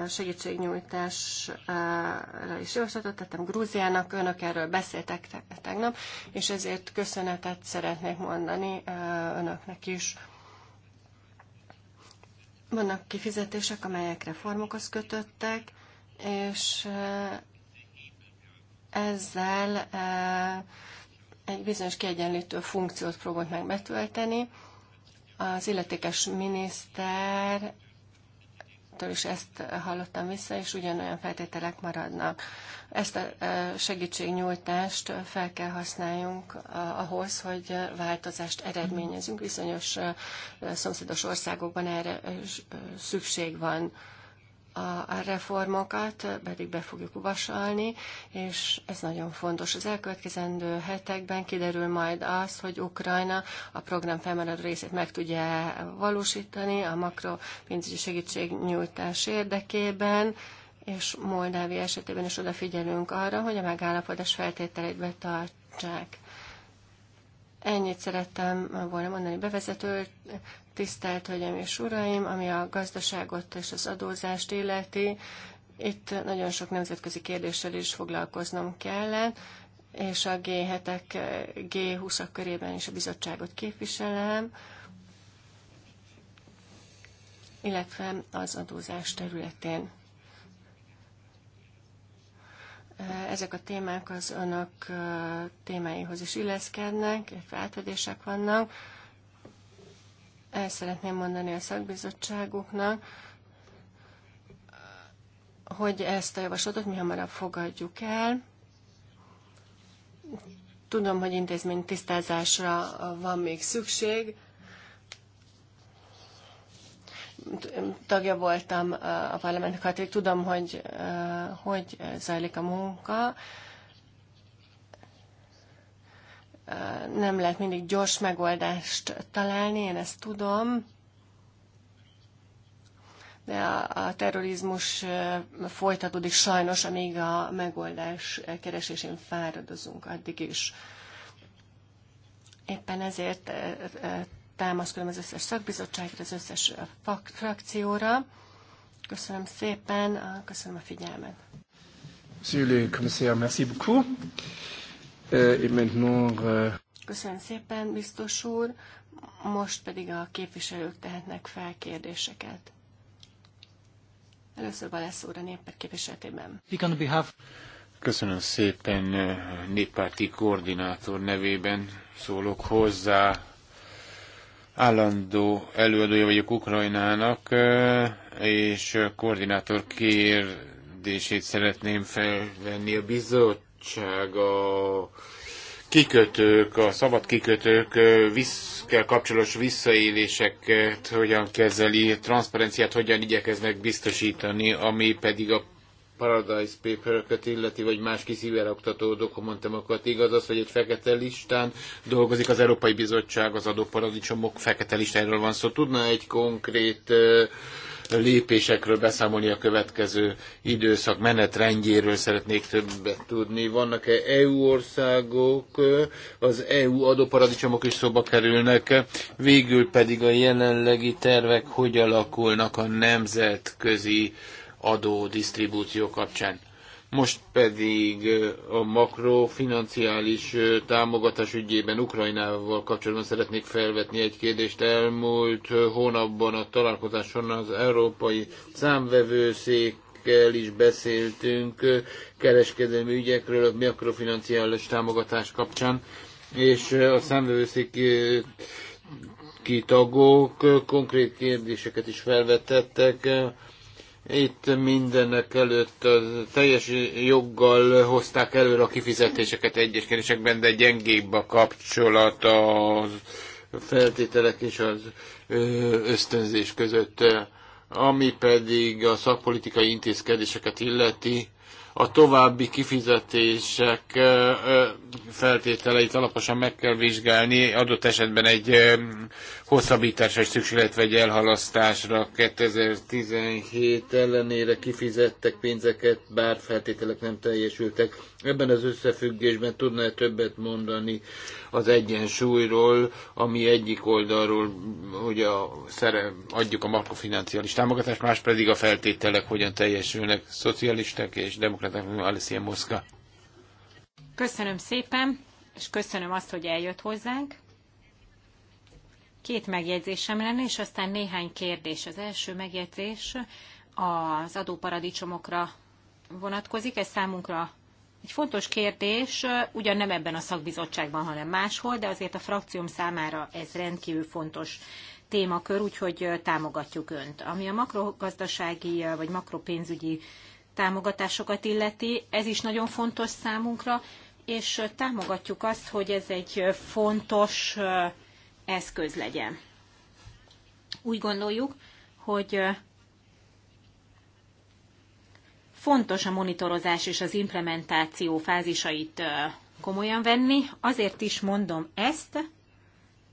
segítségnyújtásra is javaslatot tettem Grúziának, önök erről beszéltek tegnap, és ezért köszönetet szeretnék mondani önöknek is. Vannak kifizetések, amelyek reformokhoz kötöttek, és eh, ezzel eh, egy bizonyos kiegyenlítő funkciót próbált meg betölteni. Az illetékes miniszter től is ezt hallottam vissza, és ugyanolyan feltételek maradnak. Ezt a eh, segítségnyújtást fel kell használjunk ahhoz, hogy változást eredményezünk. viszonyos szomszédos országokban erre szükség van a reformokat pedig be fogjuk uvasalni, és ez nagyon fontos. Az elkövetkezendő hetekben kiderül majd az, hogy Ukrajna a program felmaradó részét meg tudja valósítani a makropénzügyi segítségnyújtás érdekében, és Moldávia esetében is odafigyelünk arra, hogy a megállapodás feltételeit betartsák. Ennyit szerettem volna mondani Bevezető. Tisztelt Hölgyeim és Uraim, ami a gazdaságot és az adózást illeti, itt nagyon sok nemzetközi kérdéssel is foglalkoznom kellett, és a G7-ek, G20-ak körében is a bizottságot képviselem, illetve az adózás területén. Ezek a témák az önök témáihoz is illeszkednek, illetve átfedések vannak el szeretném mondani a szakbizottságoknak, hogy ezt a javaslatot mi hamarabb fogadjuk el. Tudom, hogy intézmény tisztázásra van még szükség. Tagja voltam a parlamentnek, tudom, hogy hogy zajlik a munka, nem lehet mindig gyors megoldást találni, én ezt tudom, de a, a terrorizmus folytatódik sajnos, amíg a megoldás keresésén fáradozunk addig is. Éppen ezért támaszkodom az összes szakbizottságra, az összes frakcióra. Köszönöm szépen, köszönöm a figyelmet. Monsieur le commissaire, merci beaucoup. Euh, euh, Köszönöm szépen, biztos úr. Most pedig a képviselők tehetnek fel kérdéseket. Először Balesz úr a néppárt képviseletében. Köszönöm szépen néppárti koordinátor nevében szólok hozzá. Állandó előadója vagyok Ukrajnának, és koordinátor kérdését szeretném felvenni a bizot szabadság, a kikötők, a szabad kikötők viszkel kapcsolatos visszaéléseket hogyan kezeli, transzparenciát hogyan igyekeznek biztosítani, ami pedig a Paradise Paper-öket illeti, vagy más kiszivárogtató dokumentumokat. Igaz az, hogy egy fekete listán dolgozik az Európai Bizottság, az adóparadicsomok fekete listáról van szó. Tudna egy konkrét uh, lépésekről beszámolni a következő időszak menetrendjéről szeretnék többet tudni. Vannak-e EU országok, az EU adóparadicsomok is szóba kerülnek, végül pedig a jelenlegi tervek hogy alakulnak a nemzetközi adódisztribúció kapcsán. Most pedig a makrofinanciális támogatás ügyében Ukrajnával kapcsolatban szeretnék felvetni egy kérdést. Elmúlt hónapban a találkozáson az Európai Számvevőszék is beszéltünk, kereskedelmi ügyekről, a makrofinanciális támogatás kapcsán, és a számvevőszék kitagok konkrét kérdéseket is felvetettek itt mindenek előtt a teljes joggal hozták elő a kifizetéseket egyes kérdésekben, de gyengébb a kapcsolat a feltételek és az ösztönzés között. Ami pedig a szakpolitikai intézkedéseket illeti, a további kifizetések feltételeit alaposan meg kell vizsgálni, adott esetben egy hosszabbításra is szükség lehet, vagy elhalasztásra. 2017 ellenére kifizettek pénzeket, bár feltételek nem teljesültek. Ebben az összefüggésben tudná -e többet mondani az egyensúlyról, ami egyik oldalról, hogy a, szere, adjuk a makrofinanciális támogatást, más pedig a feltételek hogyan teljesülnek szocialisták és demokraták Moszka. Köszönöm szépen, és köszönöm azt, hogy eljött hozzánk. Két megjegyzésem lenne, és aztán néhány kérdés. Az első megjegyzés az adóparadicsomokra vonatkozik. Ez számunkra egy fontos kérdés, ugyan nem ebben a szakbizottságban, hanem máshol, de azért a frakcióm számára ez rendkívül fontos témakör, úgyhogy támogatjuk Önt. Ami a makrogazdasági vagy makropénzügyi támogatásokat illeti, ez is nagyon fontos számunkra, és támogatjuk azt, hogy ez egy fontos eszköz legyen. Úgy gondoljuk, hogy fontos a monitorozás és az implementáció fázisait komolyan venni. Azért is mondom ezt,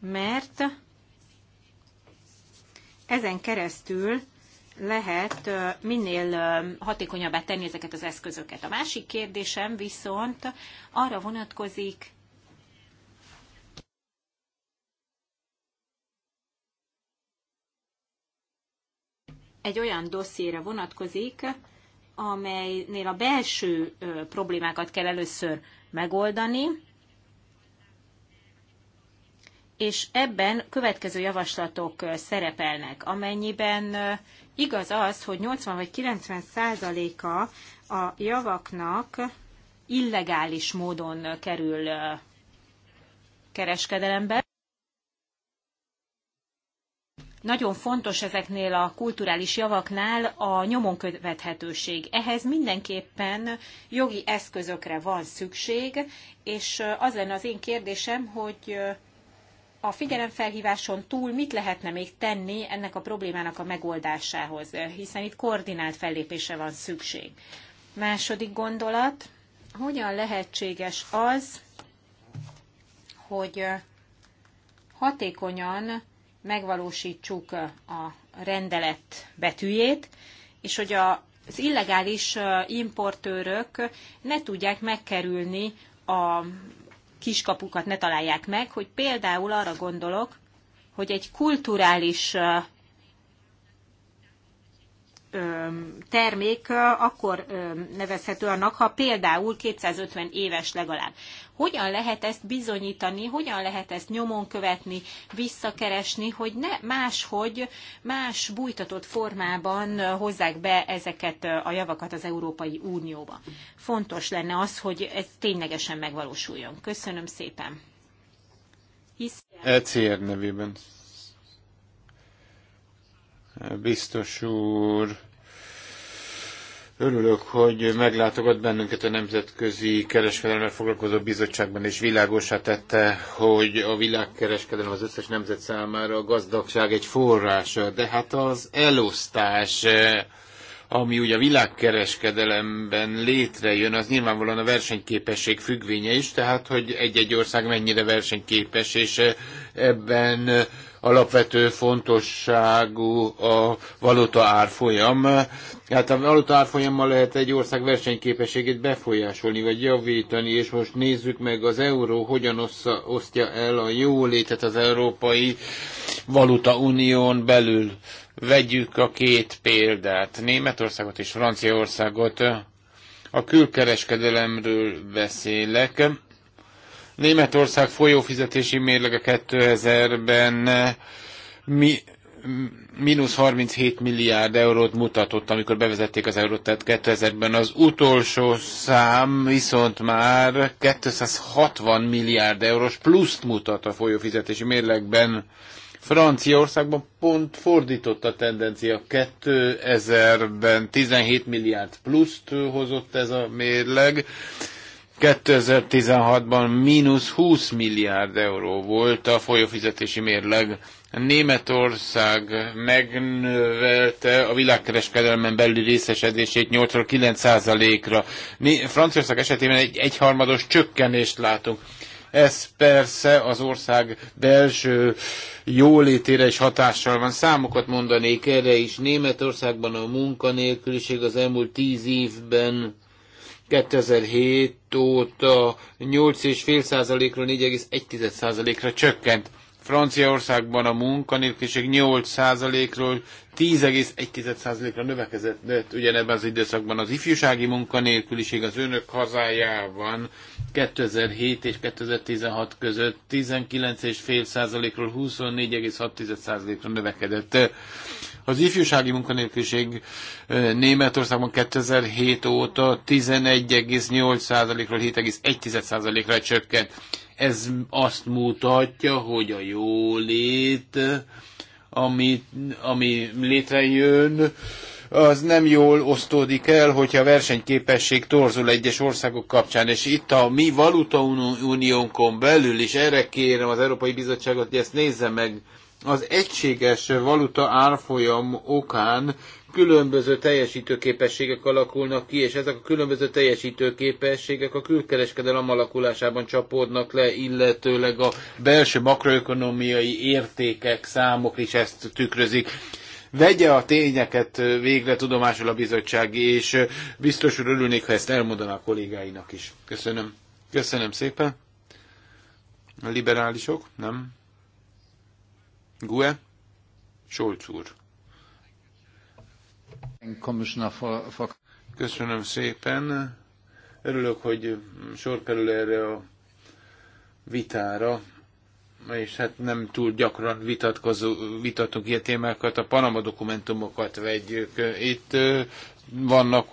mert ezen keresztül lehet minél hatékonyabbá tenni ezeket az eszközöket. A másik kérdésem viszont arra vonatkozik, egy olyan dossziéra vonatkozik, amelynél a belső problémákat kell először megoldani, és ebben következő javaslatok szerepelnek, amennyiben igaz az, hogy 80 vagy 90 százaléka a javaknak illegális módon kerül kereskedelembe. Nagyon fontos ezeknél a kulturális javaknál a nyomon követhetőség. Ehhez mindenképpen jogi eszközökre van szükség, és az lenne az én kérdésem, hogy a figyelemfelhíváson túl mit lehetne még tenni ennek a problémának a megoldásához, hiszen itt koordinált fellépése van szükség. Második gondolat, hogyan lehetséges az, hogy hatékonyan megvalósítsuk a rendelet betűjét, és hogy az illegális importőrök ne tudják megkerülni a kiskapukat ne találják meg, hogy például arra gondolok, hogy egy kulturális termék akkor nevezhető annak, ha például 250 éves legalább. Hogyan lehet ezt bizonyítani, hogyan lehet ezt nyomon követni, visszakeresni, hogy ne máshogy, más bújtatott formában hozzák be ezeket a javakat az Európai Unióba. Fontos lenne az, hogy ez ténylegesen megvalósuljon. Köszönöm szépen. Hisz... ECR nevében biztos úr. Örülök, hogy meglátogat bennünket a Nemzetközi Kereskedelemmel foglalkozó bizottságban, és világosá tette, hogy a világkereskedelem az összes nemzet számára a gazdagság egy forrása, de hát az elosztás, ami ugye a világkereskedelemben létrejön, az nyilvánvalóan a versenyképesség függvénye is, tehát hogy egy-egy ország mennyire versenyképes, és ebben alapvető fontosságú a valuta árfolyam. Hát a valuta árfolyammal lehet egy ország versenyképességét befolyásolni, vagy javítani, és most nézzük meg az euró, hogyan osza, osztja el a jólétet az Európai Valuta Unión belül. Vegyük a két példát, Németországot és Franciaországot. A külkereskedelemről beszélek. Németország folyófizetési mérlege 2000-ben eh, mi, mínusz 37 milliárd eurót mutatott, amikor bevezették az eurót, tehát 2000-ben az utolsó szám viszont már 260 milliárd eurós pluszt mutat a folyófizetési mérlegben. Franciaországban pont fordított a tendencia. 2000-ben 17 milliárd pluszt hozott ez a mérleg, 2016-ban mínusz 20 milliárd euró volt a folyófizetési mérleg. Németország megnövelte a világkereskedelmen belüli részesedését 8 9 ra Franciaország esetében egy egyharmados csökkenést látunk. Ez persze az ország belső jólétére is hatással van. Számokat mondanék erre is. Németországban a munkanélküliség az elmúlt tíz évben 2007 óta 8,5%-ról 4,1%-ra csökkent. Franciaországban a munkanélküliség 8%-ról 10,1%-ra növekedett ugyanebben az időszakban. Az ifjúsági munkanélküliség az önök hazájában 2007 és 2016 között 19,5%-ról 24,6%-ra növekedett. Az ifjúsági munkanélküliség Németországban 2007 óta 11,8%-ról 7,1%-ra csökkent. Ez azt mutatja, hogy a jólét, ami, ami létrejön, az nem jól osztódik el, hogyha a versenyképesség torzul egyes országok kapcsán, és itt a mi valutauniónkon belül is erre kérem az Európai Bizottságot, hogy ezt nézze meg, az egységes valuta árfolyam okán különböző teljesítőképességek alakulnak ki, és ezek a különböző teljesítőképességek a külkereskedelem alakulásában csapódnak le, illetőleg a belső makroökonomiai értékek, számok is ezt tükrözik vegye a tényeket végre tudomásul a bizottság, és biztos örülnék, ha ezt elmondaná a kollégáinak is. Köszönöm. Köszönöm szépen. A liberálisok, nem? GUE, Scholz úr. Köszönöm szépen. Örülök, hogy sor kerül erre a vitára, és hát nem túl gyakran vitatkozó, vitatunk ilyen témákat, a Panama dokumentumokat vegyük. Itt vannak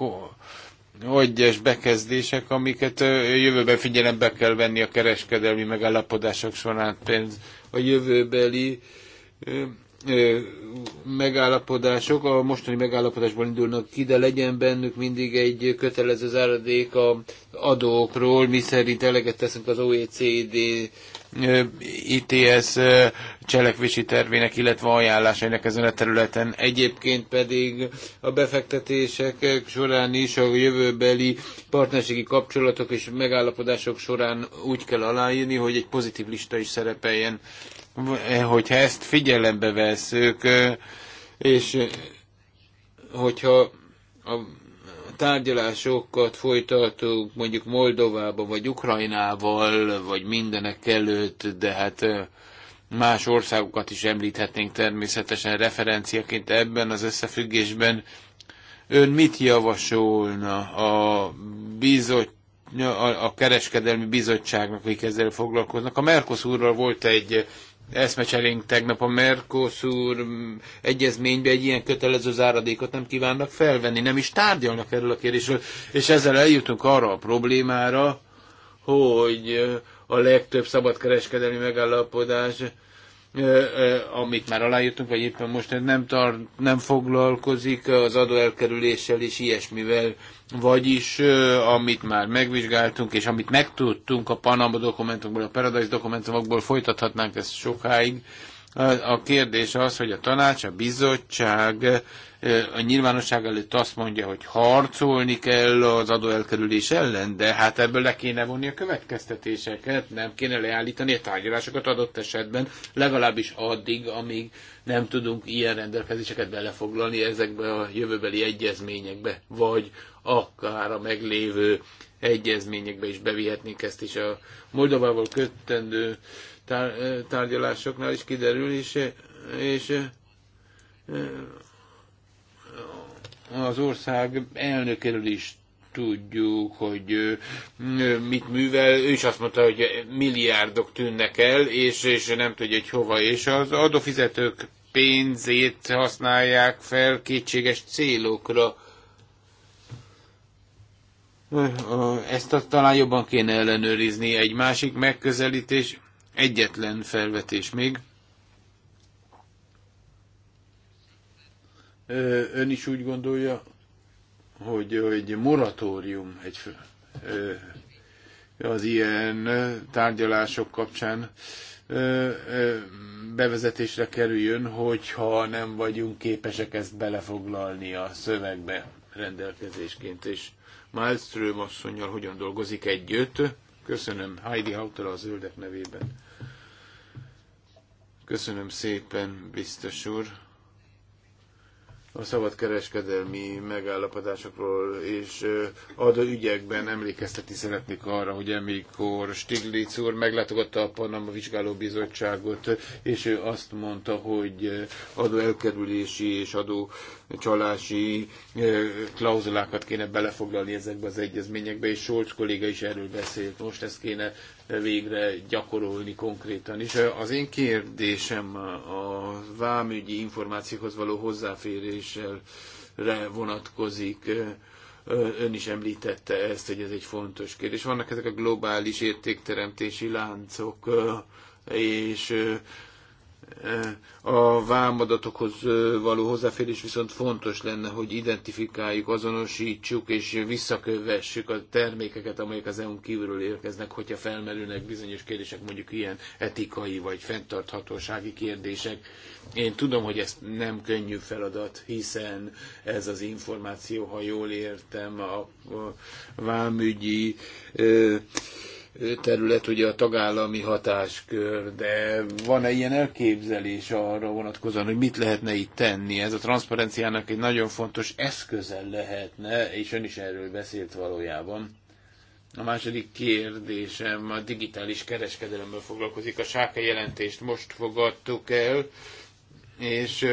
egyes bekezdések, amiket jövőben figyelembe kell venni a kereskedelmi megállapodások során pénz. A jövőbeli megállapodások a mostani megállapodásból indulnak ki, de legyen bennük mindig egy kötelező záradék a adókról, mi szerint eleget teszünk az OECD ITS cselekvési tervének, illetve ajánlásainak ezen a területen. Egyébként pedig a befektetések során is a jövőbeli partnerségi kapcsolatok és megállapodások során úgy kell aláírni, hogy egy pozitív lista is szerepeljen. Eh, hogyha ezt figyelembe veszük, és hogyha a tárgyalásokat folytatunk mondjuk Moldovában, vagy Ukrajnával, vagy mindenek előtt, de hát más országokat is említhetnénk természetesen referenciaként ebben az összefüggésben. Ön mit javasolna a, bizot, a, a kereskedelmi bizottságnak, akik ezzel foglalkoznak? A Mercosurral volt egy eszmecserénk tegnap a Mercosur egyezménybe egy ilyen kötelező záradékot nem kívánnak felvenni, nem is tárgyalnak erről a kérdésről, és ezzel eljutunk arra a problémára, hogy eh, a legtöbb szabadkereskedelmi megállapodás, eh, eh, amit már aláírtunk, vagy éppen most nem, tar- nem foglalkozik az adóelkerüléssel és ilyesmivel vagyis amit már megvizsgáltunk, és amit megtudtunk a Panama dokumentumokból a Paradise dokumentumokból, folytathatnánk ezt sokáig, a kérdés az, hogy a tanács, a bizottság a nyilvánosság előtt azt mondja, hogy harcolni kell az adóelkerülés ellen, de hát ebből le kéne vonni a következtetéseket, nem kéne leállítani a tárgyalásokat adott esetben, legalábbis addig, amíg nem tudunk ilyen rendelkezéseket belefoglalni ezekbe a jövőbeli egyezményekbe, vagy akár a meglévő egyezményekbe is bevihetnénk ezt is a Moldovával kötendő tár- eh, tárgyalásoknál is kiderül, és, eh, és eh, az ország elnökéről is tudjuk, hogy mit művel. Ő is azt mondta, hogy milliárdok tűnnek el, és, és nem tudja, hogy hova. És az adófizetők pénzét használják fel kétséges célokra. Ezt talán jobban kéne ellenőrizni. Egy másik megközelítés Egyetlen felvetés még. Ön is úgy gondolja, hogy egy moratórium egy, az ilyen tárgyalások kapcsán bevezetésre kerüljön, hogyha nem vagyunk képesek ezt belefoglalni a szövegbe rendelkezésként, és Malmström asszonyjal hogyan dolgozik együtt. Köszönöm. Heidi Hautala az zöldek nevében. Köszönöm szépen, biztos úr. A kereskedelmi megállapodásokról és ügyekben emlékeztetni szeretnék arra, hogy amikor Stiglitz úr meglátogatta a Panama Vizsgáló Bizottságot, és ő azt mondta, hogy elkerülési és adó csalási klauzulákat kéne belefoglalni ezekbe az egyezményekbe, és Solcs kolléga is erről beszélt. Most ezt kéne végre gyakorolni konkrétan is. Az én kérdésem a vámügyi információkhoz való hozzáférésre vonatkozik ön is említette ezt, hogy ez egy fontos kérdés. Vannak ezek a globális értékteremtési láncok, és a vámadatokhoz való hozzáférés viszont fontos lenne, hogy identifikáljuk, azonosítsuk és visszakövessük a termékeket, amelyek az EU-n kívülről érkeznek, hogyha felmerülnek bizonyos kérdések, mondjuk ilyen etikai vagy fenntarthatósági kérdések. Én tudom, hogy ez nem könnyű feladat, hiszen ez az információ, ha jól értem, a vámügyi ö, terület ugye a tagállami hatáskör, de van-e ilyen elképzelés arra vonatkozóan, hogy mit lehetne itt tenni? Ez a transzparenciának egy nagyon fontos eszköze lehetne, és ön is erről beszélt valójában. A második kérdésem a digitális kereskedelemmel foglalkozik. A sáka jelentést most fogadtuk el, és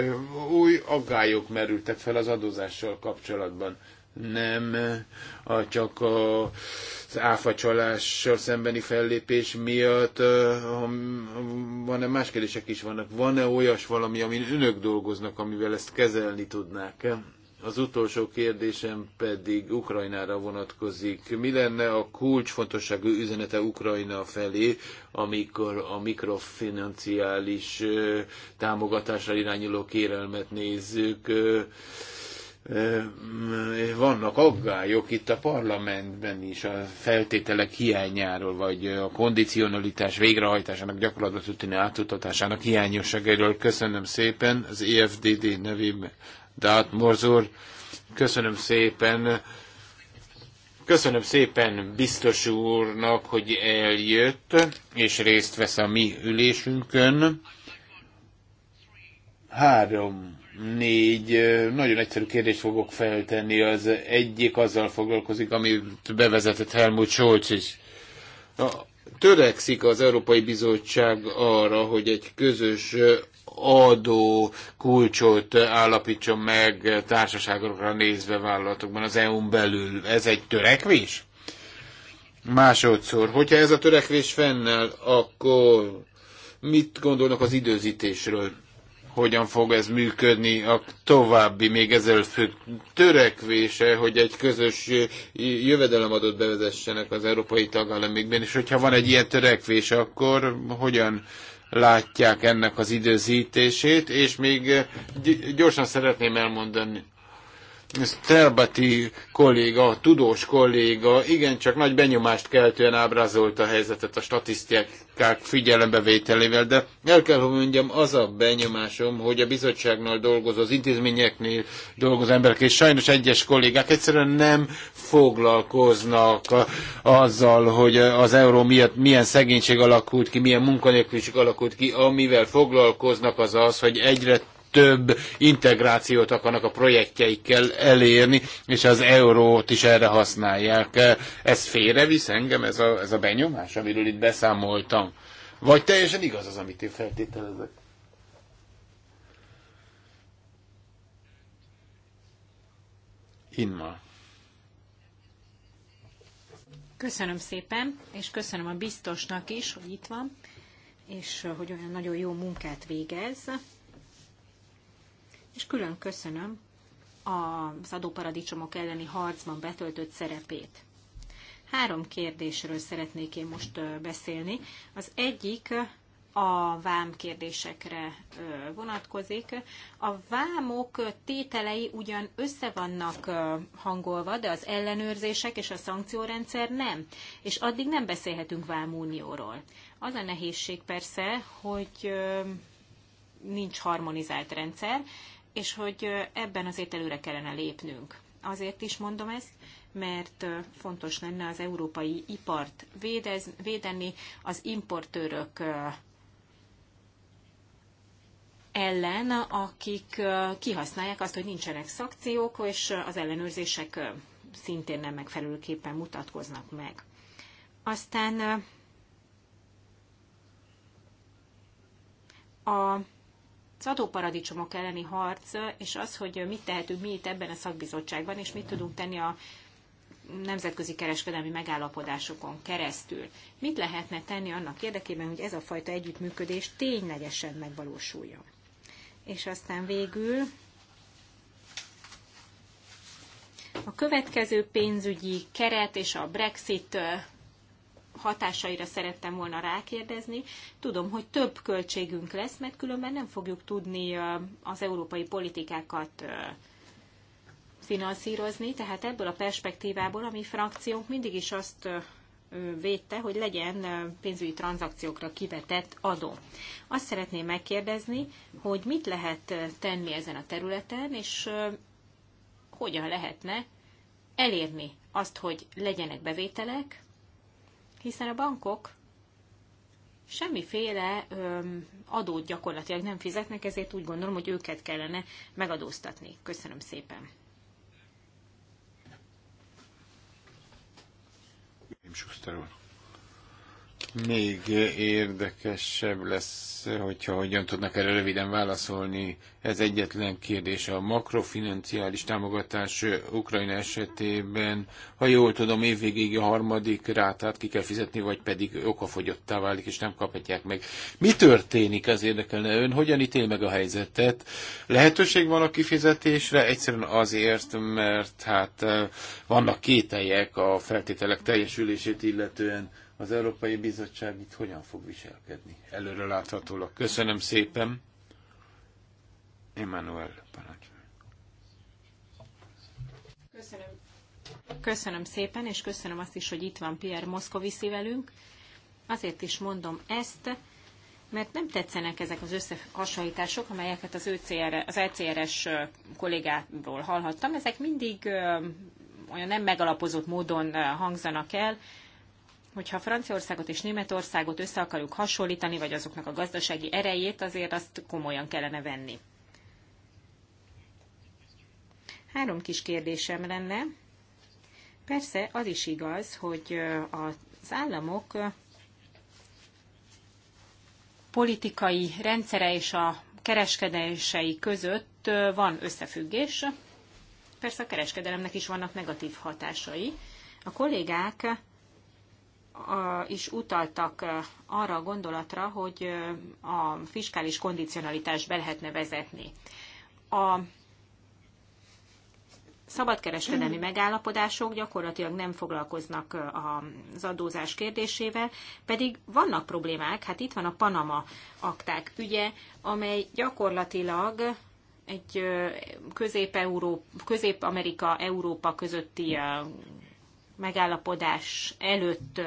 új aggályok merültek fel az adózással kapcsolatban nem a, csak a, az áfacsalással szembeni fellépés miatt, van-e más kérdések is vannak. Van-e olyas valami, amin önök dolgoznak, amivel ezt kezelni tudnák? Az utolsó kérdésem pedig Ukrajnára vonatkozik. Mi lenne a kulcsfontosságú üzenete Ukrajna felé, amikor a mikrofinanciális támogatásra irányuló kérelmet nézzük? vannak aggályok itt a parlamentben is a feltételek hiányáról, vagy a kondicionalitás végrehajtásának, gyakorlatba tűnő átutatásának hiányosságáról. Köszönöm szépen az EFDD nevében, Dát Morzor. Köszönöm szépen. Köszönöm szépen biztos úrnak, hogy eljött, és részt vesz a mi ülésünkön. Három négy nagyon egyszerű kérdést fogok feltenni. Az egyik azzal foglalkozik, amit bevezetett Helmut Scholz is. Törekszik az Európai Bizottság arra, hogy egy közös adó kulcsot állapítson meg társaságokra nézve vállalatokban az EU-n belül. Ez egy törekvés? Másodszor, hogyha ez a törekvés fennáll, akkor mit gondolnak az időzítésről? hogyan fog ez működni. A további, még ezelőtt törekvése, hogy egy közös eh, jövedelemadót bevezessenek az európai tagállamikben, és hogyha van egy ilyen törekvés, akkor hogyan látják ennek az időzítését, és még eh, gyorsan szeretném elmondani, Sterbati kolléga, tudós kolléga igencsak nagy benyomást keltően ábrázolta a helyzetet a statisztikák figyelembevételével, de el kell, hogy mondjam, az a benyomásom, hogy a bizottságnál dolgozó, az intézményeknél dolgozó emberek, és sajnos egyes kollégák egyszerűen nem foglalkoznak azzal, hogy az euró miatt milyen szegénység alakult ki, milyen munkanélküliség alakult ki, amivel foglalkoznak az az, hogy egyre több integrációt akarnak a projektjeikkel elérni, és az eurót is erre használják. Ez félrevisz engem, ez a, ez a benyomás, amiről itt beszámoltam? Vagy teljesen igaz az, amit én feltételezek? Inma. Köszönöm szépen, és köszönöm a biztosnak is, hogy itt van, és hogy olyan nagyon jó munkát végez és külön köszönöm az adóparadicsomok elleni harcban betöltött szerepét. Három kérdésről szeretnék én most beszélni. Az egyik a vám kérdésekre vonatkozik. A vámok tételei ugyan össze vannak hangolva, de az ellenőrzések és a szankciórendszer nem. És addig nem beszélhetünk vámunióról. Az a nehézség persze, hogy nincs harmonizált rendszer, és hogy ebben az előre kellene lépnünk. Azért is mondom ezt, mert fontos lenne az európai ipart védez, védeni, az importőrök ellen, akik kihasználják azt, hogy nincsenek szakciók, és az ellenőrzések szintén nem megfelelőképpen mutatkoznak meg. Aztán a az adóparadicsomok elleni harc, és az, hogy mit tehetünk mi itt ebben a szakbizottságban, és mit tudunk tenni a nemzetközi kereskedelmi megállapodásokon keresztül. Mit lehetne tenni annak érdekében, hogy ez a fajta együttműködés ténylegesen megvalósuljon? És aztán végül a következő pénzügyi keret és a Brexit hatásaira szerettem volna rákérdezni. Tudom, hogy több költségünk lesz, mert különben nem fogjuk tudni az európai politikákat finanszírozni, tehát ebből a perspektívából a mi frakciónk mindig is azt védte, hogy legyen pénzügyi tranzakciókra kivetett adó. Azt szeretném megkérdezni, hogy mit lehet tenni ezen a területen, és hogyan lehetne elérni azt, hogy legyenek bevételek, hiszen a bankok semmiféle öm, adót gyakorlatilag nem fizetnek, ezért úgy gondolom, hogy őket kellene megadóztatni. Köszönöm szépen. Schuster úr még érdekesebb lesz, hogyha hogyan tudnak erre röviden válaszolni. Ez egyetlen kérdés. A makrofinanciális támogatás Ukrajna esetében, ha jól tudom, évvégéig a harmadik rátát ki kell fizetni, vagy pedig okafogyottá válik, és nem kaphatják meg. Mi történik, az érdekelne ön, hogyan ítél meg a helyzetet? Lehetőség van a kifizetésre? Egyszerűen azért, mert hát eh, vannak kételjek a feltételek teljesülését illetően az Európai Bizottság itt hogyan fog viselkedni. Előre láthatólag. Köszönöm szépen. Emmanuel parancs. Köszönöm. Köszönöm szépen, és köszönöm azt is, hogy itt van Pierre Moszkovici velünk. Azért is mondom ezt, mert nem tetszenek ezek az összehasonlítások, amelyeket az, ÖCR, az ECRS kollégáról hallhattam. Ezek mindig olyan nem megalapozott módon hangzanak el, hogyha Franciaországot és Németországot össze akarjuk hasonlítani, vagy azoknak a gazdasági erejét, azért azt komolyan kellene venni. Három kis kérdésem lenne. Persze az is igaz, hogy az államok politikai rendszere és a kereskedései között van összefüggés. Persze a kereskedelemnek is vannak negatív hatásai. A kollégák is utaltak eh, arra a gondolatra, hogy eh, a fiskális kondicionalitást be lehetne vezetni. A szabadkereskedelmi mm-hmm. megállapodások gyakorlatilag nem foglalkoznak eh, az adózás kérdésével, pedig vannak problémák, hát itt van a Panama akták ügye, amely gyakorlatilag egy közép-amerika-európa közötti megállapodás előtt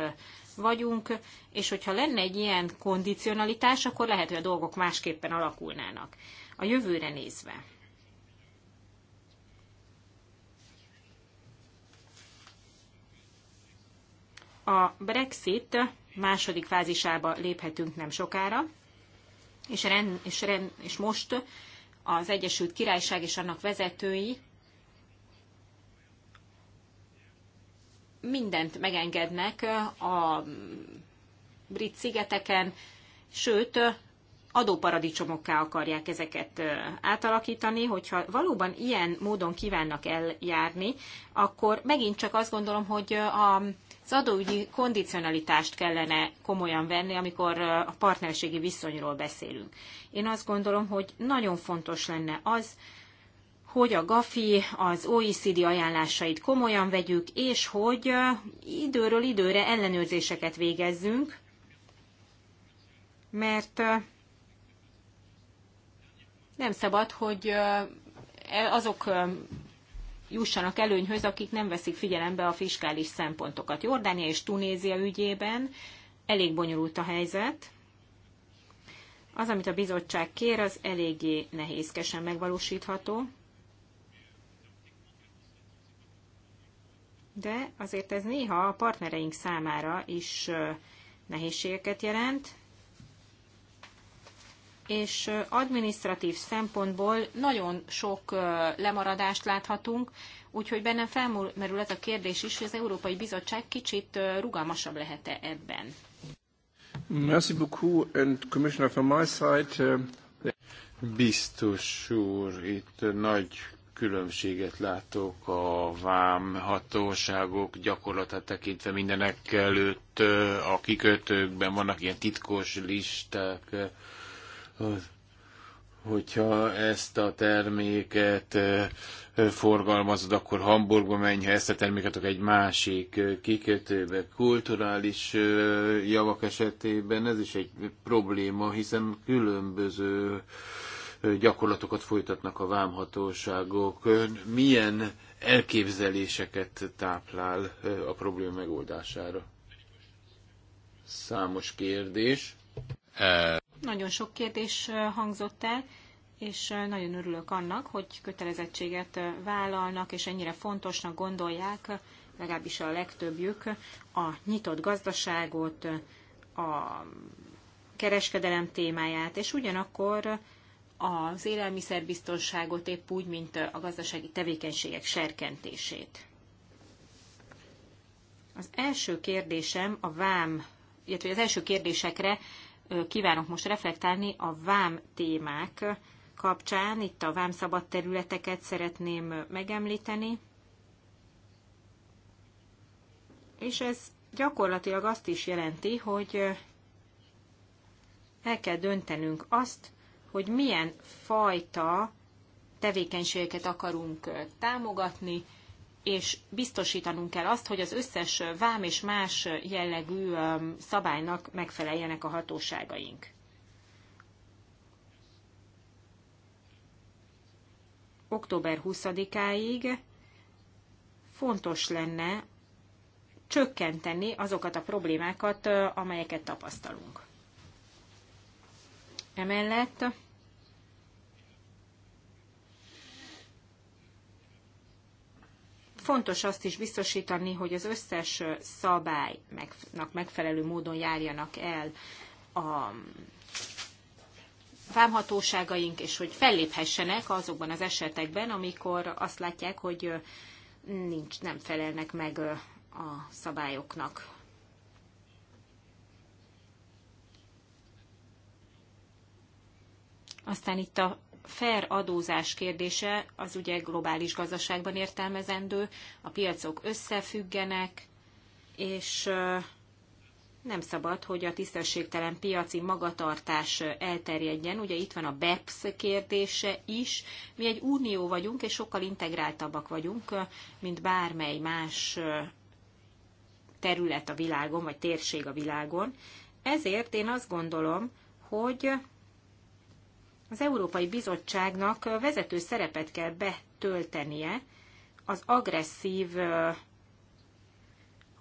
vagyunk, és hogyha lenne egy ilyen kondicionalitás, akkor lehet, hogy a dolgok másképpen alakulnának. A jövőre nézve. A Brexit második fázisába léphetünk nem sokára, és, rend, és, rend, és most az Egyesült Királyság és annak vezetői mindent megengednek a brit szigeteken, sőt, adóparadicsomokká akarják ezeket átalakítani, hogyha valóban ilyen módon kívánnak eljárni, akkor megint csak azt gondolom, hogy az adóügyi kondicionalitást kellene komolyan venni, amikor a partnerségi viszonyról beszélünk. Én azt gondolom, hogy nagyon fontos lenne az, hogy a GAFI az OECD ajánlásait komolyan vegyük, és hogy időről időre ellenőrzéseket végezzünk, mert nem szabad, hogy e, azok jussanak előnyhöz, akik nem veszik figyelembe a fiskális szempontokat. Jordánia és Tunézia ügyében elég bonyolult a helyzet. Az, amit a bizottság kér, az eléggé nehézkesen megvalósítható. de azért ez néha a partnereink számára is nehézségeket jelent, és administratív szempontból nagyon sok lemaradást láthatunk, úgyhogy bennem felmerül ez a kérdés is, hogy az Európai Bizottság kicsit rugalmasabb lehet-e ebben. Merci beaucoup, and Commissioner from my side. Biztos úr, itt nagy különbséget látok a vám hatóságok gyakorlatát tekintve mindenek előtt a kikötőkben vannak ilyen titkos listák, hogyha ezt a terméket forgalmazod, akkor Hamburgba menj, ha ezt a terméket akkor egy másik kikötőbe. Kulturális javak esetében ez is egy probléma, hiszen különböző gyakorlatokat folytatnak a vámhatóságok, milyen elképzeléseket táplál eh, a probléma megoldására? Számos kérdés. Eh. Nagyon sok kérdés eh, hangzott el, és nagyon örülök annak, hogy kötelezettséget vállalnak, és ennyire fontosnak gondolják, legalábbis a legtöbbjük, a nyitott gazdaságot, a kereskedelem témáját, és ugyanakkor az élelmiszerbiztonságot épp úgy, mint a gazdasági tevékenységek serkentését. Az első kérdésem a vám, illetve az első kérdésekre kívánok most reflektálni a vám témák kapcsán. Itt a vám szabad területeket szeretném megemlíteni. És ez gyakorlatilag azt is jelenti, hogy el kell döntenünk azt, hogy milyen fajta tevékenységeket akarunk támogatni, és biztosítanunk kell azt, hogy az összes vám és más jellegű szabálynak megfeleljenek a hatóságaink. Október 20-áig fontos lenne csökkenteni azokat a problémákat, amelyeket tapasztalunk. Emellett Fontos azt is biztosítani, hogy az összes szabálynak megfelelő módon járjanak el a vámhatóságaink, és hogy felléphessenek azokban az esetekben, amikor azt látják, hogy nincs, nem felelnek meg a szabályoknak. Aztán itt a fair adózás kérdése az ugye globális gazdaságban értelmezendő, a piacok összefüggenek, és nem szabad, hogy a tisztességtelen piaci magatartás elterjedjen. Ugye itt van a BEPS kérdése is. Mi egy unió vagyunk, és sokkal integráltabbak vagyunk, mint bármely más terület a világon, vagy térség a világon. Ezért én azt gondolom, hogy az Európai Bizottságnak vezető szerepet kell betöltenie az agresszív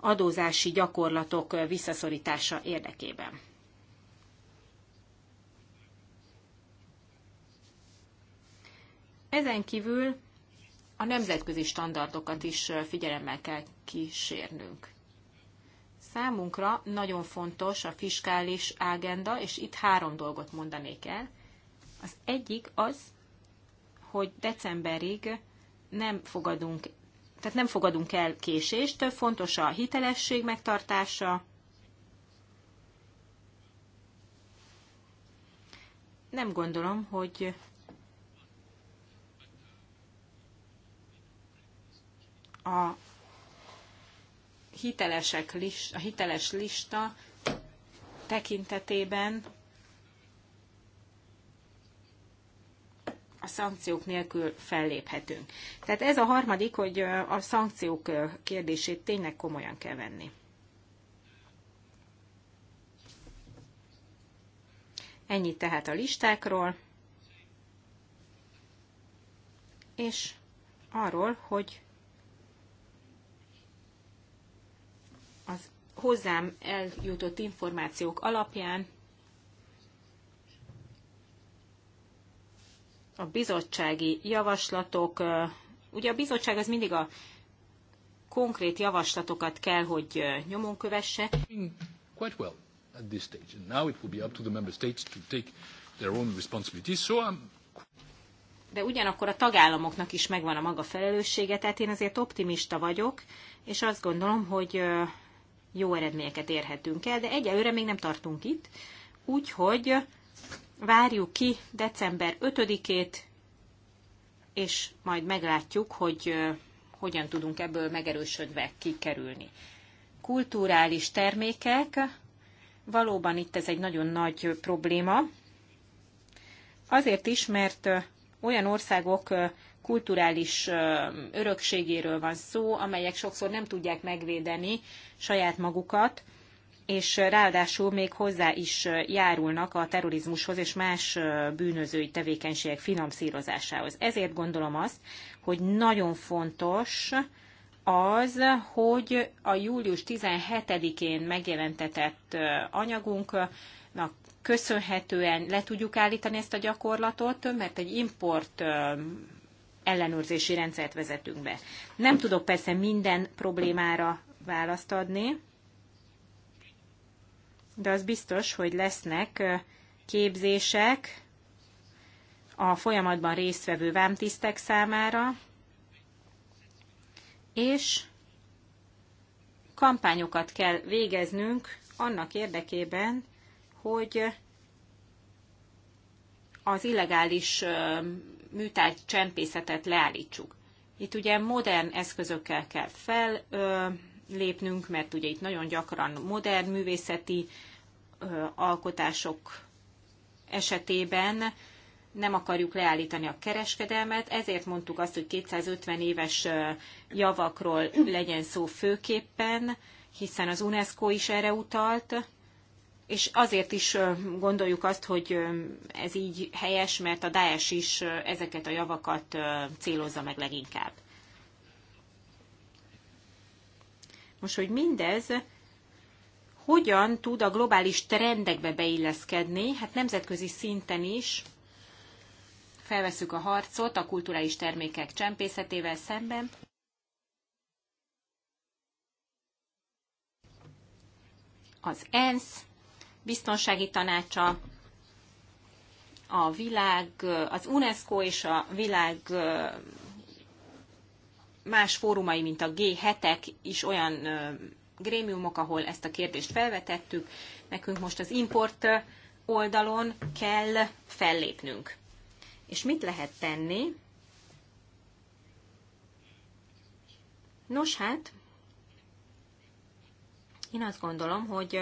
adózási gyakorlatok visszaszorítása érdekében. Ezen kívül a nemzetközi standardokat is figyelemmel kell kísérnünk. Számunkra nagyon fontos a fiskális ágenda, és itt három dolgot mondanék el. Az egyik az, hogy decemberig nem fogadunk, tehát nem fogadunk el késést, fontos a hitelesség megtartása, nem gondolom, hogy a hitelesek list, a hiteles lista tekintetében a szankciók nélkül felléphetünk. Tehát ez a harmadik, hogy a szankciók kérdését tényleg komolyan kell venni. Ennyit tehát a listákról, és arról, hogy az hozzám eljutott információk alapján a bizottsági javaslatok, ugye a bizottság az mindig a konkrét javaslatokat kell, hogy nyomon kövesse. Quite well at this stage. And now it will be up to the member states to take their own responsibilities. So I'm um, de ugyanakkor a tagállamoknak is megvan a maga felelőssége, tehát én azért optimista vagyok, és azt gondolom, hogy jó eredményeket érhetünk el, de egyelőre még nem tartunk itt, úgyhogy várjuk ki december 5-ét, és majd meglátjuk, hogy hogyan tudunk ebből megerősödve kikerülni. Kulturális termékek, valóban itt ez egy nagyon nagy probléma. Azért is, mert olyan országok kulturális örökségéről van szó, amelyek sokszor nem tudják megvédeni saját magukat, és ráadásul még hozzá is járulnak a terrorizmushoz és más bűnözői tevékenységek finanszírozásához. Ezért gondolom azt, hogy nagyon fontos az, hogy a július 17-én megjelentetett anyagunknak köszönhetően le tudjuk állítani ezt a gyakorlatot, mert egy import ellenőrzési rendszert vezetünk be. Nem tudok persze minden problémára választ adni, de az biztos, hogy lesznek képzések a folyamatban résztvevő vámtisztek számára, és kampányokat kell végeznünk annak érdekében, hogy az illegális műtárgy csempészetet leállítsuk. Itt ugye modern eszközökkel kell fellépnünk, mert ugye itt nagyon gyakran modern művészeti alkotások esetében nem akarjuk leállítani a kereskedelmet, ezért mondtuk azt, hogy 250 éves javakról legyen szó főképpen, hiszen az UNESCO is erre utalt, és azért is gondoljuk azt, hogy ez így helyes, mert a DAES is ezeket a javakat célozza meg leginkább. Most, hogy mindez hogyan tud a globális trendekbe beilleszkedni, hát nemzetközi szinten is felveszük a harcot a kulturális termékek csempészetével szemben. Az ENSZ biztonsági tanácsa, a világ, az UNESCO és a világ más fórumai, mint a G7-ek is olyan grémiumok, ahol ezt a kérdést felvetettük. Nekünk most az import oldalon kell fellépnünk. És mit lehet tenni? Nos hát, én azt gondolom, hogy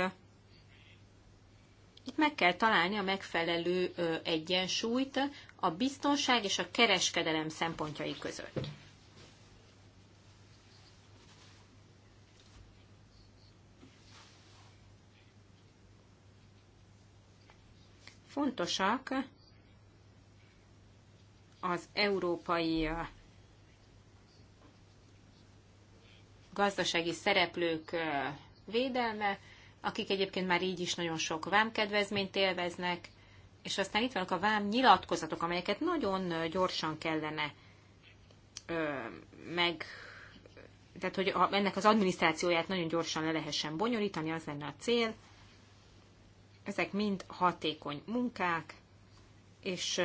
itt meg kell találni a megfelelő egyensúlyt a biztonság és a kereskedelem szempontjai között. fontosak az európai gazdasági szereplők védelme, akik egyébként már így is nagyon sok vámkedvezményt élveznek, és aztán itt vannak a vám nyilatkozatok, amelyeket nagyon gyorsan kellene meg, tehát hogy ennek az adminisztrációját nagyon gyorsan le lehessen bonyolítani, az lenne a cél. Ezek mind hatékony munkák, és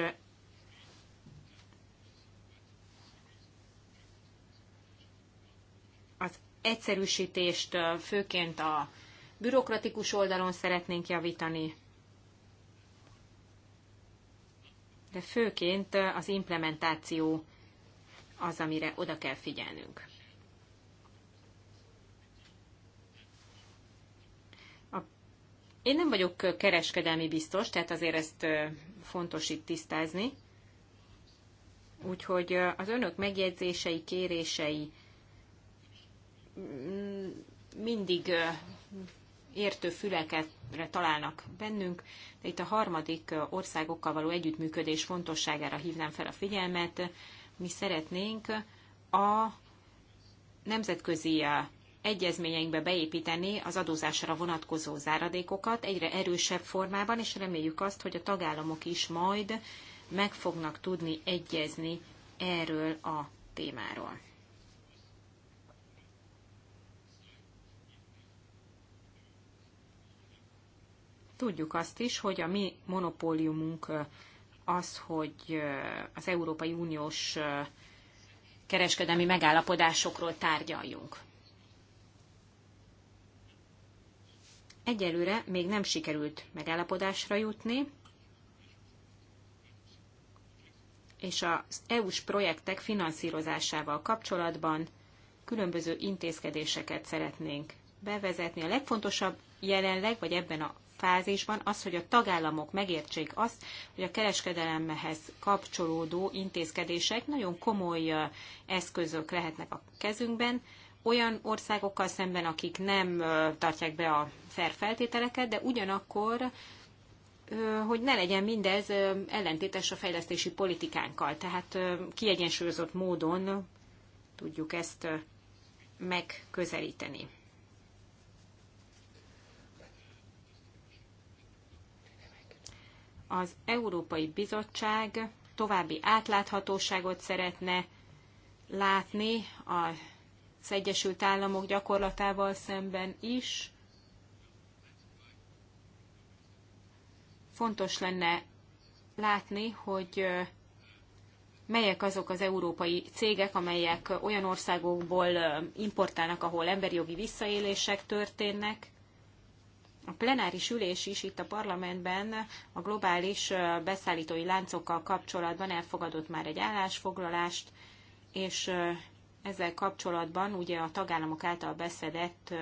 az egyszerűsítést főként a bürokratikus oldalon szeretnénk javítani, de főként az implementáció az, amire oda kell figyelnünk. Én nem vagyok kereskedelmi biztos, tehát azért ezt fontos itt tisztázni. Úgyhogy az önök megjegyzései, kérései mm, mindig értő fülekre találnak bennünk, de itt a harmadik országokkal való együttműködés fontosságára hívnám fel a figyelmet. Mi szeretnénk a nemzetközi egyezményeinkbe beépíteni az adózásra vonatkozó záradékokat egyre erősebb formában, és reméljük azt, hogy a tagállamok is majd meg fognak tudni egyezni erről a témáról. Tudjuk azt is, hogy a mi monopóliumunk az, hogy az Európai Uniós kereskedelmi megállapodásokról tárgyaljunk. Egyelőre még nem sikerült megállapodásra jutni, és az EU-s projektek finanszírozásával kapcsolatban különböző intézkedéseket szeretnénk bevezetni. A legfontosabb jelenleg, vagy ebben a fázisban az, hogy a tagállamok megértsék azt, hogy a kereskedelemhez kapcsolódó intézkedések nagyon komoly eszközök lehetnek a kezünkben, olyan országokkal szemben, akik nem tartják be a fair feltételeket, de ugyanakkor hogy ne legyen mindez ellentétes a fejlesztési politikánkkal. Tehát kiegyensúlyozott módon tudjuk ezt megközelíteni. Az Európai Bizottság további átláthatóságot szeretne látni a az Egyesült Államok gyakorlatával szemben is. Fontos lenne látni, hogy melyek azok az európai cégek, amelyek olyan országokból importálnak, ahol emberi jogi visszaélések történnek. A plenáris ülés is itt a parlamentben a globális beszállítói láncokkal kapcsolatban elfogadott már egy állásfoglalást, és ezzel kapcsolatban ugye a tagállamok által beszedett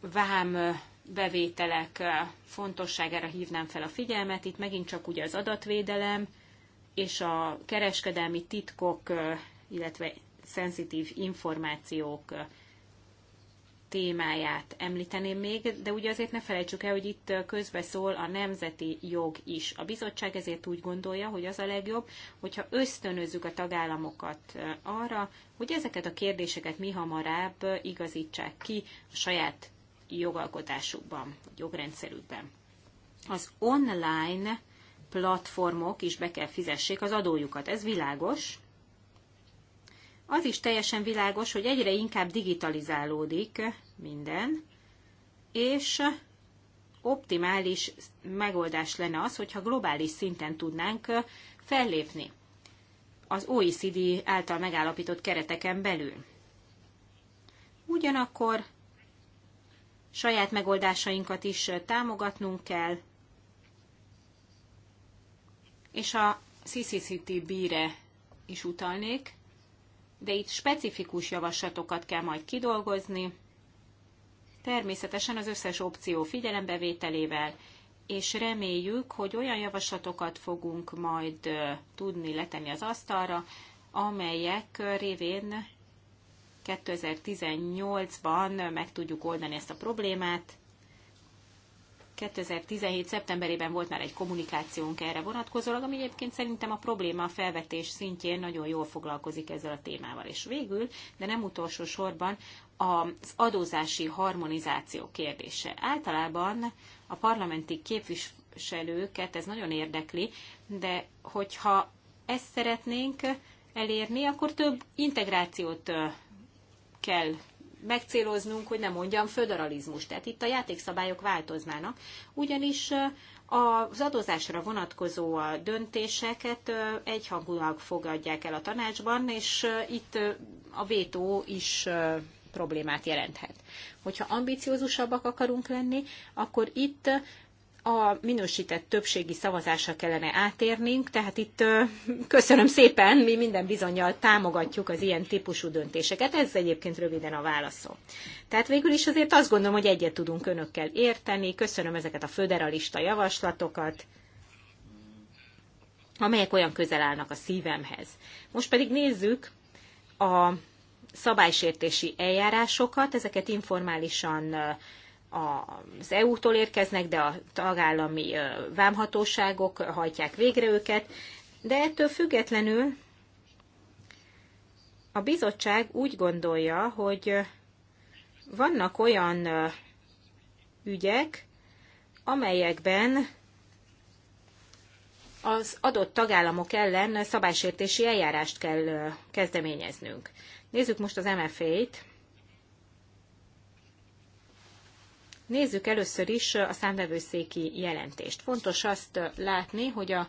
vám bevételek fontosságára hívnám fel a figyelmet. Itt megint csak ugye az adatvédelem és a kereskedelmi titkok, illetve szenzitív információk témáját említeném még, de ugye azért ne felejtsük el, hogy itt közbeszól a nemzeti jog is. A bizottság ezért úgy gondolja, hogy az a legjobb, hogyha ösztönözzük a tagállamokat arra, hogy ezeket a kérdéseket mi hamarabb igazítsák ki a saját jogalkotásukban, jogrendszerükben. Az online platformok is be kell fizessék az adójukat. Ez világos, az is teljesen világos, hogy egyre inkább digitalizálódik minden, és optimális megoldás lenne az, hogyha globális szinten tudnánk fellépni az OECD által megállapított kereteken belül. Ugyanakkor saját megoldásainkat is támogatnunk kell, és a CCCTB-re is utalnék de itt specifikus javaslatokat kell majd kidolgozni, természetesen az összes opció figyelembevételével, és reméljük, hogy olyan javaslatokat fogunk majd tudni letenni az asztalra, amelyek révén 2018-ban meg tudjuk oldani ezt a problémát, 2017. szeptemberében volt már egy kommunikációnk erre vonatkozólag, ami egyébként szerintem a probléma a felvetés szintjén nagyon jól foglalkozik ezzel a témával. És végül, de nem utolsó sorban, az adózási harmonizáció kérdése. Általában a parlamenti képviselőket ez nagyon érdekli, de hogyha ezt szeretnénk elérni, akkor több integrációt kell megcéloznunk, hogy ne mondjam, föderalizmus. Tehát itt a játékszabályok változnának, ugyanis az adózásra vonatkozó döntéseket egyhangulag fogadják el a tanácsban, és itt a vétó is problémát jelenthet. Hogyha ambiciózusabbak akarunk lenni, akkor itt a minősített többségi szavazásra kellene átérnünk, tehát itt köszönöm szépen, mi minden bizonyal támogatjuk az ilyen típusú döntéseket. Ez egyébként röviden a válaszom. Tehát végül is azért azt gondolom, hogy egyet tudunk önökkel érteni. Köszönöm ezeket a föderalista javaslatokat, amelyek olyan közel állnak a szívemhez. Most pedig nézzük a szabálysértési eljárásokat, ezeket informálisan az EU-tól érkeznek, de a tagállami vámhatóságok hajtják végre őket, de ettől függetlenül a bizottság úgy gondolja, hogy vannak olyan ügyek, amelyekben az adott tagállamok ellen szabálysértési eljárást kell kezdeményeznünk. Nézzük most az MFA-t. Nézzük először is a számvevőszéki jelentést. Fontos azt látni, hogy a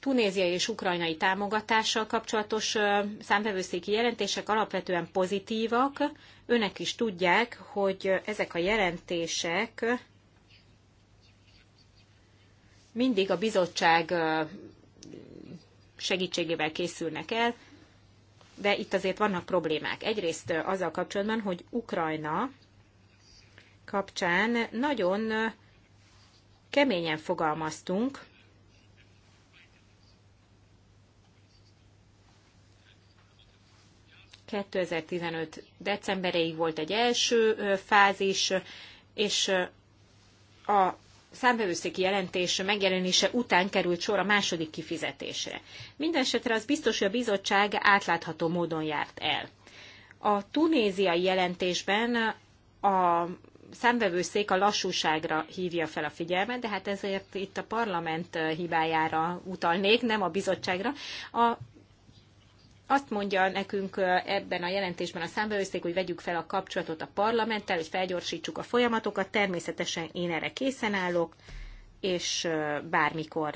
tunéziai és ukrajnai támogatással kapcsolatos számvevőszéki jelentések alapvetően pozitívak. Önök is tudják, hogy ezek a jelentések mindig a bizottság segítségével készülnek el, de itt azért vannak problémák. Egyrészt azzal kapcsolatban, hogy Ukrajna kapcsán nagyon keményen fogalmaztunk, ...2015 decemberéig volt egy első fázis, és a számbevőszéki jelentés megjelenése után került sor a második kifizetésre. Mindenesetre az biztos, hogy a bizottság átlátható módon járt el. A tunéziai jelentésben a szemvevőszék a lassúságra hívja fel a figyelmet, de hát ezért itt a parlament hibájára utalnék, nem a bizottságra. A azt mondja nekünk ebben a jelentésben a számbevőszék, hogy vegyük fel a kapcsolatot a parlamenttel, hogy felgyorsítsuk a folyamatokat. Természetesen én erre készen állok, és bármikor,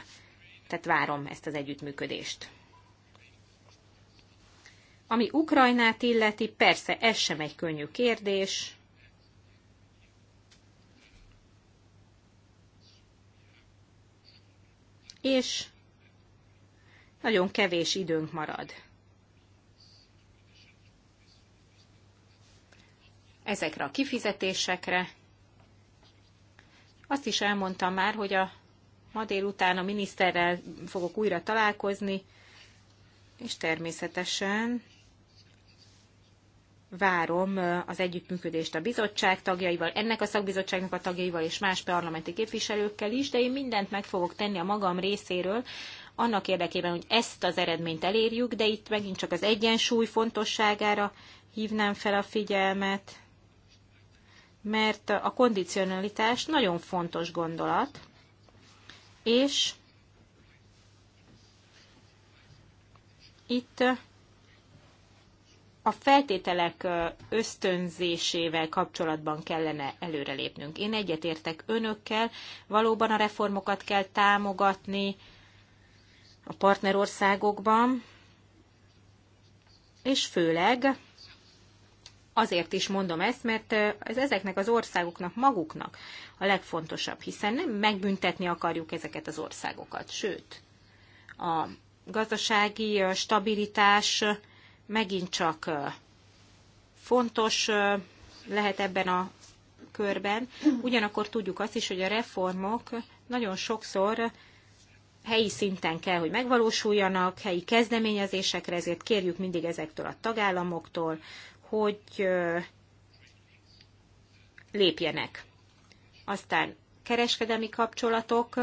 tehát várom ezt az együttműködést. Ami Ukrajnát illeti, persze ez sem egy könnyű kérdés. és nagyon kevés időnk marad. Ezekre a kifizetésekre. Azt is elmondtam már, hogy a ma délután a miniszterrel fogok újra találkozni, és természetesen várom az együttműködést a bizottság tagjaival, ennek a szakbizottságnak a tagjaival és más parlamenti képviselőkkel is, de én mindent meg fogok tenni a magam részéről, annak érdekében, hogy ezt az eredményt elérjük, de itt megint csak az egyensúly fontosságára hívnám fel a figyelmet, mert a kondicionalitás nagyon fontos gondolat, és itt a feltételek ösztönzésével kapcsolatban kellene előrelépnünk. Én egyetértek önökkel, valóban a reformokat kell támogatni a partnerországokban, és főleg azért is mondom ezt, mert ez ezeknek az országoknak maguknak a legfontosabb, hiszen nem megbüntetni akarjuk ezeket az országokat, sőt, a gazdasági stabilitás megint csak fontos lehet ebben a körben. Ugyanakkor tudjuk azt is, hogy a reformok nagyon sokszor helyi szinten kell, hogy megvalósuljanak, helyi kezdeményezésekre, ezért kérjük mindig ezektől a tagállamoktól, hogy lépjenek. Aztán kereskedelmi kapcsolatok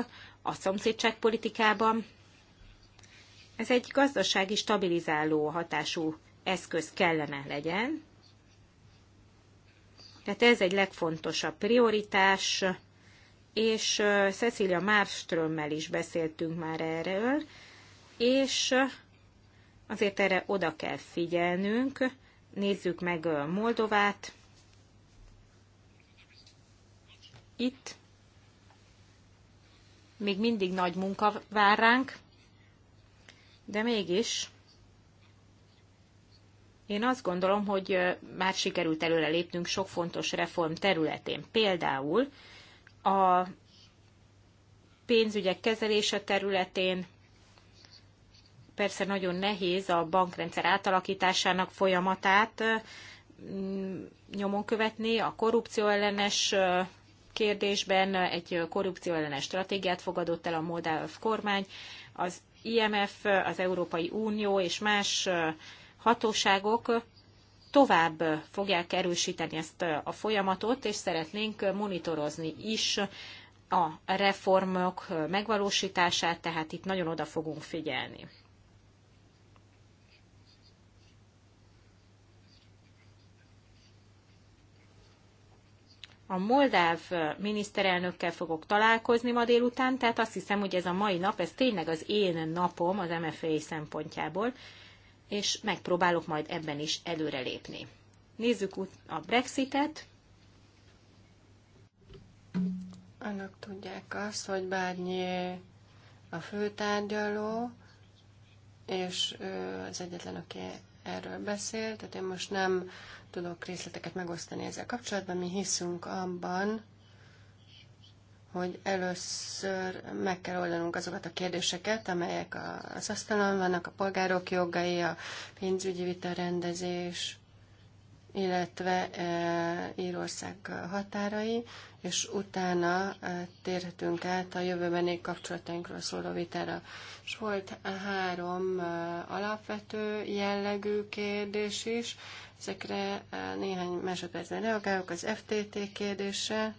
a szomszédságpolitikában ez egy gazdasági stabilizáló hatású eszköz kellene legyen. Tehát ez egy legfontosabb prioritás, és Cecilia Márströmmel is beszéltünk már erről, és azért erre oda kell figyelnünk. Nézzük meg Moldovát. Itt még mindig nagy munka vár ránk, de mégis én azt gondolom, hogy már sikerült előre lépnünk sok fontos reform területén. Például a pénzügyek kezelése területén persze nagyon nehéz a bankrendszer átalakításának folyamatát mm, nyomon követni. A korrupció ellenes kérdésben egy korrupció ellenes stratégiát fogadott el a moldáv kormány. Az IMF, az Európai Unió és más hatóságok tovább fogják erősíteni ezt a folyamatot, és szeretnénk monitorozni is a reformok megvalósítását, tehát itt nagyon oda fogunk figyelni. a moldáv miniszterelnökkel fogok találkozni ma délután, tehát azt hiszem, hogy ez a mai nap, ez tényleg az én napom az MFA szempontjából, és megpróbálok majd ebben is előrelépni. Nézzük a Brexitet. Annak tudják azt, hogy Bárnyi a főtárgyaló, és ő az egyetlen, aki erről beszél, tehát én most nem tudok részleteket megosztani ezzel kapcsolatban. Mi hiszünk abban, hogy először meg kell oldanunk azokat a kérdéseket, amelyek az asztalon vannak, a polgárok jogai, a pénzügyi vitarendezés, illetve e, Írország határai, és utána e, térhetünk át a jövőbeni kapcsolatainkról szóló vitára. És volt három e, alapvető jellegű kérdés is, ezekre néhány másodpercben reagálok. Az FTT kérdése,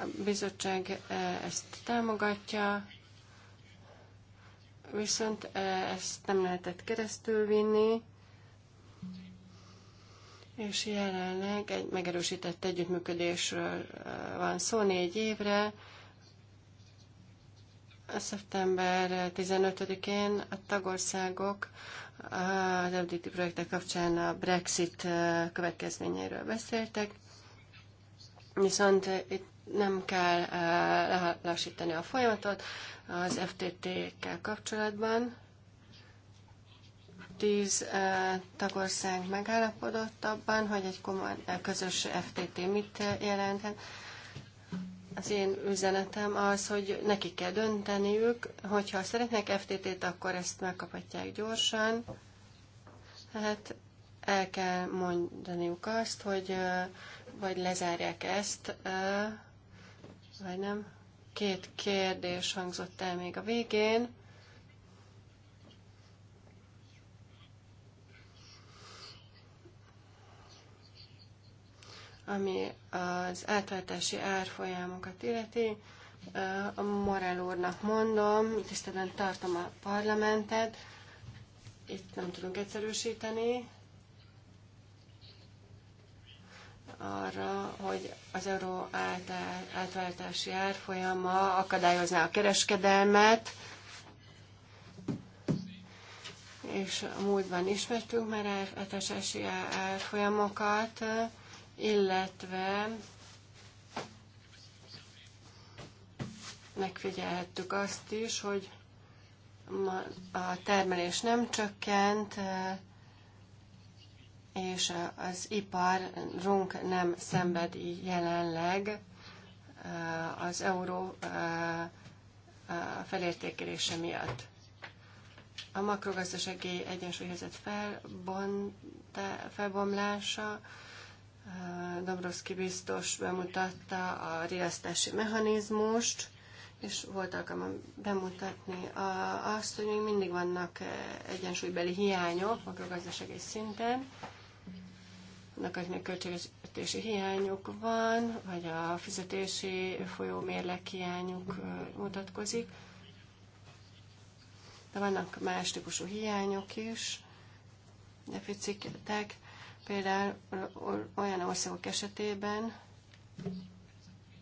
a bizottság ezt támogatja, viszont ezt nem lehetett keresztül vinni, és jelenleg egy megerősített együttműködésről van szó négy évre. Szeptember 15-én a tagországok az MDT projektek kapcsán a Brexit következményeiről beszéltek, viszont itt nem kell lelassítani a folyamatot az FTT-kkel kapcsolatban tíz tagország megállapodott abban, hogy egy komoly közös FTT mit jelenthet. Az én üzenetem az, hogy neki kell dönteniük, hogyha szeretnek FTT-t, akkor ezt megkaphatják gyorsan. Hát el kell mondaniuk azt, hogy vagy lezárják ezt, vagy nem. Két kérdés hangzott el még a végén. ami az átváltási árfolyamokat illeti. A Morel úrnak mondom, tisztelen tartom a parlamentet, itt nem tudunk egyszerűsíteni arra, hogy az euró átváltási árfolyama akadályozná a kereskedelmet, és a múltban ismertünk már átváltási árfolyamokat, ár illetve megfigyelhettük azt is, hogy a termelés nem csökkent, és az iparunk nem szenved jelenleg az euró felértékelése miatt. A makrogazdasági egyensúlyhelyzet felbomlása Dabrowski biztos bemutatta a riasztási mechanizmust, és volt alkalmam bemutatni azt, hogy még mindig vannak eh, egyensúlybeli hiányok makrogazdasági szinten, annak, akinek költségvetési hiányuk van, vagy a fizetési mérlek hiányuk eh, mutatkozik, de vannak más típusú hiányok is, deficitek, Például olyan országok esetében,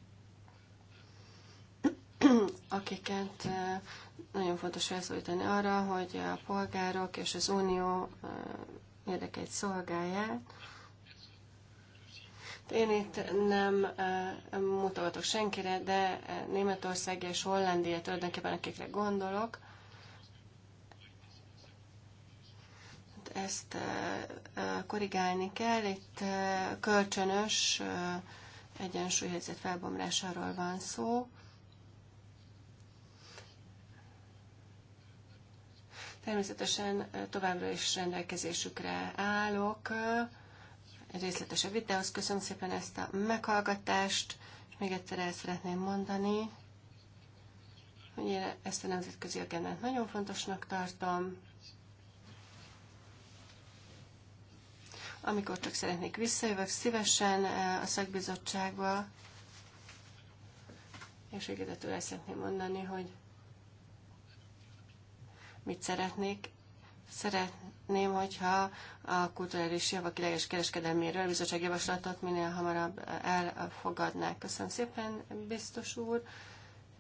akiket nagyon fontos felszólítani arra, hogy a polgárok és az unió érdekeit szolgálják. Én itt nem mutogatok senkire, de Németország és Hollandia tulajdonképpen, akikre gondolok, ezt korrigálni kell. Itt kölcsönös egyensúlyhelyzet felbomlásáról van szó. Természetesen továbbra is rendelkezésükre állok. Egy részletesebb videóhoz köszönöm szépen ezt a meghallgatást, és még egyszer el szeretném mondani, hogy én ezt a nemzetközi agendát nagyon fontosnak tartom. Amikor csak szeretnék visszajövök szívesen eh, a szakbizottságba, és végezetül el szeretném mondani, hogy mit szeretnék. Szeretném, hogyha a kulturális javak ideges kereskedelméről bizottság javaslatot minél hamarabb eh, elfogadnák. Köszönöm szépen, biztos úr.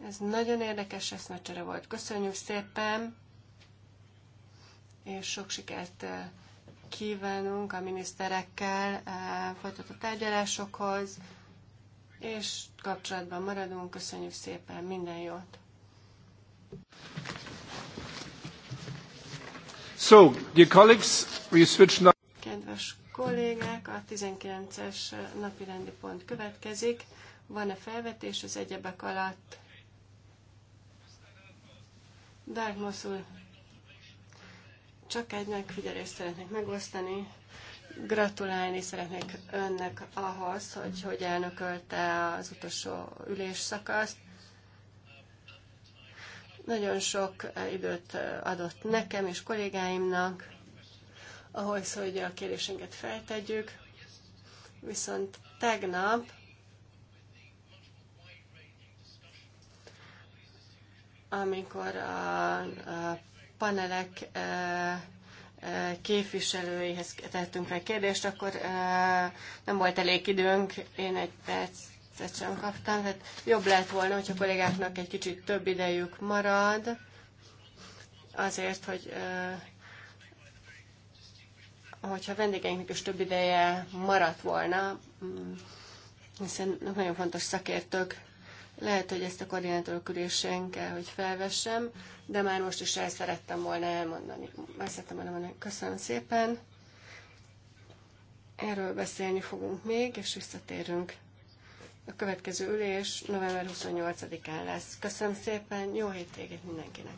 Ez nagyon érdekes eszmecsere volt. Köszönjük szépen, és sok sikert eh, kívánunk a miniszterekkel eh, folytatott tárgyalásokhoz, és kapcsolatban maradunk. Köszönjük szépen, minden jót! So, dear colleagues, we switch now. Kedves kollégák, a 19-es napi rendi pont következik. Van-e felvetés az egyebek alatt? Dark Mosul. Csak egy megfigyelést szeretnék megosztani. Gratulálni szeretnék önnek ahhoz, hogy, hogy elnökölte az utolsó ülésszakaszt. Nagyon sok időt adott nekem és kollégáimnak ahhoz, hogy a kérdésünket feltegyük. Viszont tegnap amikor a, a panelek képviselőihez tettünk fel kérdést, akkor nem volt elég időnk, én egy percet sem kaptam, tehát jobb lett volna, hogyha a kollégáknak egy kicsit több idejük marad, azért, hogy hogyha vendégeinknek is több ideje maradt volna, mm, hiszen nagyon fontos szakértők lehet, hogy ezt a koordinátorok ülésen kell, hogy felvessem, de már most is el szerettem volna elmondani. Ezt szerettem volna mondani. Köszönöm szépen. Erről beszélni fogunk még, és visszatérünk. A következő ülés november 28-án lesz. Köszönöm szépen, jó hétvégét mindenkinek!